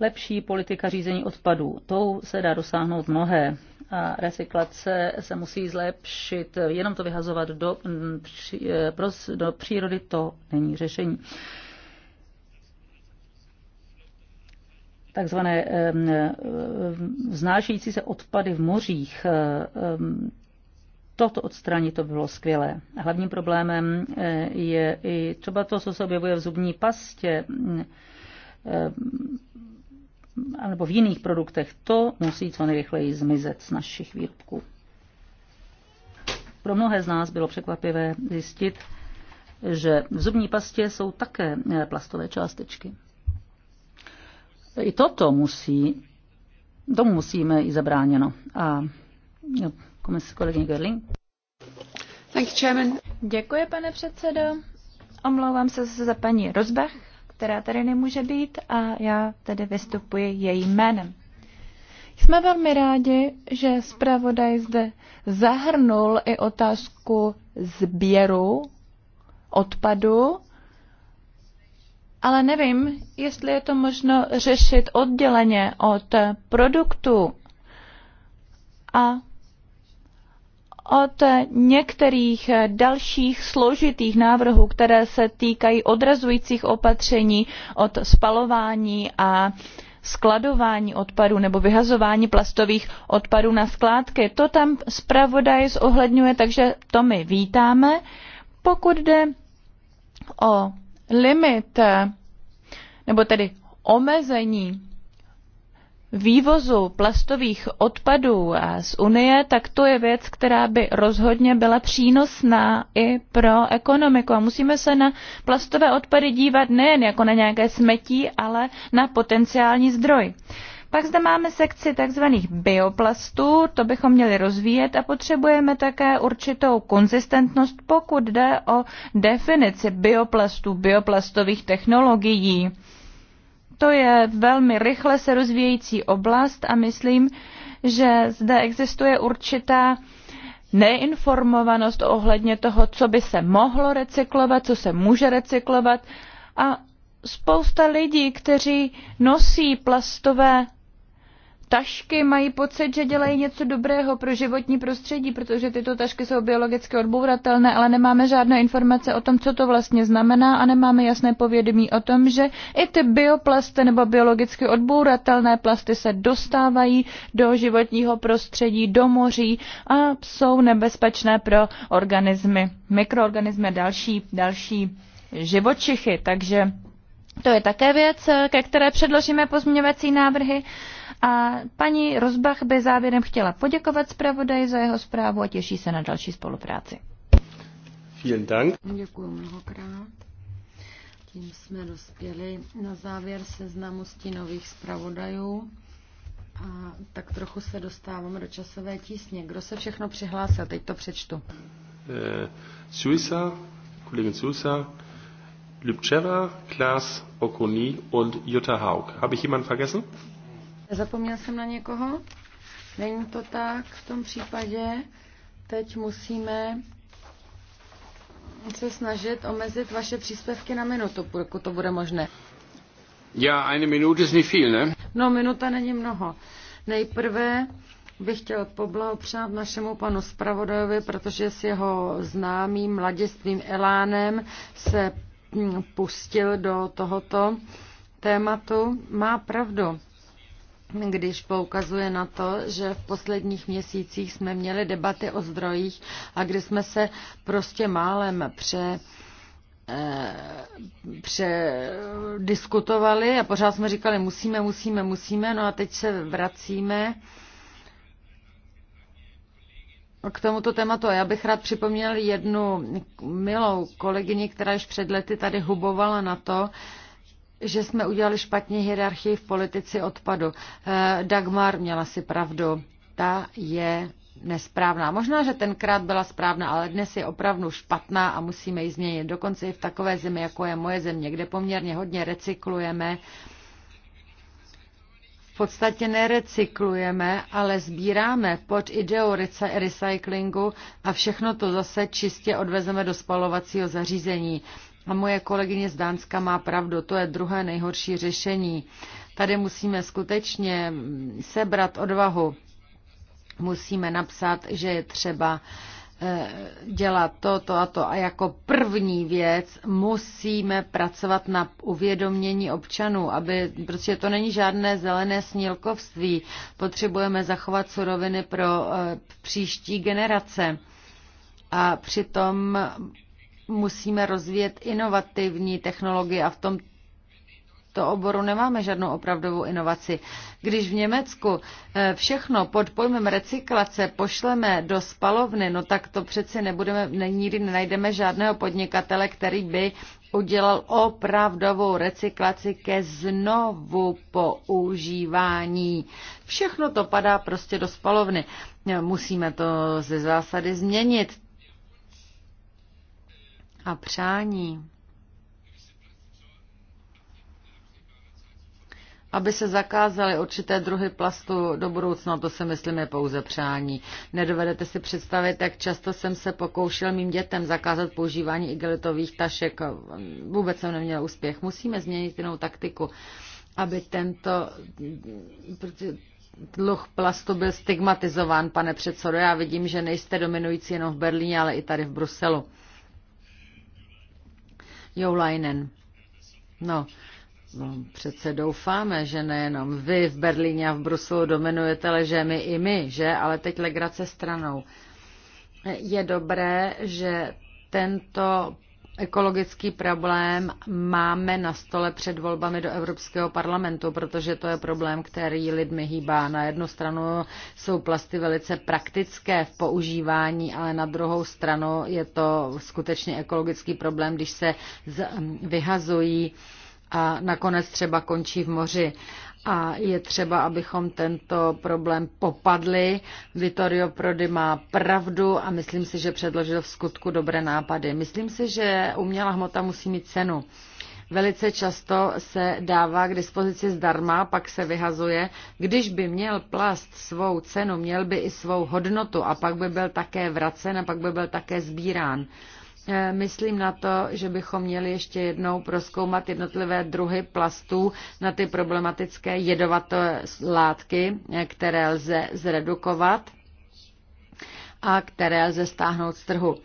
Lepší politika řízení odpadů, tou se dá dosáhnout mnohé. A recyklace se musí zlepšit, jenom to vyhazovat do, do přírody, to není řešení. Takzvané vznášející se odpady v mořích, toto odstranit, to bylo skvělé. Hlavním problémem eh, je i třeba to, co se objevuje v zubní pastě nebo v jiných produktech, to musí co nejrychleji zmizet z našich výrobků. Pro mnohé z nás bylo překvapivé zjistit, že v zubní pastě jsou také plastové částečky. I toto musí, tomu musíme i zabráněno. A komise kolegyně Gerling. Thank you, Děkuji, pane předsedo. Omlouvám se za paní Rozbach, která tady nemůže být a já tedy vystupuji jejím jménem. Jsme velmi rádi, že zpravodaj zde zahrnul i otázku sběru odpadu, ale nevím, jestli je to možno řešit odděleně od produktu a od některých dalších složitých návrhů, které se týkají odrazujících opatření od spalování a skladování odpadů nebo vyhazování plastových odpadů na skládky. To tam zpravodaj zohledňuje, takže to my vítáme. Pokud jde o limit, nebo tedy omezení vývozu plastových odpadů z Unie, tak to je věc, která by rozhodně byla přínosná i pro ekonomiku. A musíme se na plastové odpady dívat nejen jako na nějaké smetí, ale na potenciální zdroj. Pak zde máme sekci tzv. bioplastů, to bychom měli rozvíjet a potřebujeme také určitou konzistentnost, pokud jde o definici bioplastů, bioplastových technologií to je velmi rychle se rozvíjející oblast a myslím, že zde existuje určitá neinformovanost ohledně toho, co by se mohlo recyklovat, co se může recyklovat a spousta lidí, kteří nosí plastové tašky mají pocit, že dělají něco dobrého pro životní prostředí, protože tyto tašky jsou biologicky odbouratelné, ale nemáme žádné informace o tom, co to vlastně znamená a nemáme jasné povědomí o tom, že i ty bioplasty nebo biologicky odbouratelné plasty se dostávají do životního prostředí, do moří a jsou nebezpečné pro organismy, mikroorganismy a další, další živočichy. Takže to je také věc, ke které předložíme pozměňovací návrhy. A paní Rozbach by závěrem chtěla poděkovat zpravodaji za jeho zprávu a těší se na další spolupráci. Vielen Dank. Děkuji mnohokrát. Tím jsme dospěli na závěr seznamu stínových zpravodajů. A tak trochu se dostáváme do časové tísně. Kdo se všechno přihlásil? Teď to přečtu. Eh, Suisa, kolegin Suisa, Lübčeva, Klaas, Okoni und Jutta Haug. Habe ich jemanden vergessen? Zapomněl jsem na někoho? Není to tak. V tom případě teď musíme se snažit omezit vaše příspěvky na minutu, pokud to bude možné. Já, eine Minute ist nicht viel, ne? No, minuta není mnoho. Nejprve bych chtěl poblahopřát našemu panu Spravodajovi, protože s jeho známým mladistvým elánem se hm, pustil do tohoto tématu. Má pravdu když poukazuje na to, že v posledních měsících jsme měli debaty o zdrojích a kdy jsme se prostě málem pře eh, přediskutovali a pořád jsme říkali musíme, musíme, musíme, no a teď se vracíme k tomuto tématu. Já bych rád připomněl jednu milou kolegyni, která již před lety tady hubovala na to, že jsme udělali špatně hierarchii v politici odpadu. Eh, Dagmar měla si pravdu. Ta je nesprávná. Možná, že tenkrát byla správná, ale dnes je opravdu špatná a musíme ji změnit. Dokonce i v takové zemi, jako je moje země, kde poměrně hodně recyklujeme. V podstatě nerecyklujeme, ale sbíráme pod ideou recyklingu a všechno to zase čistě odvezeme do spalovacího zařízení. A moje kolegyně z Dánska má pravdu, to je druhé nejhorší řešení. Tady musíme skutečně sebrat odvahu. Musíme napsat, že je třeba eh, dělat to, to a to. A jako první věc musíme pracovat na uvědomění občanů, aby, protože to není žádné zelené snílkovství. Potřebujeme zachovat suroviny pro eh, příští generace. A přitom musíme rozvíjet inovativní technologie a v tom to oboru nemáme žádnou opravdovou inovaci. Když v Německu eh, všechno pod pojmem recyklace pošleme do spalovny, no tak to přece nebudeme, nikdy nenajdeme žádného podnikatele, který by udělal opravdovou recyklaci ke znovu používání. Všechno to padá prostě do spalovny. Musíme to ze zásady změnit a přání, aby se zakázaly určité druhy plastu do budoucna, to si myslím je pouze přání. Nedovedete si představit, jak často jsem se pokoušel mým dětem zakázat používání igelitových tašek. Vůbec jsem neměl úspěch. Musíme změnit jinou taktiku, aby tento dluh plastu byl stigmatizován, pane předsedo. Já vidím, že nejste dominující jenom v Berlíně, ale i tady v Bruselu. Joulainen. No, no, přece doufáme, že nejenom vy v Berlíně a v Bruselu dominujete, ale že my i my, že? Ale teď legrace stranou. Je dobré, že tento ekologický problém máme na stole před volbami do Evropského parlamentu, protože to je problém, který lidmi hýbá. Na jednu stranu jsou plasty velice praktické v používání, ale na druhou stranu je to skutečně ekologický problém, když se vyhazují a nakonec třeba končí v moři. Uh, a je třeba, abychom tento problém popadli. Vittorio Prodi má pravdu a myslím si, že předložil v skutku dobré nápady. Myslím si, že umělá hmota musí mít cenu. Velice často se dává k dispozici zdarma, pak se vyhazuje. Když by měl plast svou cenu, měl by i svou hodnotu a pak by byl také vracen a pak by byl také sbírán. Eh, myslím na to, že bychom měli ještě jednou proskoumat jednotlivé druhy plastů na ty problematické jedovaté látky, eh, které lze zredukovat a které lze stáhnout z trhu.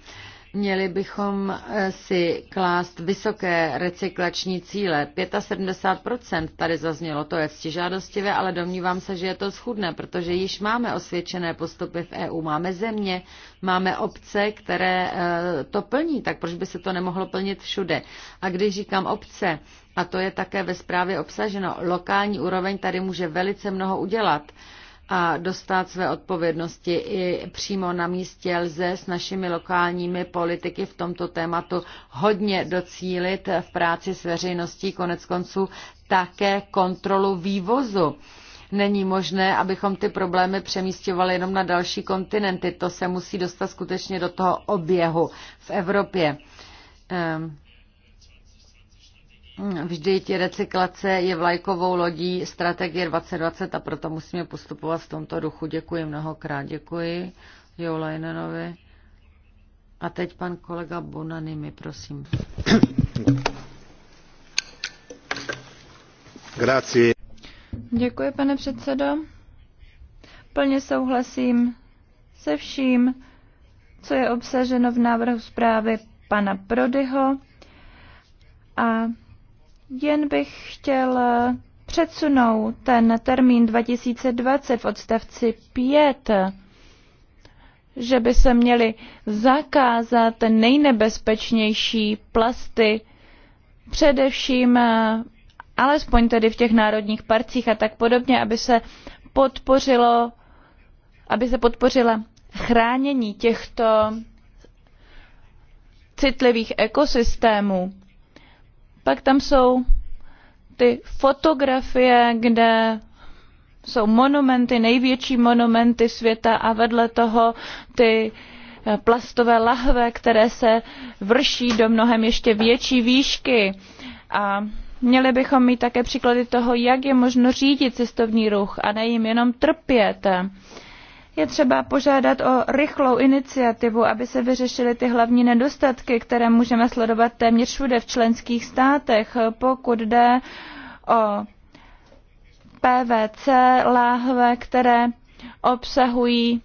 Měli bychom eh, si klást vysoké recyklační cíle. 75% tady zaznělo, to je ctižádostivé, ale domnívám se, že je to schudné, protože již máme osvědčené postupy v EU. Máme země, máme obce, které eh, to plní, tak proč by se to nemohlo plnit všude? A když říkám obce, a to je také ve zprávě obsaženo, lokální úroveň tady může velice mnoho udělat a dostat své odpovědnosti i přímo na místě lze s našimi lokálními politiky v tomto tématu hodně docílit v práci s veřejností, konec konců také kontrolu vývozu není možné, abychom ty problémy přemístěvali jenom na další kontinenty. To se musí dostat skutečně do toho oběhu v Evropě. Ehm, Vždyť recyklace je vlajkovou lodí strategie 2020 a proto musíme postupovat v tomto duchu. Děkuji mnohokrát. Děkuji Jo, Leinenovi. A teď pan kolega Bonany mi, prosím. Grazie. Děkuji, pane předsedo. Plně souhlasím se vším, co je obsaženo v návrhu zprávy pana Prodyho a jen bych chtěl eh, předsunout ten termín 2020 v odstavci 5, že by se měly zakázat nejnebezpečnější plasty, především eh, alespoň tedy v těch národních parcích a tak podobně, aby se podpořilo, aby se podpořila chránění těchto citlivých ekosystémů pak tam jsou ty fotografie, kde jsou monumenty, největší monumenty světa a vedle toho ty eh, plastové lahve, které se vrší do mnohem ještě větší výšky. A měli bychom mít také příklady toho, jak je možno řídit cestovní ruch a nejím jenom trpět. Je třeba požádat o rychlou iniciativu, aby se vyřešily ty hlavní nedostatky, které můžeme sledovat téměř všude v členských státech, pokud jde o PVC láhve, které obsahují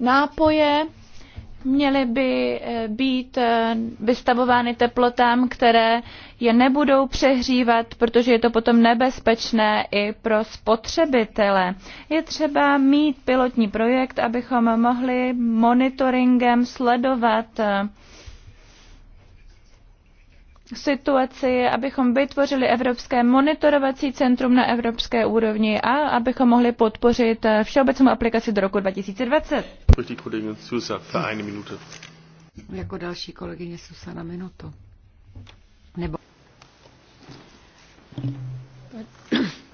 nápoje, měly by eh, být eh, vystavovány teplotám, které je nebudou přehřívat, protože je to potom nebezpečné i pro spotřebitele. Je třeba mít pilotní projekt, abychom mohli monitoringem sledovat eh, situaci, abychom vytvořili Evropské monitorovací centrum na evropské úrovni a abychom mohli podpořit všeobecnou aplikaci do roku 2020. Jako další kolegyně na Minutu. Nebo...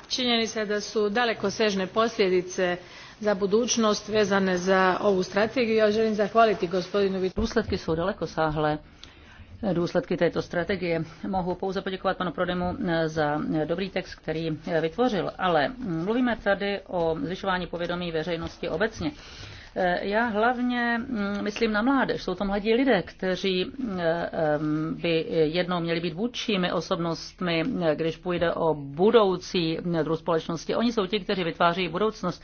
Činjenica je da su dalekosežne posljedice za budućnost vezane za ovu strategiju. Ja želim zahvaliti gospodinu Důsledky jsou sahle. důsledky této strategie. Mohu pouze poděkovat panu Prodemu za dobrý text, který vytvořil, ale mluvíme tady o zvyšování povědomí veřejnosti obecně. Eh, já hlavně mm, myslím na mládež. Jsou to mladí lidé, kteří eh, by jednou měli být vůdčími osobnostmi, eh, když půjde o budoucí druh společnosti. Oni jsou ti, kteří vytváří budoucnost.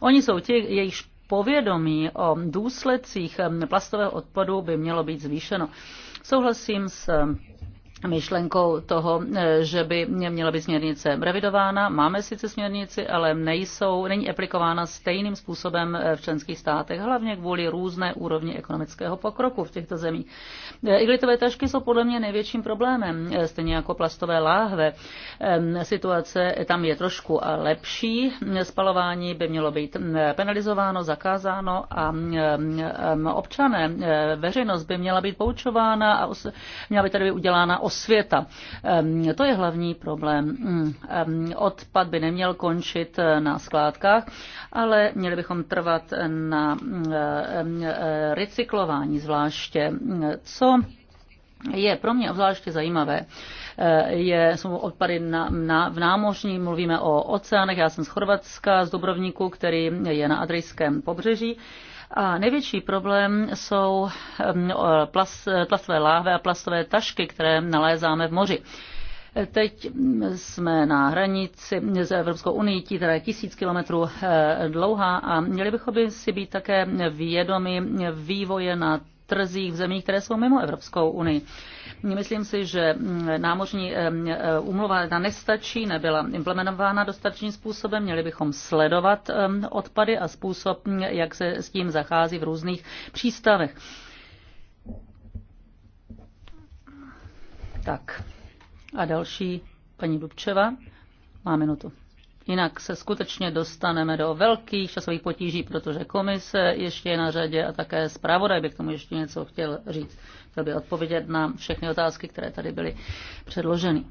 Oni jsou ti, jejichž povědomí o důsledcích plastového odpadu by mělo být zvýšeno. Souhlasím s myšlenkou toho, eh, že by měla být směrnice revidována. Máme sice směrnici, ale nejsou, není aplikována stejným způsobem eh, v členských státech, hlavně kvůli různé úrovni ekonomického pokroku v těchto zemích. Eh, iglitové tašky jsou podle mě největším problémem, stejně jako plastové láhve. Situace tam je trošku lepší. Spalování by mělo být mm, penalizováno, zakázáno a mm, občané, veřejnost by měla být poučována a měla by tady být udělána osvěta. To je hlavní problém. Mm, odpad by neměl končit eh, na skládkách, ale měli bychom trvat na mm, eh, eh, recyklování zvláště. Mm, co je pro mě obzvláště zajímavé, je, jsou odpady na, na, v námořní, mluvíme o oceánech, já jsem z Chorvatska, z Dubrovníku, který je na adrijském pobřeží. A největší problém jsou plastové láhve a plastové tašky, které nalézáme v moři. Teď jsme na hranici s Evropskou unii, která je tisíc kilometrů eh, dlouhá a měli bychom by si být také vědomi vývoje na trzích v zemích, které jsou mimo Evropskou unii. Myslím si, že mm, námořní úmluva e, ta nestačí, nebyla implementována dostatečným způsobem. Měli bychom sledovat odpady a způsob, mm, jak se s tím zachází v různých přístavech. Tak a další paní Dubčeva má minutu. Jinak se skutečně dostaneme do velkých časových potíží, protože komise ještě je na řadě a také zpravodaj by k tomu ještě něco chtěl říct. Chtěl by odpovědět na všechny otázky, které tady byly předloženy.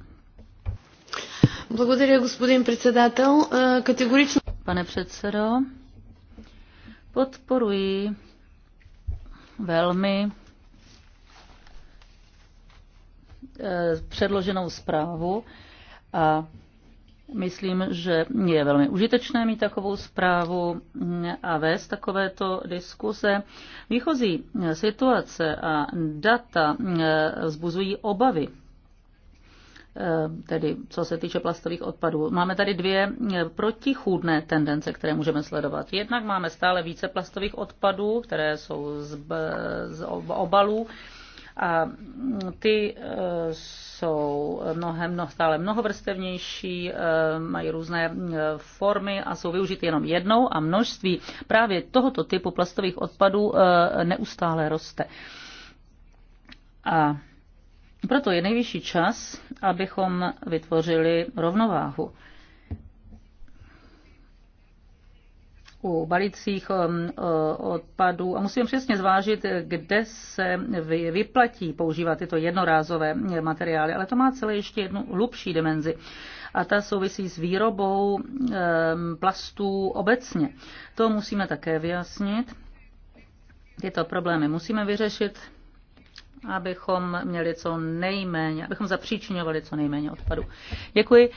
Благодаря, господин председател. Категорично. Pane předsedo, podporuji velmi e, předloženou zprávu a Myslím, že je velmi užitečné mít takovou zprávu a vést takovéto diskuze. Výchozí situace a data eh, vzbuzují obavy eh, tedy co se týče plastových odpadů. Máme tady dvě eh, protichůdné tendence, které můžeme sledovat. Jednak máme stále více plastových odpadů, které jsou z, z obalů, a ty e, jsou mnohem, mnohem stále mnohovrstevnější, e, mají různé e, formy a jsou využity jenom jednou a množství právě tohoto typu plastových odpadů neustále roste. A proto je nejvyšší čas, abychom vytvořili rovnováhu u balících um, uh, odpadů a musíme přesně zvážit, kde se vyplatí používat tyto jednorázové eh, materiály. Ale to má celé ještě jednu hlubší dimenzi a ta souvisí s výrobou ehm, plastů obecně. To musíme také vyjasnit. Tyto problémy musíme vyřešit, abychom měli co nejméně, abychom zapříčinovali co nejméně odpadu. Děkuji.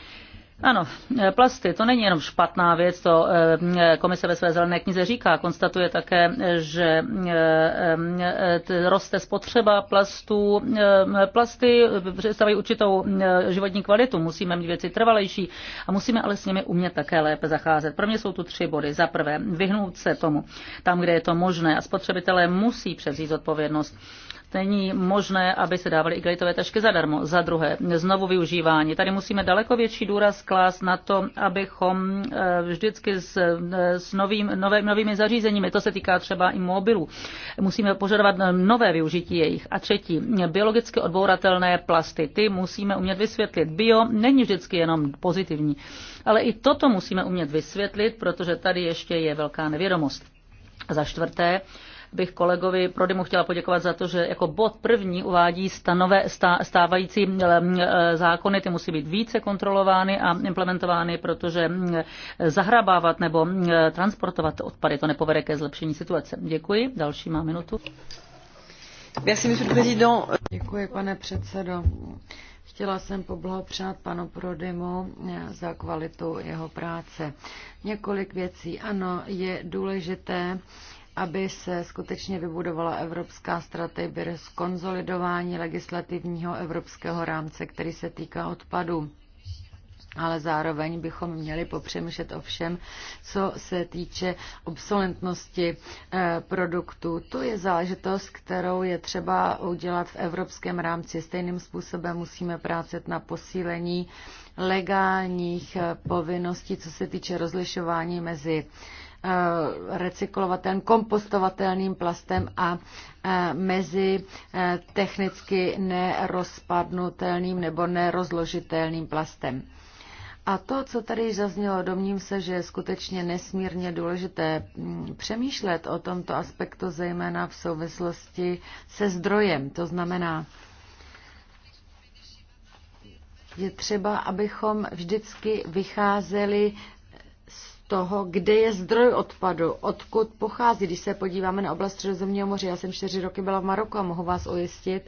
Ano, e, plasty, to není jenom špatná věc, to e, e, komise ve své zelené knize říká. Konstatuje také, že roste spotřeba plastů. Plasty představují určitou životní kvalitu, musíme mít věci trvalejší a musíme ale s nimi umět také lépe zacházet. Pro mě jsou tu tři body. Za prvé, vyhnout se tomu tam, kde je to možné a spotřebitelé musí převzít odpovědnost není možné, aby se dávaly igelitové tašky zadarmo. Za druhé, znovu využívání. Tady musíme daleko větší důraz klást na to, abychom eh, vždycky s, eh, s novým, nové, novými zařízeními, to se týká třeba i mobilů, musíme požadovat eh, nové využití jejich. A třetí, biologicky odbouratelné plasty. Ty musíme umět vysvětlit. Bio není vždycky jenom pozitivní, ale i toto musíme umět vysvětlit, protože tady ještě je velká nevědomost. Za čtvrté, bych kolegovi Prodymu chtěla poděkovat za to, že jako bod první uvádí stanové, stávající eh, eh, zákony, ty musí být více kontrolovány a implementovány, protože mm, zahrabávat nebo mm, transportovat odpady to nepovede ke zlepšení situace. Děkuji. Další má minutu. Děkuji, pane předsedo. Chtěla jsem poblahopřát panu Prodymu eh, za kvalitu jeho práce. Několik věcí. Ano, je důležité aby se skutečně vybudovala evropská strategie z konzolidování legislativního evropského rámce, který se týká odpadu. Ale zároveň bychom měli popřemýšlet o všem, co se týče obsolentnosti eh, produktů. To je záležitost, kterou je třeba udělat v evropském rámci. Stejným způsobem musíme prácet na posílení legálních eh, povinností, co se týče rozlišování mezi Eh, recyklovatelným, kompostovatelným plastem a eh, mezi eh, technicky nerozpadnutelným nebo nerozložitelným plastem. A to, co tady již zaznělo, domním se, že je skutečně nesmírně důležité mm, přemýšlet o tomto aspektu, zejména v souvislosti se zdrojem. To znamená, je třeba, abychom vždycky vycházeli toho, kde je zdroj odpadu, odkud pochází. Když se podíváme na oblast Středozemního moře, já jsem čtyři roky byla v Maroku a mohu vás ujistit,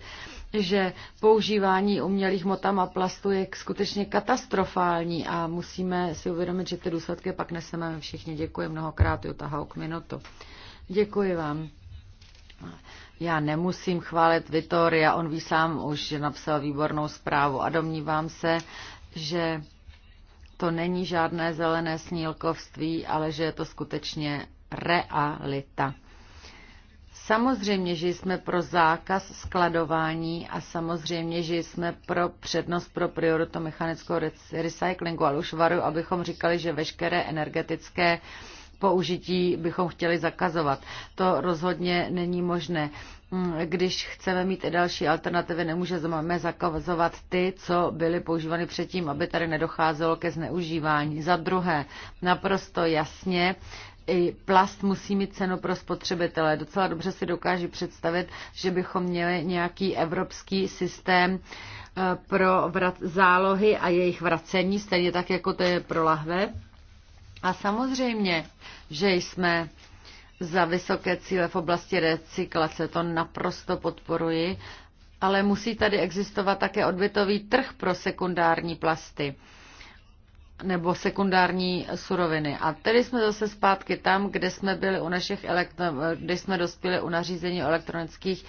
že používání umělých motama plastu je skutečně katastrofální a musíme si uvědomit, že ty důsledky pak neseme všichni. Děkuji mnohokrát, Jutta Hauk, minutu. Děkuji vám. Já nemusím chválit Vitoria, on ví sám už, že napsal výbornou zprávu a domnívám se, že to není žádné zelené snílkovství, ale že je to skutečně realita. Samozřejmě, že jsme pro zákaz skladování a samozřejmě, že jsme pro přednost pro prioritu mechanického recyklingu, ale už varuji, abychom říkali, že veškeré energetické použití bychom chtěli zakazovat. To rozhodně není možné. Mm, když chceme mít i další alternativy, nemůžeme zakazovat ty, co byly používány předtím, aby tady nedocházelo ke zneužívání. Za druhé, naprosto jasně, i plast musí mít cenu pro spotřebitele. Docela dobře si dokážu představit, že bychom měli nějaký evropský systém eh, pro vrat- zálohy a jejich vracení, stejně tak, jako to je pro lahve. A samozřejmě, že jsme za vysoké cíle v oblasti recyklace. To naprosto podporuji. Ale musí tady existovat také odbytový trh pro sekundární plasty nebo sekundární suroviny. A tedy jsme zase zpátky tam, kde jsme byli u našich elektro... kde jsme dospěli u nařízení elektronických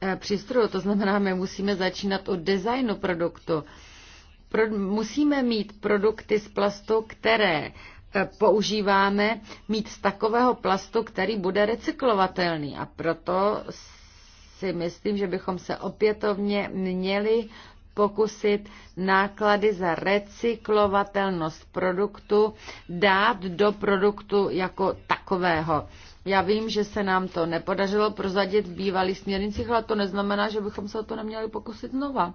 eh, přístrojů. To znamená, my musíme začínat u designu produktu. Pro... Musíme mít produkty z plastu, které E, používáme, mít z takového plastu, který bude recyklovatelný. A proto si myslím, že bychom se opětovně měli pokusit náklady za recyklovatelnost produktu dát do produktu jako takového. Já vím, že se nám to nepodařilo prozadit v bývalých směrnicích, ale to neznamená, že bychom se o to neměli pokusit znova.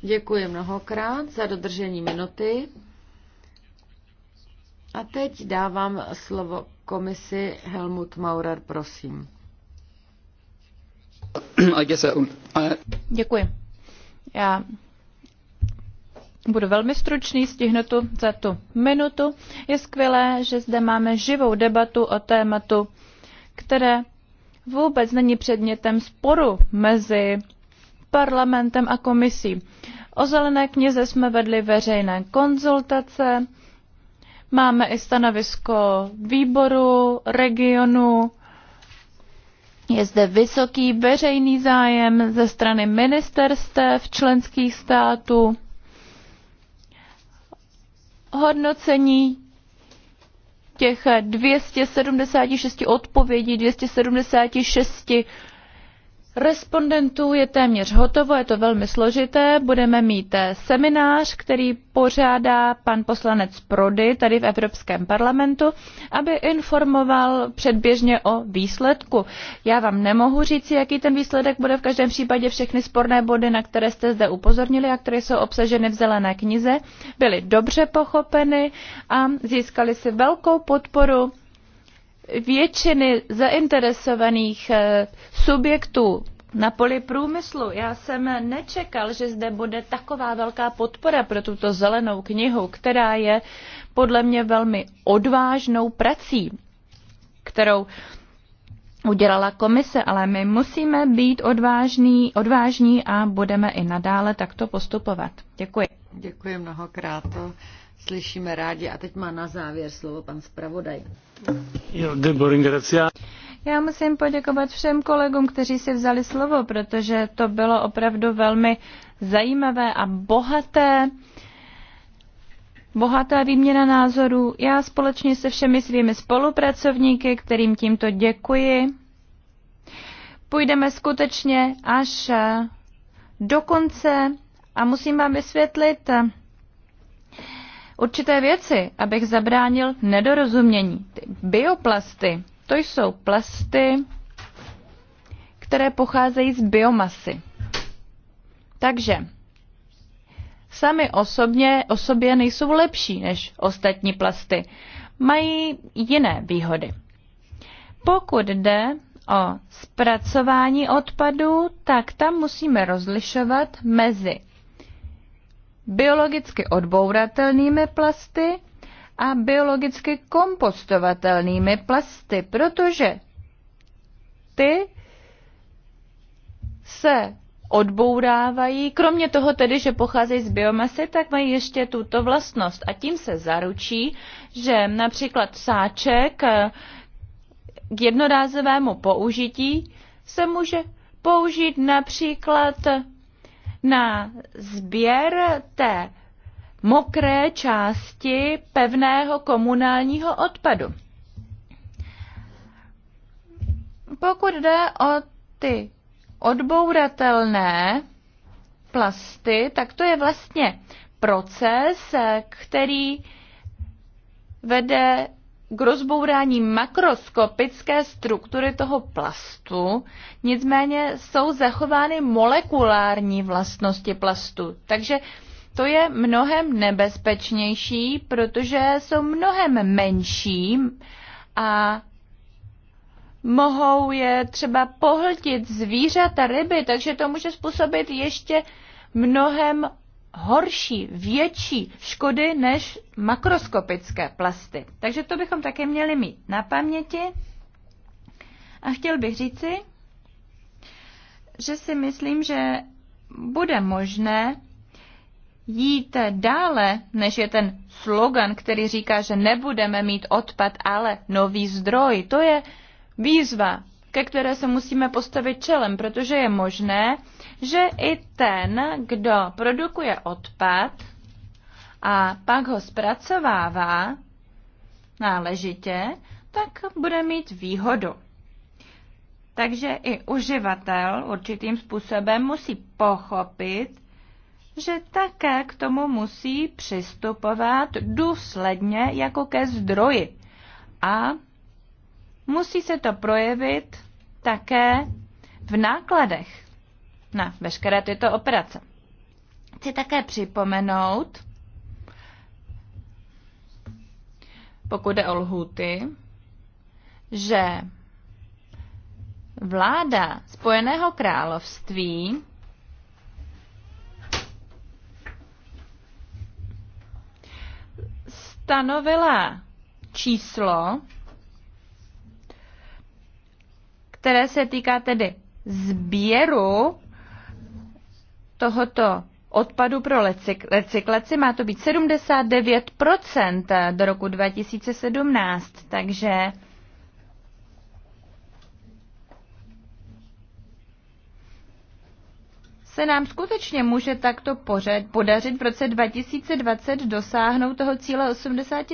Děkuji mnohokrát za dodržení minuty. A teď dávám slovo komisi Helmut Maurer, prosím. Um, Děkuji. Já budu velmi stručný, stihnu tu za tu minutu. Je skvělé, že zde máme živou debatu o tématu, které vůbec není předmětem sporu mezi parlamentem a komisí. O zelené knize jsme vedli veřejné konzultace, Máme i stanovisko výboru, regionu. Je zde vysoký veřejný zájem ze strany ministerstev členských států. Hodnocení těch 276 odpovědí, 276 respondentů je téměř hotovo, je to velmi složité. Budeme mít eh, seminář, který pořádá pan poslanec Prody tady v Evropském parlamentu, aby informoval předběžně o výsledku. Já vám nemohu říct, jaký ten výsledek bude. V každém případě všechny sporné body, na které jste zde upozornili a které jsou obsaženy v zelené knize, byly dobře pochopeny a získali si velkou podporu většiny zainteresovaných eh, subjektů na poli průmyslu. Já jsem nečekal, že zde bude taková velká podpora pro tuto zelenou knihu, která je podle mě velmi odvážnou prací, kterou udělala komise, ale my musíme být odvážní, odvážní a budeme i nadále takto postupovat. Děkuji. Děkuji mnohokrát slyšíme rádi. A teď má na závěr slovo pan zpravodaj. Já musím poděkovat všem kolegům, kteří si vzali slovo, protože to bylo opravdu velmi zajímavé a bohaté. Bohatá výměna názorů. Já společně se všemi svými spolupracovníky, kterým tímto děkuji, půjdeme skutečně až do konce a musím vám vysvětlit, určité věci, abych zabránil nedorozumění. Ty bioplasty, to jsou plasty, které pocházejí z biomasy. Takže sami osobně, o sobě nejsou lepší než ostatní plasty. Mají jiné výhody. Pokud jde o zpracování odpadu, tak tam musíme rozlišovat mezi biologicky odbouratelnými plasty a biologicky kompostovatelnými plasty, protože ty se odbourávají, kromě toho tedy, že pocházejí z biomasy, tak mají ještě tuto vlastnost a tím se zaručí, že například sáček eh, k jednorázovému použití se může použít například na sběr té mokré části pevného komunálního odpadu. Pokud jde o ty odbouratelné plasty, tak to je vlastně proces, který vede k rozbourání makroskopické struktury toho plastu, nicméně jsou zachovány molekulární vlastnosti plastu. Takže to je mnohem nebezpečnější, protože jsou mnohem menší a mohou je třeba pohltit zvířata, ryby, takže to může způsobit ještě mnohem horší, větší škody než makroskopické plasty. Takže to bychom také měli mít na paměti. A chtěl bych říci, že si myslím, že bude možné jít dále, než je ten slogan, který říká, že nebudeme mít odpad, ale nový zdroj. To je výzva, ke které se musíme postavit čelem, protože je možné, že i ten, kdo produkuje odpad a pak ho zpracovává náležitě, tak bude mít výhodu. Takže i uživatel určitým způsobem musí pochopit, že také k tomu musí přistupovat důsledně jako ke zdroji. A musí se to projevit také v nákladech na veškeré tyto operace. Chci také připomenout, pokud jde o lhuty, že vláda Spojeného království stanovila číslo, které se týká tedy sběru tohoto odpadu pro recyklaci má to být 79 do roku 2017, takže se nám skutečně může takto pořad, podařit v roce 2020 dosáhnout toho cíle 80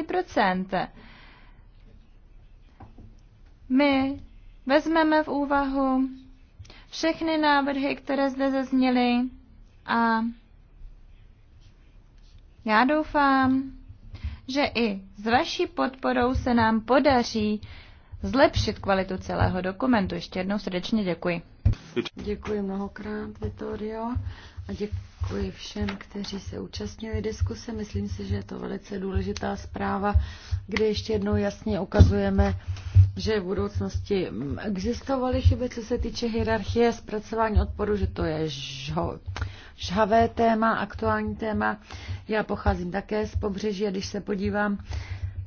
My vezmeme v úvahu všechny návrhy, které zde zazněly, a já doufám, že i s vaší podporou se nám podaří zlepšit kvalitu celého dokumentu. Ještě jednou srdečně děkuji. Děkuji mnohokrát, Vittorio. A děkuji všem, kteří se účastnili diskuse. Myslím si, že je to velice důležitá zpráva, kde ještě jednou jasně ukazujeme, že v budoucnosti existovaly chyby, co se týče hierarchie zpracování odporu, že to je žho, žhavé téma, aktuální téma. Já pocházím také z pobřeží a když se podívám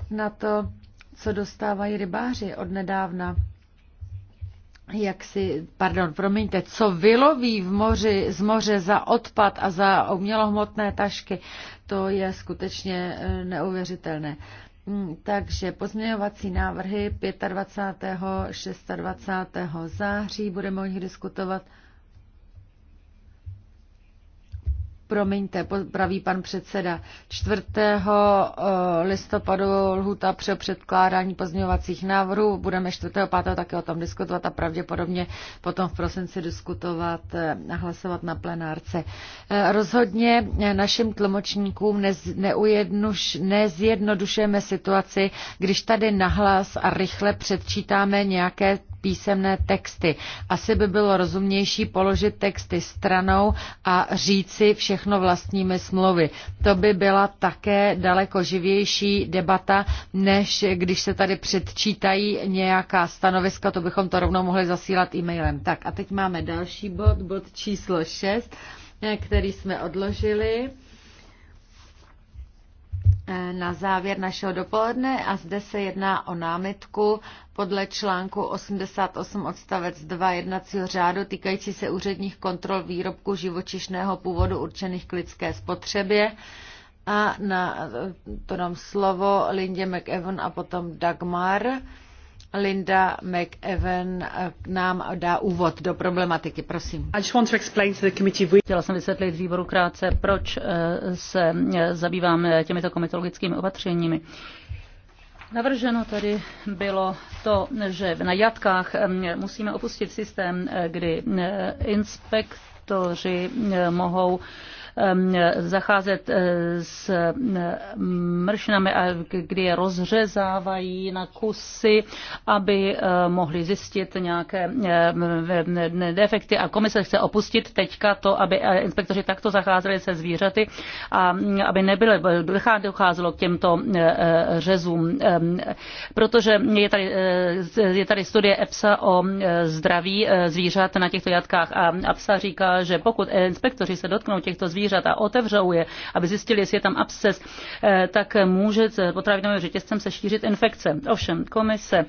na to, co dostávají rybáři od nedávna, jak si, pardon, promiňte, co vyloví v moři, z moře za odpad a za umělohmotné tašky, to je skutečně eh, neuvěřitelné. Mm, takže pozměňovací návrhy 25. 26. září budeme o nich diskutovat Promiňte, praví pan předseda. 4. Eh, listopadu lhuta pro předkládání pozměňovacích návrhů. Budeme 4. 5. také o tom diskutovat a pravděpodobně potom v prosinci diskutovat eh, a hlasovat na plenárce. Eh, rozhodně našim tlumočníkům nez, nezjednodušujeme situaci, když tady nahlas a rychle předčítáme nějaké písemné texty. Asi by bylo rozumnější položit texty stranou a říci všechno vlastními smlouvy. To by byla také daleko živější debata, než když se tady předčítají nějaká stanoviska, to bychom to rovnou mohli zasílat e-mailem. Tak a teď máme další bod, bod číslo 6, který jsme odložili. Eh, na závěr našeho dopoledne a zde se jedná o námitku podle článku 88 odstavec 2 jednacího řádu týkající se úředních kontrol výrobku živočišného původu určených k lidské spotřebě. A na, eh, to dám slovo Lindě McEwan a potom Dagmar. Linda McEwen eh, nám dá úvod do problematiky. Prosím. Chtěla jsem vysvětlit výboru krátce, proč eh, se eh, zabývám těmito komitologickými opatřeními. Navrženo tady bylo to, že na jatkách ehm, musíme opustit systém, kdy inspektoři mohou Um, zacházet eh, s eh, mršinami, kdy je rozřezávají na kusy, aby eh, mohli zjistit nějaké defekty a komise chce opustit teďka to, aby inspektoři takto zacházeli se zvířaty a aby nebylo, docházelo k těmto řezům. Ehm, protože je tady, je tady studie EPSA o zdraví zvířat na těchto jatkách a EPSA říká, že pokud inspektoři se dotknou těchto zvířat, zvířat a otevřou je, aby zjistili, jestli je tam absces, eh, tak může potravinovým řetězcem se šířit infekce. Ovšem, komise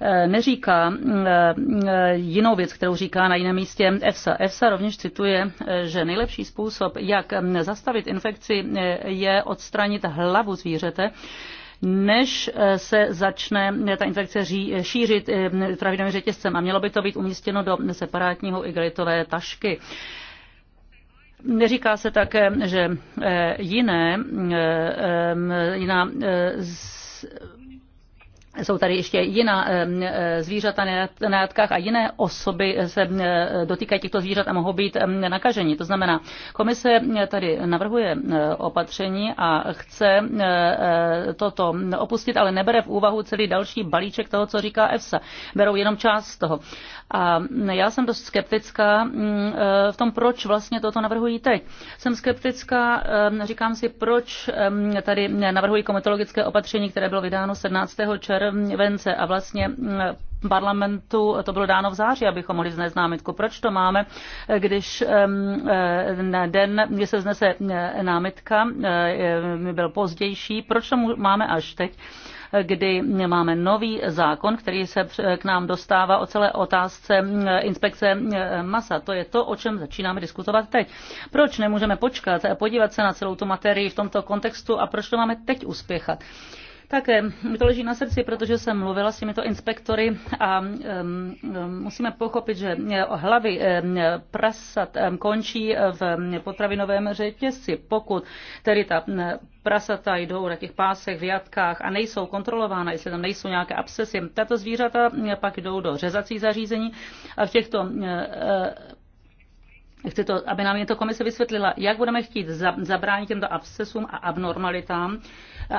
eh, neříká mm, eh, jinou věc, kterou říká na jiném místě EFSA. EFSA rovněž cituje, že nejlepší způsob, jak mm, zastavit infekci, je odstranit hlavu zvířete, než se začne ta infekce ří, šířit travinovým řetězcem a mělo by to být umístěno do separátního igelitové tašky. Neříká se také, že eh, jiné, eh, eh, jiná jsou tady ještě jiná eh, zvířata na jatkách a jiné osoby se eh, dotýkají těchto zvířat a mohou být nakaženi. To znamená, komise tady navrhuje opatření a chce eh, toto opustit, ale nebere v úvahu celý další balíček toho, co říká EFSA. Berou jenom část toho. A já jsem dost skeptická v tom, proč vlastně toto navrhují teď. Jsem skeptická, říkám si, proč tady navrhují komitologické opatření, které bylo vydáno 17. června července a vlastně mm, parlamentu to bylo dáno v září, abychom mohli vznést námitku. Proč to máme, když mm, eh, na den, kdy se vznese eh, námitka, eh, byl pozdější, proč to máme až teď? kdy máme nový zákon, který se k nám dostává o celé otázce inspekce masa. To je to, o čem začínáme diskutovat teď. Proč nemůžeme počkat, a podívat se na celou tu materii v tomto kontextu a proč to máme teď uspěchat? Tak mi to leží na srdci, protože jsem mluvila s těmito inspektory a um, musíme pochopit, že eh, hlavy um, prasat um, končí v potravinovém řetězci. Pokud tedy ta prasata jdou na těch pásech, v jatkách a nejsou kontrolována, jestli tam nejsou nějaké abscesy, tato zvířata pak jdou do řezací zařízení a v těchto Chci to, aby nám je to komise vysvětlila, jak budeme chtít zabránit těmto abscesům a abnormalitám,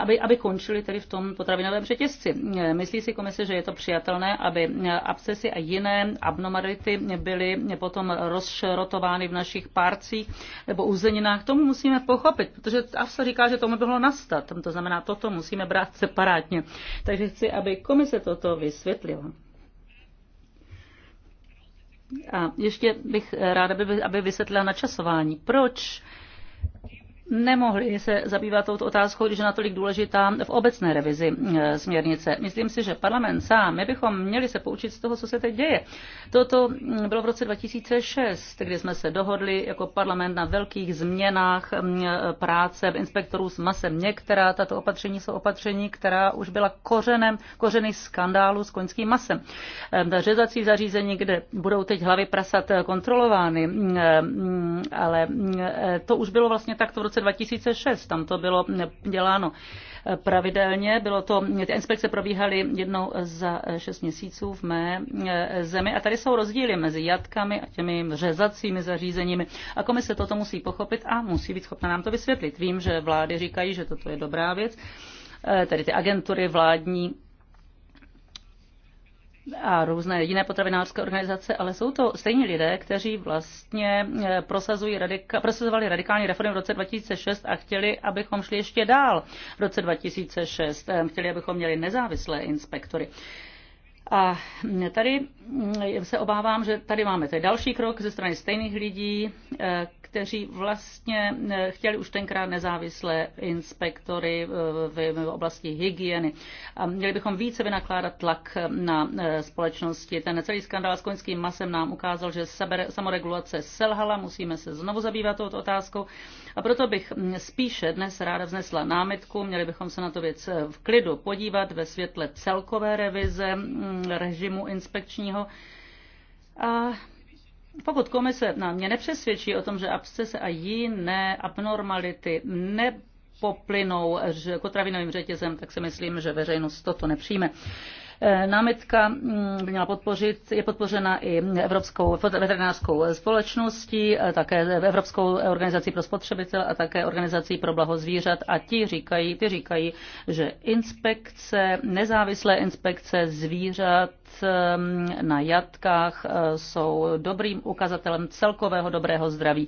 aby, aby končili tedy v tom potravinovém řetězci. Myslí si komise, že je to přijatelné, aby abscesy a jiné abnormality byly potom rozšrotovány v našich párcích nebo uzeninách. Tomu musíme pochopit, protože AFSA říká, že tomu bylo nastat. To znamená, toto musíme brát separátně. Takže chci, aby komise toto vysvětlila. A ještě bych ráda, aby vysvětlila načasování. Proč nemohli se zabývat touto otázkou, když je natolik důležitá v obecné revizi eh, směrnice. Myslím si, že parlament sám, my bychom měli se poučit z toho, co se teď děje. Toto mm, bylo v roce 2006, kdy jsme se dohodli jako parlament na velkých změnách mm, práce inspektorů s masem. Některá tato opatření jsou opatření, která už byla kořenem, kořeny skandálu s koňským masem. Ehm, řezací zařízení, kde budou teď hlavy prasat eh, kontrolovány, mm, eh, ale to už bylo vlastně takto v roce roce 2006. Tam to bylo děláno e, pravidelně. Bylo to, ty inspekce probíhaly jednou za 6 e, měsíců v mé e, zemi. A tady jsou rozdíly mezi jatkami a těmi řezacími zařízeními. A komise toto musí pochopit a musí být schopna nám to vysvětlit. Vím, že vlády říkají, že toto je dobrá věc tedy ty agentury vládní a různé jiné potravinářské organizace, ale jsou to stejní lidé, kteří vlastně eh, prosazují radika, prosazovali radikální reformy v roce 2006 a chtěli, abychom šli ještě dál v roce 2006. Eh, chtěli, abychom měli nezávislé inspektory. A tady mm, se obávám, že tady máme tady další krok ze strany stejných lidí, eh, kteří vlastně eh, chtěli už tenkrát nezávislé inspektory eh, v oblasti hygieny. A měli bychom více vynakládat tlak na eh, společnosti. Ten celý skandál s koňským masem nám ukázal, že samoregulace selhala, musíme se znovu zabývat touto otázkou. A proto bych hm, spíše dnes ráda vznesla námitku, měli bychom se na to věc v klidu podívat ve světle celkové revize hm, režimu inspekčního. A pokud komise nám mě nepřesvědčí o tom, že abscese a jiné abnormality poplynou potravinovinovým řetězem, tak si myslím, že veřejnost toto nepřijme. Eh, námitka mm, měla podpořit, je podpořena i Evropskou veterinářskou společností, eh, také Evropskou organizací pro spotřebitele a také organizací pro blaho zvířat a ti říkají, ty říkají, že inspekce, nezávislé inspekce zvířat ehm, na jatkách eh, jsou dobrým ukazatelem celkového dobrého zdraví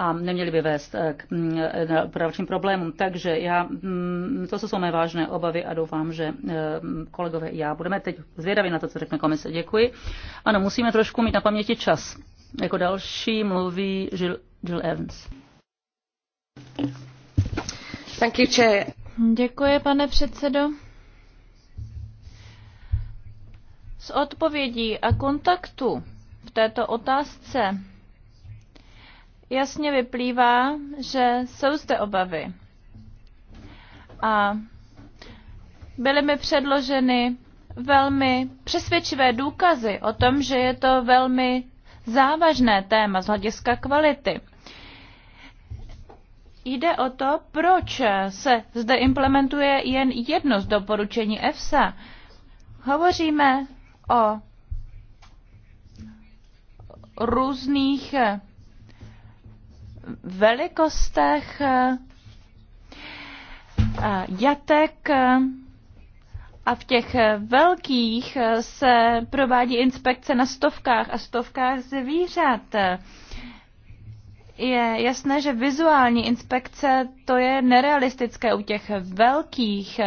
a neměly by vést eh, k mm, eh, pravčím problémům. Takže já, mm, to jsou mé vážné obavy a doufám, že eh, mm, kolegové i já budeme teď zvědaví na to, co řekne komise. Děkuji. Ano, musíme trošku mít na paměti čas. Jako další mluví Jill, Jill Evans. Thank you, Chair. Děkuji, pane předsedo. S odpovědí a kontaktu v této otázce jasně vyplývá, že jsou zde obavy. A byly mi předloženy velmi přesvědčivé důkazy o tom, že je to velmi závažné téma z hlediska kvality. Jde o to, proč se zde implementuje jen jedno z doporučení EFSA. Hovoříme o různých velikostech eh, eh, jatek eh, a v těch velkých se provádí inspekce na stovkách a stovkách zvířat. Je jasné, že vizuální inspekce to je nerealistické u těch velkých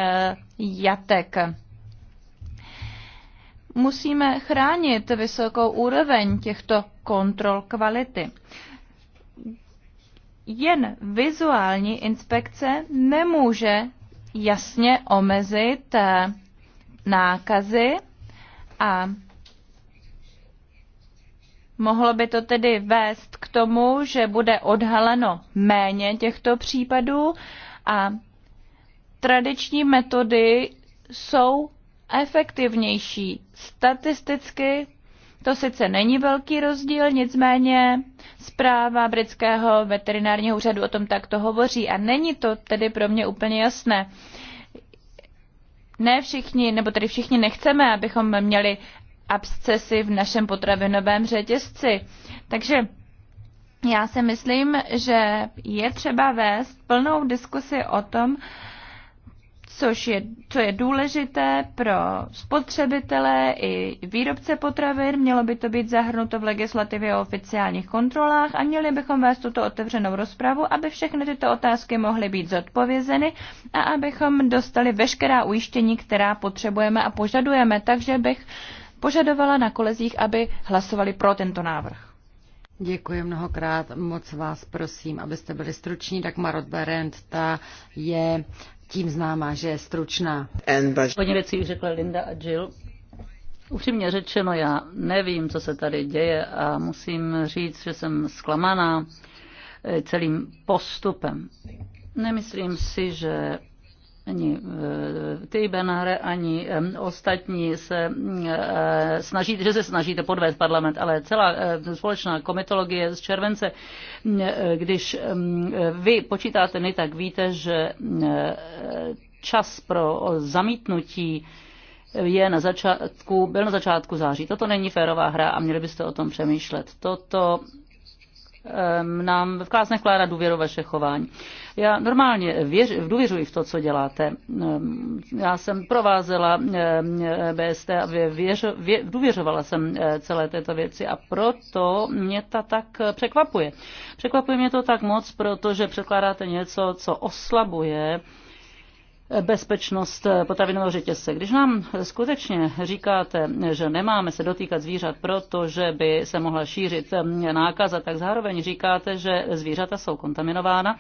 jatek. Musíme chránit vysokou úroveň těchto kontrol kvality jen vizuální inspekce nemůže jasně omezit eh, nákazy a mohlo by to tedy vést k tomu, že bude odhaleno méně těchto případů a tradiční metody jsou efektivnější. Statisticky to sice není velký rozdíl, nicméně zpráva britského veterinárního úřadu o tom takto hovoří a není to tedy pro mě úplně jasné. Ne všichni, nebo tedy všichni nechceme, abychom měli abscesy v našem potravinovém řetězci. Takže já si myslím, že je třeba vést plnou diskusi o tom, což je, co je důležité pro spotřebitele i výrobce potravin. Mělo by to být zahrnuto v legislativě o oficiálních kontrolách a měli bychom vést tuto otevřenou rozpravu, aby všechny tyto otázky mohly být zodpovězeny a abychom dostali veškerá ujištění, která potřebujeme a požadujeme. Takže bych požadovala na kolezích, aby hlasovali pro tento návrh. Děkuji mnohokrát, moc vás prosím, abyste byli struční. Dagmar Odberend, ta je tím známá, že je stručná. Hodně věcí řekla Linda a Jill. Upřímně řečeno, já nevím, co se tady děje a musím říct, že jsem zklamaná eh, celým postupem. Nemyslím si, že ani eh, ty Benare, ani ostatní se eh, snaží, že se snažíte podvést parlament, ale celá eh, společná komitologie z července, když vy počítáte ne, tak víte, že čas pro zamítnutí je na začátku, byl na začátku září. Toto není férová hra a měli byste o tom přemýšlet. Toto nám v vás nekládá důvěru vaše chování. Já normálně věř, důvěřuji v to, co děláte. Já jsem provázela e BST a věř, vě, důvěřovala jsem e, celé této věci a proto mě ta tak překvapuje. Překvapuje mě to tak moc, protože překládáte něco, co oslabuje bezpečnost potravinového řetězce. Když nám skutečně říkáte, že nemáme se dotýkat zvířat, protože by se mohla šířit nákaza, tak zároveň říkáte, že zvířata jsou kontaminována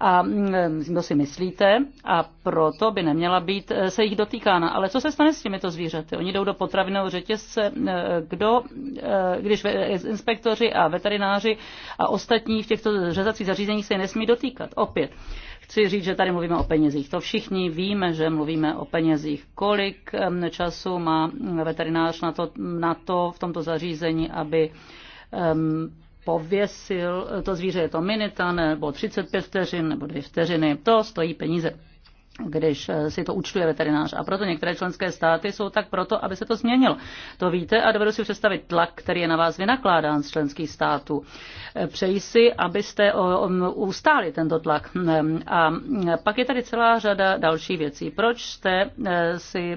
a mm, to si myslíte a proto by neměla být eh, se jich dotýkána. Ale co se stane s těmito zvířaty? Oni jdou do potravinového řetězce, eh, kdo, eh, když inspektoři a veterináři a ostatní v těchto řezacích zařízeních se nesmí dotýkat. Opět. Chci říct, že tady mluvíme o penězích. To všichni víme, že mluvíme o penězích. Kolik času má veterinář na to, na to v tomto zařízení, aby um, pověsil to zvíře, je to minuta nebo 35 vteřin nebo 2 vteřiny. To stojí peníze když eh, si to účtuje veterinář. A proto některé členské státy jsou tak proto, aby se to změnilo. To víte a dovedu si představit tlak, který je na vás vynakládán z členských států. Eh, přeji si, abyste ustáli tento tlak. Hmm, a pak je tady celá řada dalších věcí. Proč jste eh, si,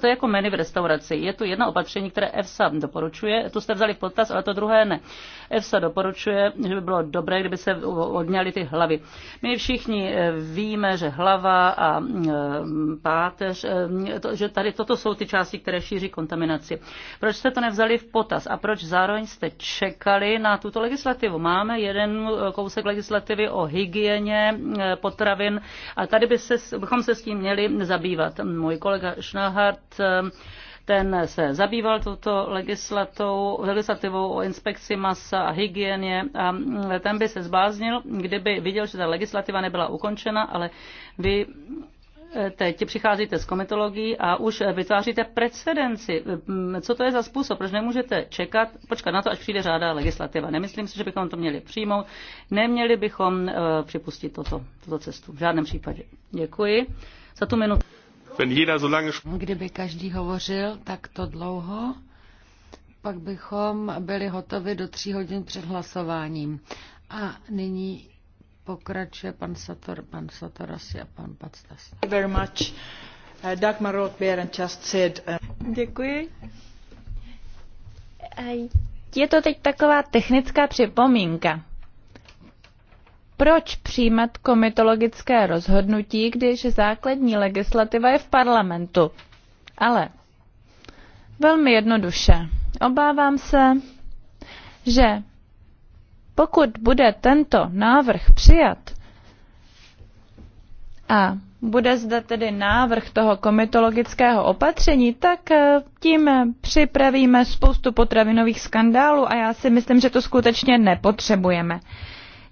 to je jako menu v restauraci, je tu jedno opatření, které EFSA doporučuje, tu jste vzali v potaz, ale to druhé ne. EFSA doporučuje, že by bylo dobré, kdyby se odňaly ty hlavy. My všichni víme, že hlava a Eh, páteř, eh, to, že tady toto jsou ty části, které šíří kontaminaci. Proč jste to nevzali v potaz a proč zároveň jste čekali na tuto legislativu? Máme jeden kousek legislativy o hygieně eh, potravin a tady by se, bychom se s tím měli zabývat. Můj kolega Schnahart ten se zabýval touto legislativou o inspekci masa a hygieně a ten by se zbáznil, kdyby viděl, že ta legislativa nebyla ukončena, ale vy eh, teď přicházíte z komitologií a už vytváříte precedenci. Mm, co to je za způsob? Proč nemůžete čekat, počkat na to, až přijde řádá legislativa? Nemyslím si, že bychom to měli přijmout. Neměli bychom eh, připustit toto, toto cestu. V žádném případě. Děkuji za tu minutu. No, kdyby každý hovořil takto dlouho, pak bychom byli hotovi do tří hodin před hlasováním. A nyní pokračuje pan, Sator, pan Satorasi a pan Pactas. Very much. Uh, just said, uh, Děkuji. Uh, je to teď taková technická připomínka. Proč přijímat komitologické rozhodnutí, když základní legislativa je v parlamentu? Ale velmi jednoduše. Obávám se, že pokud bude tento návrh přijat a bude zde tedy návrh toho komitologického opatření, tak eh, tím připravíme spoustu potravinových skandálů a já si myslím, že to skutečně nepotřebujeme.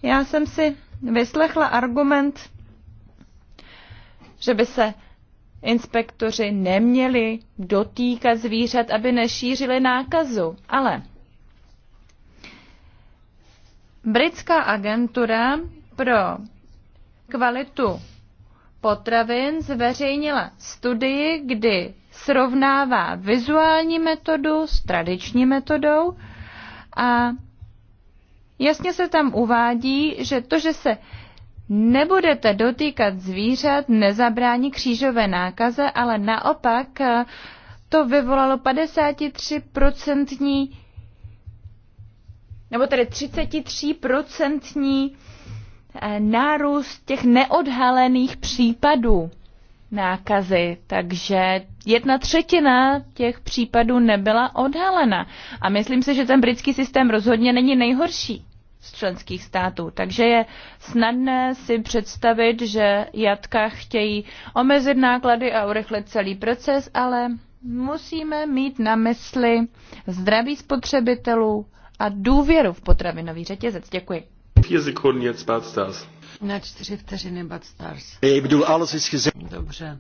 Já jsem si vyslechla argument, že by se inspektoři neměli dotýkat zvířat, aby nešířili nákazu. Ale britská agentura pro kvalitu potravin zveřejnila studii, kdy srovnává vizuální metodu s tradiční metodou a Jasně se tam uvádí, že to, že se nebudete dotýkat zvířat, nezabrání křížové nákaze, ale naopak eh, to vyvolalo 53% nebo tedy 33% eh, nárůst těch neodhalených případů nákazy, takže jedna třetina těch případů nebyla odhalena. A myslím si, že ten britský systém rozhodně není nejhorší z členských států. Takže je snadné si představit, že jatka chtějí omezit náklady a urychlit celý proces, ale musíme mít na mysli zdraví spotřebitelů a důvěru v potravinový řetězec. Děkuji. Na čtyři vteřiny Bad Stars. Dobře.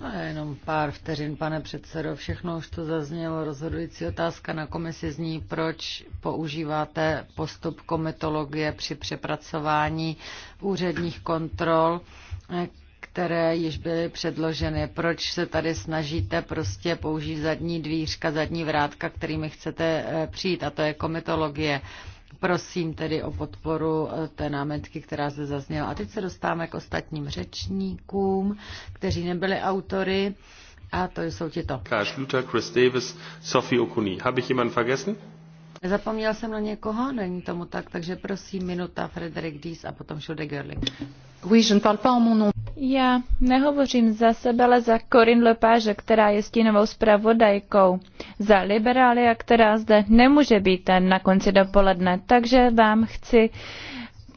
A jenom pár vteřin, pane předsedo. Všechno už to zaznělo. Rozhodující otázka na komisi zní, proč používáte postup komitologie při přepracování úředních kontrol, které již byly předloženy. Proč se tady snažíte prostě použít zadní dvířka, zadní vrátka, kterými chcete eh, přijít, a to je komitologie. Prosím tedy o podporu eh, té námetky, která se zazněla. A teď se dostáváme k ostatním řečníkům, kteří nebyli autory. A to jsou tito. Karl Schluter, Chris Davis, Sophie Okuni. Habe ich jemanden vergessen? Zapomněl jsem na někoho, není tomu tak, takže prosím minuta Frederik Dies a potom Schulde Görling. Oui, je ne parle pas en mon nom. Já nehovořím za sebe, ale za Corinne Lepage, která je stínovou zpravodajkou, za liberália, která zde nemůže být ten na konci dopoledne, takže vám chci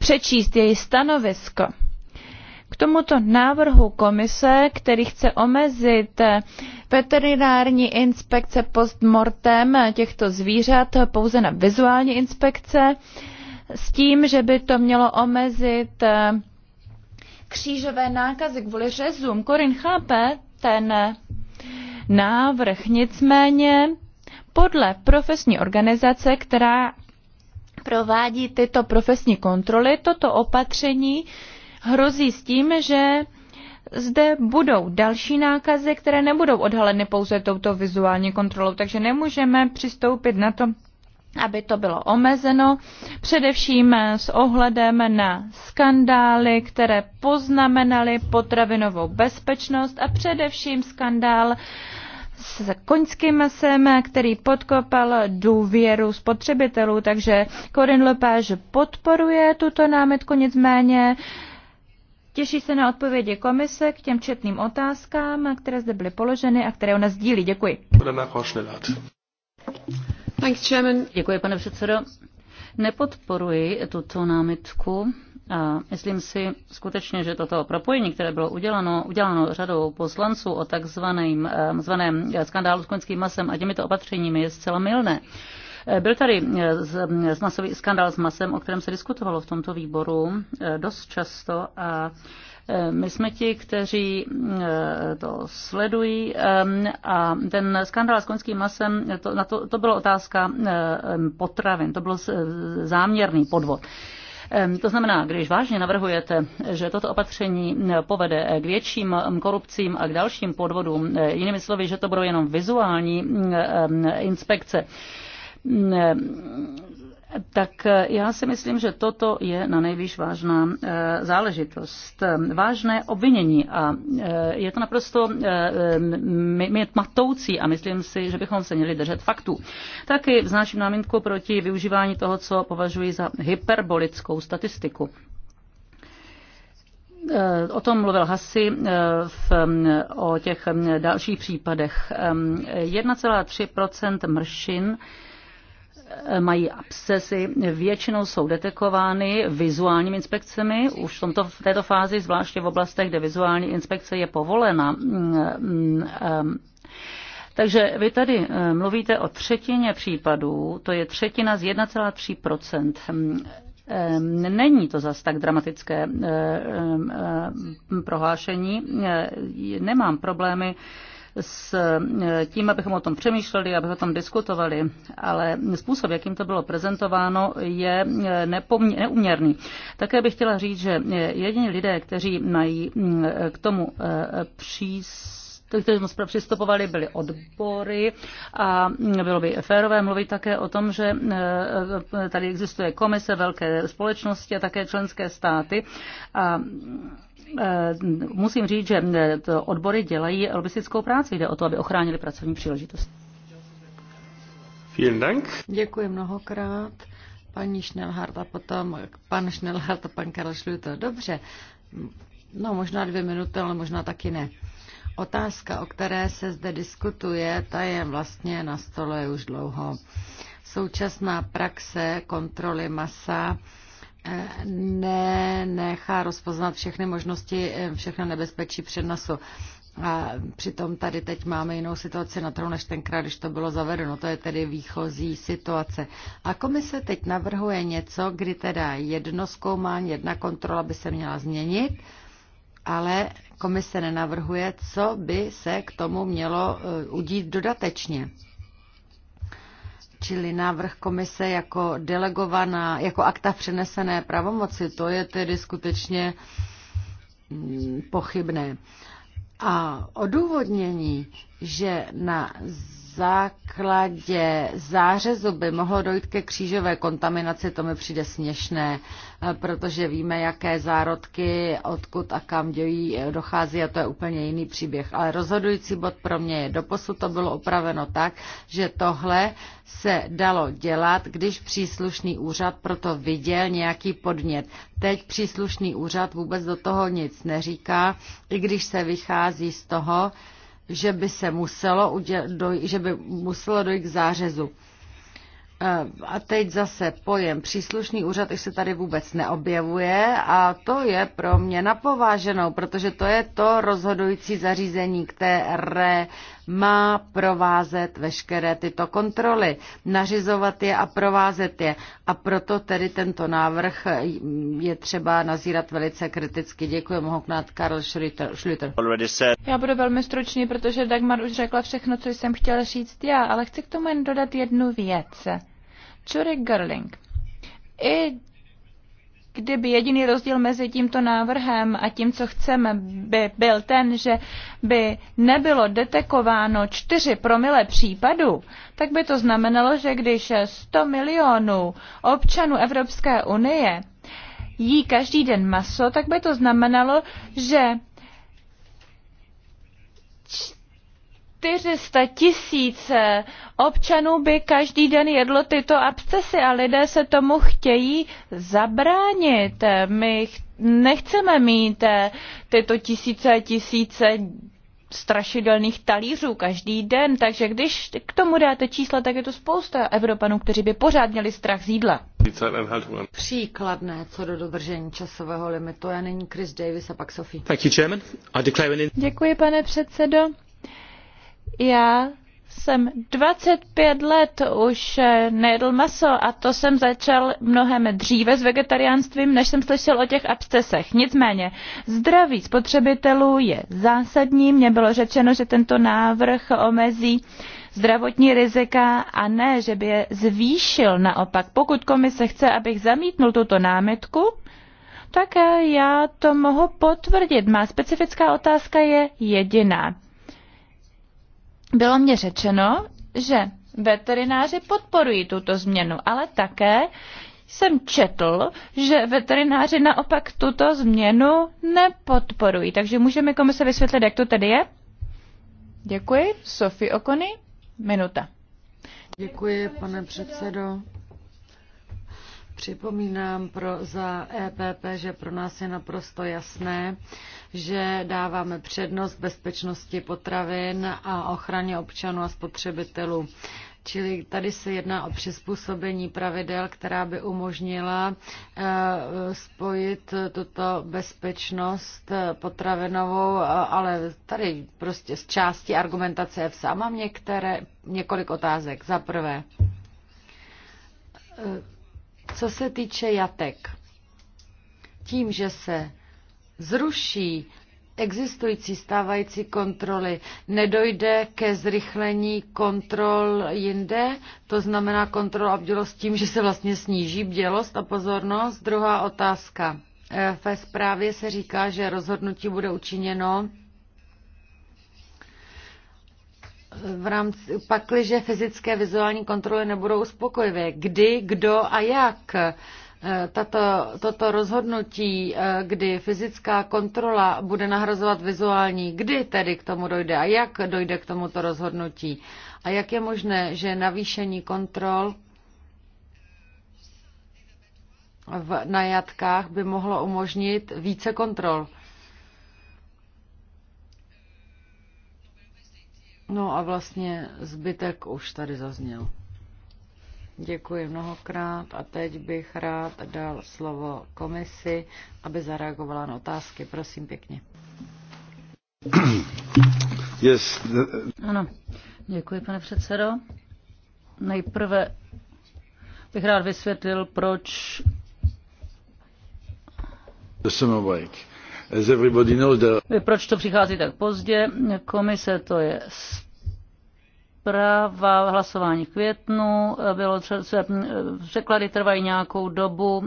přečíst její stanovisko. K tomuto návrhu komise, který chce omezit veterinární inspekce postmortem těchto zvířat pouze na vizuální inspekce, s tím, že by to mělo omezit eh, křížové nákazy kvůli řezům. Korin chápe ten návrh. Nicméně podle profesní organizace, která provádí tyto profesní kontroly, toto opatření hrozí s tím, že zde budou další nákazy, které nebudou odhaleny pouze touto vizuální kontrolou, takže nemůžeme přistoupit na to, aby to bylo omezeno, především s ohledem na skandály, které poznamenaly potravinovou bezpečnost a především skandál s koňským masem, který podkopal důvěru spotřebitelů. Takže Corinne Lepage podporuje tuto námitku, nicméně Těší se na odpovědi komise k těm četným otázkám, které zde byly položeny a které ona sdílí. Děkuji. Jako Děkuji, pane předsedo. Nepodporuji tuto námitku. A myslím si skutečně, že toto propojení, které bylo uděláno, uděláno řadou poslanců o takzvaném eh, skandálu s koňským masem a těmito opatřeními je zcela milné. Byl tady eh, masový skandal s masem, o kterém se diskutovalo v tomto výboru eh, dost často a eh, my jsme ti, kteří to sledují a ten skandál s koňským masem, to, na to, to byla otázka potravin, to byl záměrný podvod. To znamená, když vážně navrhujete, že toto opatření povede k větším mm, korupcím a k dalším podvodům, jinými slovy, že to budou jenom vizuální mm, mm, inspekce, tak já si myslím, že toto je na nejvýš vážná eh, záležitost. Vážné obvinění a eh, je to naprosto eh, matoucí a myslím si, že bychom se měli držet faktů. Taky vznáším námitku proti využívání toho, co považuji za hyperbolickou statistiku. O tom mluvil Hasi v, o těch dalších případech. 1,3 mršin mají abscesy, většinou jsou detekovány vizuálními inspekcemi, už v, tomto, v této fázi, zvláště v oblastech, kde vizuální inspekce je povolena. Mm, mm, mm. Takže vy tady eh, mluvíte o třetině případů, to je třetina z 1,3 eh, Není to zas tak dramatické eh, prohlášení. Nemám problémy s eh, tím, abychom o tom přemýšleli, abychom o tom diskutovali, ale způsob, jakým to bylo prezentováno, je eh, neuměrný. Také bych chtěla říct, že eh, jediní lidé, kteří mají mm, k tomu přístup, kteří jsme přistupovali, byly odbory a mm, bylo by férové mluvit také o tom, že tady existuje komise, velké společnosti a také členské státy a mm, Eh, musím říct, že eh, odbory dělají lobbystickou práci. Jde o to, aby ochránili pracovní příležitosti. Děkuji mnohokrát. Paní Schnellhardt a potom pan Schnellhardt a pan Karl Schlüter. Dobře. No, možná dvě minuty, ale možná taky ne. Otázka, o které se zde diskutuje, ta je vlastně na stole už dlouho. Současná praxe kontroly masa nenechá rozpoznat všechny možnosti, eh, všechno nebezpečí přednosu. A přitom tady teď máme jinou situaci na trhu než tenkrát, když to bylo zavedeno. To je tedy výchozí situace. A komise teď navrhuje něco, kdy teda jedno zkoumání, jedna kontrola by se měla změnit, ale komise nenavrhuje, co by se k tomu mělo eh, udít dodatečně. Čili návrh komise jako delegovaná, jako akta přenesené pravomoci, to je tedy skutečně mm, pochybné. A odůvodnění, že na základě zářezu by mohlo dojít ke křížové kontaminaci, to mi přijde směšné, protože víme, jaké zárodky, odkud a kam dějí, dochází a to je úplně jiný příběh. Ale rozhodující bod pro mě je, doposud to bylo opraveno tak, že tohle se dalo dělat, když příslušný úřad proto viděl nějaký podnět. Teď příslušný úřad vůbec do toho nic neříká, i když se vychází z toho, že by se muselo, uděl, doj, že by muselo dojít k zářezu. Eh, a teď zase pojem příslušný úřad, když se tady vůbec neobjevuje a to je pro mě napováženou, protože to je to rozhodující zařízení, které má provázet veškeré tyto kontroly, nařizovat je a provázet je. A proto tedy tento návrh je třeba nazírat velice kriticky. Děkuji mnohokrát, Karl Schlüter. Já budu velmi stručný, protože Dagmar už řekla všechno, co jsem chtěla říct já, ale chci k tomu jen dodat jednu věc. Čurek Garling. I kdyby jediný rozdíl mezi tímto návrhem a tím, co chceme, by byl ten, že by nebylo detekováno 4 promile případů, tak by to znamenalo, že když 100 milionů občanů Evropské unie jí každý den maso, tak by to znamenalo, že 400 tisíc občanů by každý den jedlo tyto abscesy a lidé se tomu chtějí zabránit. My nechceme mít eh, tyto tisíce a tisíce strašidelných talířů každý den, takže když k tomu dáte čísla, tak je to spousta Evropanů, kteří by pořád měli strach z jídla. Příkladné co do dodržení časového limitu. Já není Chris Davis a pak Sophie. Děkuji, pane předsedo. Já jsem 25 let už eh, nejedl maso a to jsem začal mnohem dříve s vegetariánstvím, než jsem slyšel o těch abscesech. Nicméně zdraví spotřebitelů je zásadní. Mně bylo řečeno, že tento návrh omezí zdravotní rizika a ne, že by je zvýšil. Naopak, pokud komise chce, abych zamítnul tuto námitku, tak eh, já to mohu potvrdit. Má specifická otázka je jediná bylo mě řečeno, že veterináři podporují tuto změnu, ale také jsem četl, že veterináři naopak tuto změnu nepodporují. Takže můžeme komise vysvětlit, jak to tedy je? Děkuji. Sofie Okony, minuta. Děkuji, pane předsedo. Připomínám pro, za EPP, že pro nás je naprosto jasné, že dáváme přednost bezpečnosti potravin a ochraně občanů a spotřebitelů. Čili tady se jedná o přizpůsobení pravidel, která by umožnila eh, spojit tuto bezpečnost eh, potravinovou, eh, ale tady prostě z části argumentace v Mám některé, několik otázek. Za prvé, co se týče jatek, tím, že se zruší existující stávající kontroly, nedojde ke zrychlení kontrol jinde, to znamená kontrola bdělost tím, že se vlastně sníží bdělost a pozornost. Druhá otázka. Ve zprávě se říká, že rozhodnutí bude učiněno v rámci, pakliže fyzické vizuální kontroly nebudou uspokojivé. Kdy, kdo a jak? Tato, toto rozhodnutí, eh, kdy fyzická kontrola bude nahrazovat vizuální, kdy tedy k tomu dojde a jak dojde k tomuto rozhodnutí? A jak je možné, že navýšení kontrol v najatkách by mohlo umožnit více kontrol? No a vlastně zbytek už tady zazněl. Děkuji mnohokrát a teď bych rád dal slovo komisi, aby zareagovala na otázky. Prosím pěkně. Yes. Ano, děkuji, pane předsedo. Nejprve bych rád vysvětlil, proč proč to přichází tak pozdě? Komise to je práva hlasování v květnu, bylo se, překlady trvají nějakou dobu,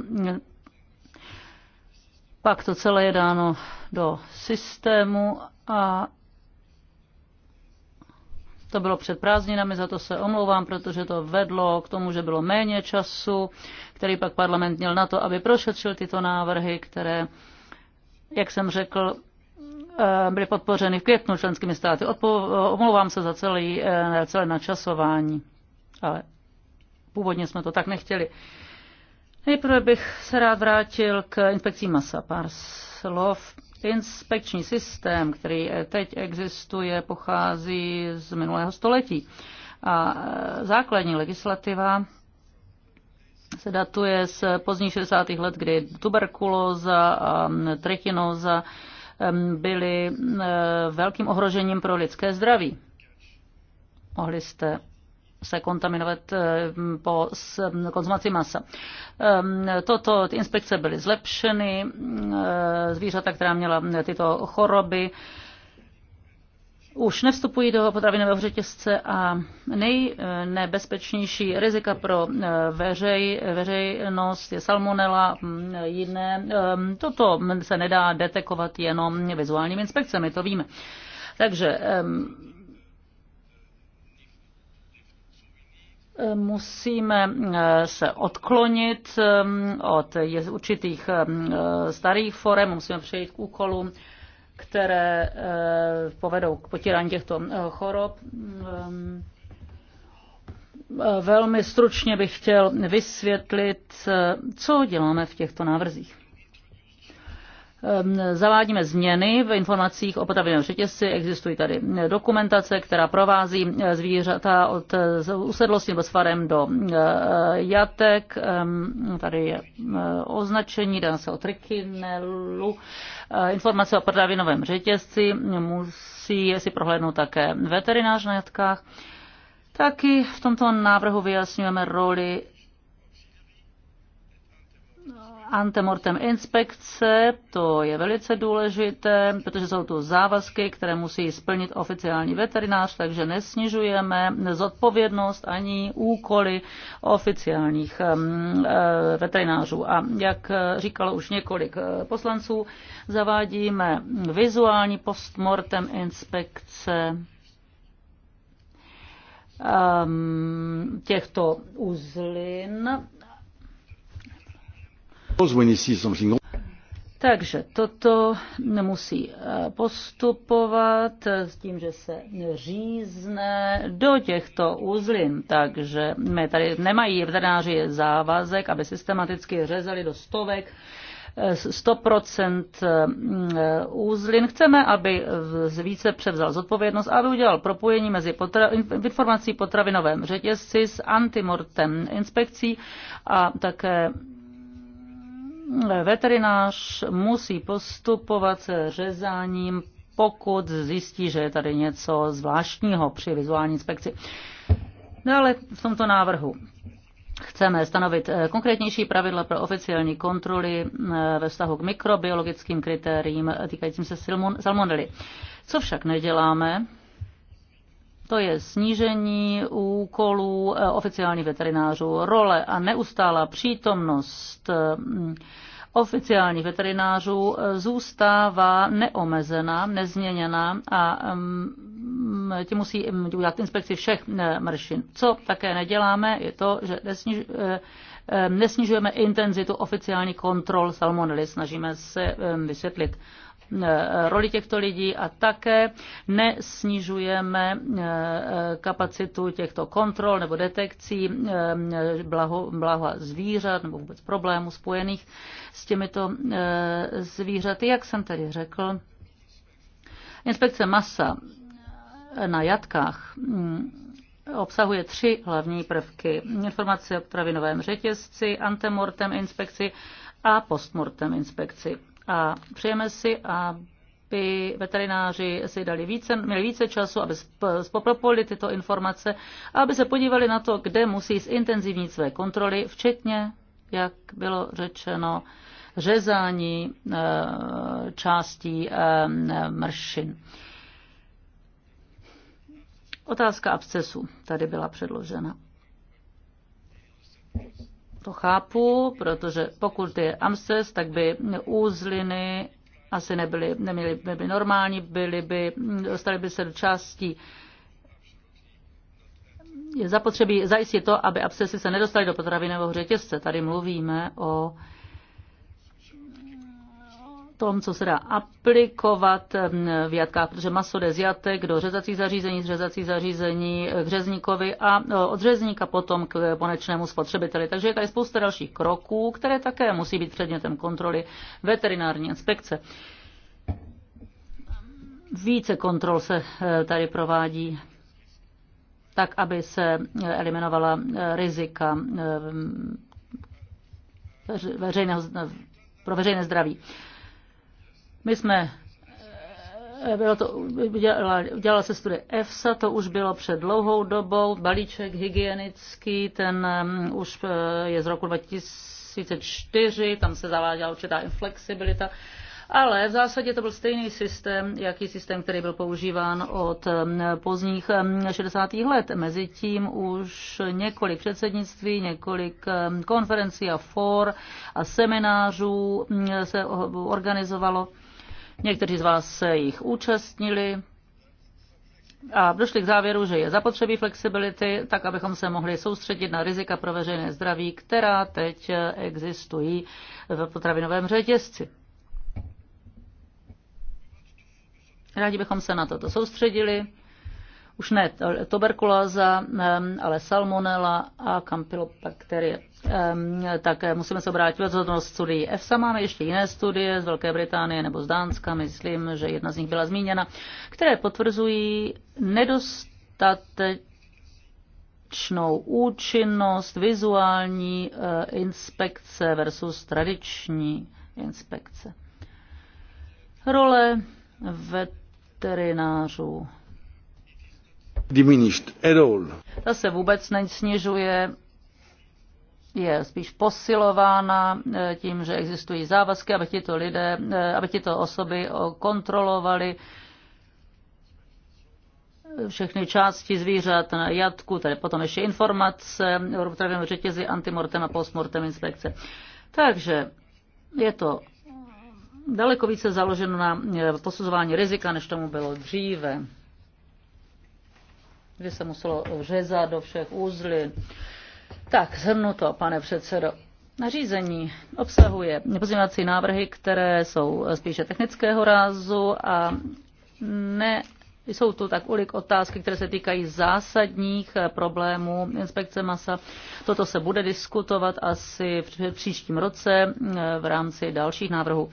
pak to celé je dáno do systému a to bylo před prázdninami, za to se omlouvám, protože to vedlo k tomu, že bylo méně času, který pak parlament měl na to, aby prošetřil tyto návrhy, které, jak jsem řekl, Eh, byly podpořeny v květnu členskými státy. Odpo, eh, omlouvám se za celý, eh, celé načasování, ale původně jsme to tak nechtěli. Nejprve bych se rád vrátil k inspekcí masa. Pár slov. Inspekční systém, který teď existuje, pochází z minulého století. A základní legislativa se datuje z pozdních 60. let, kdy tuberkulóza a trichinóza Ehm, byly eh, velkým ohrožením pro lidské zdraví. Mohli jste se kontaminovat eh, po konzumaci masa. Ehm, toto, ty inspekce byly zlepšeny, eh, zvířata, která měla tyto choroby, už nevstupují do potravinového řetězce a nejnebezpečnější rizika pro eh, veřej, veřejnost je salmonela, hm, jiné. Ehm, toto se nedá detekovat jenom vizuálními inspekcemi, to víme. Takže ehm, musíme eh, se odklonit ehm, od určitých starých forem, musíme přejít k úkolům které eh, povedou k potírání těchto eh, chorob. Eh, velmi stručně bych chtěl vysvětlit, co děláme v těchto návrzích. Ehm, zavádíme změny v informacích o potravinovém řetězci. Existují tady eh, dokumentace, která provází eh, zvířata od eh, usedlosti nebo svarem do jatek. Ehm, tady je označení, dá se o trikinelu. Informace o potravinovém řetězci musí si prohlédnout také veterinář na jatkách. Taky v tomto návrhu vyjasňujeme roli antemortem inspekce, to je velice důležité, protože jsou tu závazky, které musí splnit oficiální veterinář, takže nesnižujeme zodpovědnost ani úkoly oficiálních eh, veterinářů. A jak říkalo už několik eh, poslanců, zavádíme vizuální postmortem inspekce těchto uzlin takže toto musí eh, postupovat s tím, že se řízne do těchto uzlin. Takže my tady nemají veterináři závazek, aby systematicky řezali do stovek 100% eh, úzlin. Eh, mm, Chceme, aby více převzal zodpovědnost aby udělal propojení mezi potra- informací potravinovém řetězci s antimortem inspekcí a také veterinář musí postupovat se řezáním, pokud zjistí, že je tady něco zvláštního při vizuální inspekci. Dále no v tomto návrhu chceme stanovit eh, konkrétnější pravidla pro oficiální kontroly eh, ve vztahu k mikrobiologickým kritériím týkajícím se salmonely. Co však neděláme, to je snížení úkolů eh, oficiálních veterinářů, role a neustálá přítomnost eh, oficiálních veterinářů eh, zůstává neomezená, nezměněná a mm, mm, ti musí mm, udělat inspekci všech mršin. Co také neděláme, je to, že nesniž, nesnižujeme intenzitu oficiální kontrol salmonely, snažíme se vysvětlit Eh, roli těchto lidí a také nesnižujeme eh, kapacitu těchto kontrol nebo detekcí eh, blaho, blaha zvířat nebo vůbec problémů spojených s těmito zvířaty. Jak jsem tedy řekl, inspekce masa na jatkách mm, obsahuje tři hlavní prvky. Informace o potravinovém řetězci, antemortem inspekci a postmortem inspekci a přejeme si, aby veterináři si dali více, měli více času, aby spopropolili tyto informace a aby se podívali na to, kde musí zintenzivnit své kontroly, včetně, jak bylo řečeno, řezání eh, částí eh, mršin. Otázka abscesu tady byla předložena. To chápu, protože pokud je AMSES, tak by úzliny asi nebyly, neměly, by normální, byly by, dostaly by se do částí je zapotřebí zajistit to, aby abscesy se nedostaly do potravinového řetězce. Tady mluvíme o tom, co se dá aplikovat v jatkách, protože maso jde z jatek do řezacích zařízení, z řezacích zařízení k řezníkovi a od řezníka potom k konečnému spotřebiteli. Takže je tady spousta dalších kroků, které také musí být předmětem kontroly veterinární inspekce. Více kontrol se eh, tady provádí tak, aby se eh, eliminovala eh, rizika veřejného, pro veřejné zdraví. My jsme eh, bylo to, udělala, udělala se studie EFSA, to už bylo před dlouhou dobou, balíček hygienický, ten um, už eh, je z roku 2004, tam se zaváděla určitá inflexibilita, ale v zásadě to byl stejný systém, jaký systém, který byl používán od mm, pozdních 60. Mm, let. Mezitím už několik předsednictví, několik konferencí a for a seminářů se organizovalo Někteří z vás se jich účastnili a došli k závěru, že je zapotřebí flexibility, tak abychom se mohli soustředit na rizika pro veřejné zdraví, která teď existují v potravinovém řetězci. Rádi bychom se na toto soustředili. Už ne tuberkulóza, ale salmonella a kampylobakterie. Tak musíme se obrátit rozhodnost studií EFSA. Máme ještě jiné studie z Velké Británie nebo z Dánska, myslím, že jedna z nich byla zmíněna, které potvrzují nedostatečnou účinnost vizuální eh, inspekce versus tradiční inspekce. Role veterinářů diminished at all. Ta se vůbec nesnižuje je spíš posilována eh, tím, že existují závazky, aby tito lidé, eh, aby tyto osoby eh, kontrolovali všechny části zvířat na jatku, tady potom ještě informace o potravinovém řetězi, antimortem a postmortem inspekce. Takže je to daleko více založeno na posuzování rizika, než tomu bylo dříve, kdy se muselo řezat do všech úzlin. Tak, shrnuto, pane předsedo. Nařízení obsahuje pozměňovací návrhy, které jsou spíše technického rázu a ne jsou tu tak ulik otázky, které se týkají zásadních problémů inspekce masa. Toto se bude diskutovat asi v příštím roce v rámci dalších návrhů.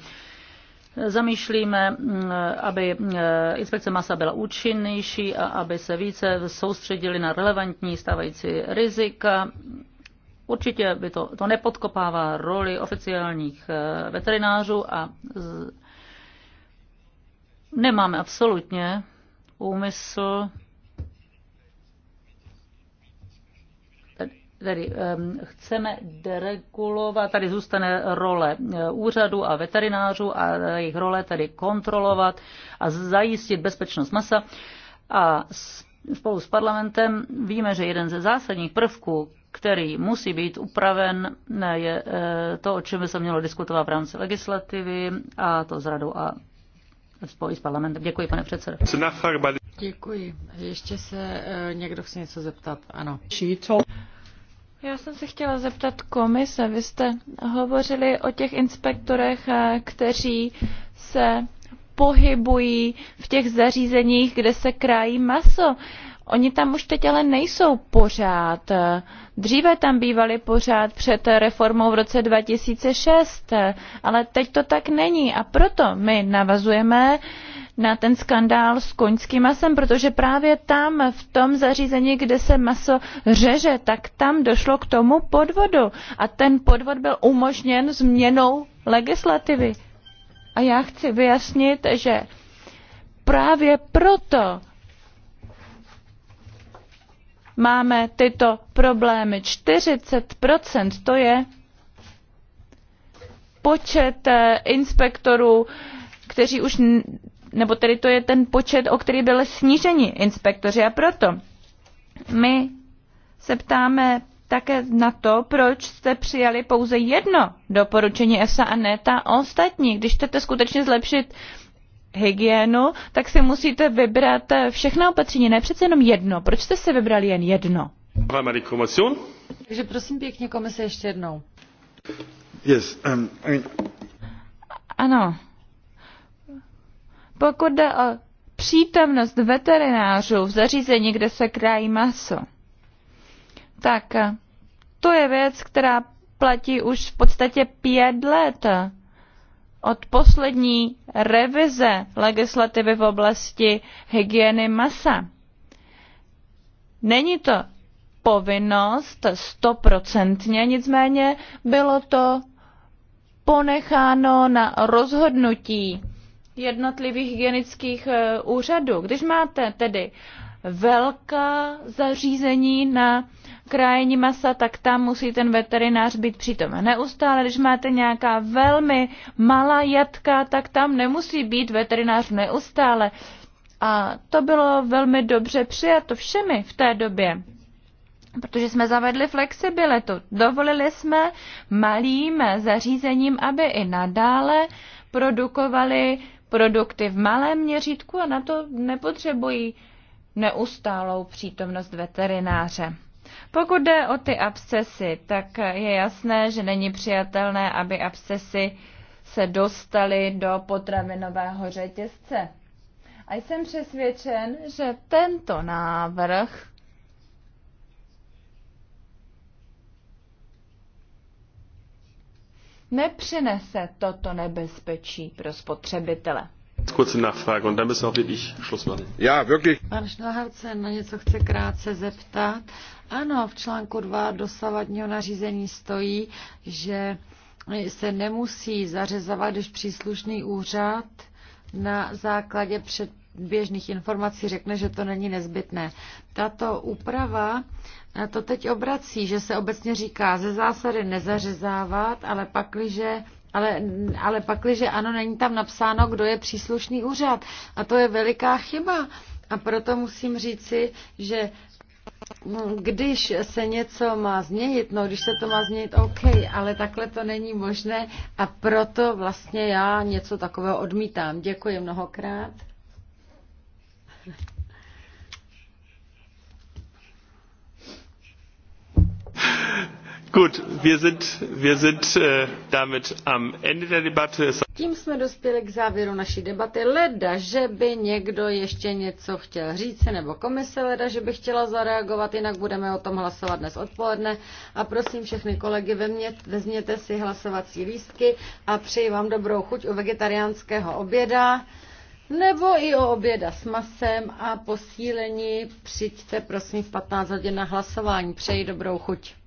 Zamýšlíme, mm, aby mm, inspekce masa byla účinnější a aby se více soustředili na relevantní stávající rizika. Určitě by to, to nepodkopává roli oficiálních eh, veterinářů a z, nemáme absolutně úmysl Tedy chceme deregulovat, tady zůstane role eh, úřadu a veterinářů a jejich role tedy kontrolovat a zajistit bezpečnost masa. A spolu s parlamentem víme, že jeden ze zásadních prvků, který musí být upraven, je eh, to, o čem by se mělo diskutovat v rámci legislativy a to s radou a spolu s parlamentem. Děkuji, pane předsedo. Děkuji. Ještě se eh, někdo chce něco zeptat. Ano. Já jsem se chtěla zeptat komise. Vy jste hovořili o těch inspektorech, eh, kteří se pohybují v těch zařízeních, kde se krájí maso. Oni tam už teď ale nejsou pořád. Dříve tam bývali pořád před reformou v roce 2006, ale teď to tak není a proto my navazujeme uh, na ten skandál s koňským masem, protože právě tam, v tom zařízení, kde se maso řeže, tak tam došlo k tomu podvodu. A ten podvod byl umožněn změnou legislativy. A já chci vyjasnit, že právě proto máme tyto problémy. 40% to je počet eh, inspektorů, kteří už nebo tedy to je ten počet, o který byly sníženi inspektoři. A proto my se ptáme také na to, proč jste přijali pouze jedno doporučení EFSA a ne ta ostatní. Když chcete skutečně zlepšit hygienu, tak si musíte vybrat všechna opatření, ne přece jenom jedno. Proč jste si vybrali jen jedno? Takže prosím pěkně komise ještě jednou. Yes, um, I mean... Ano, pokud jde o přítomnost veterinářů v zařízení, kde se krájí maso, tak eh, to je věc, která platí už v podstatě pět let od poslední revize legislativy v oblasti hygieny masa. Není to povinnost stoprocentně, nicméně bylo to ponecháno na rozhodnutí jednotlivých hygienických eh, úřadů. Když máte tedy velká zařízení na krájení masa, tak tam musí ten veterinář být přítomen neustále. Když máte nějaká velmi malá jatka, tak tam nemusí být veterinář neustále. A to bylo velmi dobře přijato všemi v té době, protože jsme zavedli flexibilitu. Dovolili jsme malým zařízením, aby i nadále produkovali produkty v malém měřítku a na to nepotřebují neustálou přítomnost veterináře. Pokud jde o ty abscesy, tak je jasné, že není přijatelné, aby abscesy se dostaly do potravinového řetězce. A jsem přesvědčen, že tento návrh nepřinese toto nebezpečí pro spotřebitele. Kurze Nachfrage und dann müssen wir wirklich Schluss machen. Ja, wirklich. Pan Schnellhardt se na něco chce krátce zeptat. Ano, v článku 2 dosavadního nařízení stojí, že se nemusí zařezovat, když příslušný úřad na základě před běžných informací řekne, že to není nezbytné. Tato úprava eh, to teď obrací, že se obecně říká ze zásady nezařezávat, ale pakliže ale, ale pakliže ano, není tam napsáno, kdo je příslušný úřad. A to je veliká chyba. A proto musím říci, že mm, když se něco má změnit, no když se to má změnit, OK, ale takhle to není možné a proto vlastně já něco takového odmítám. Děkuji mnohokrát. Gut, wir sind, wir sind äh, damit am Ende der Debatte. Tím jsme dospěli k závěru naší debaty. Leda, že by někdo ještě něco chtěl říct nebo komise leda, že by chtěla zareagovat, jinak budeme o tom hlasovat dnes odpoledne. A prosím všechny kolegy, vezměte, vezměte si hlasovací lístky a přeji vám dobrou chuť u vegetariánského oběda nebo i o oběda s masem a posílení. Přijďte prosím v 15 hodin na hlasování. Přeji dobrou chuť.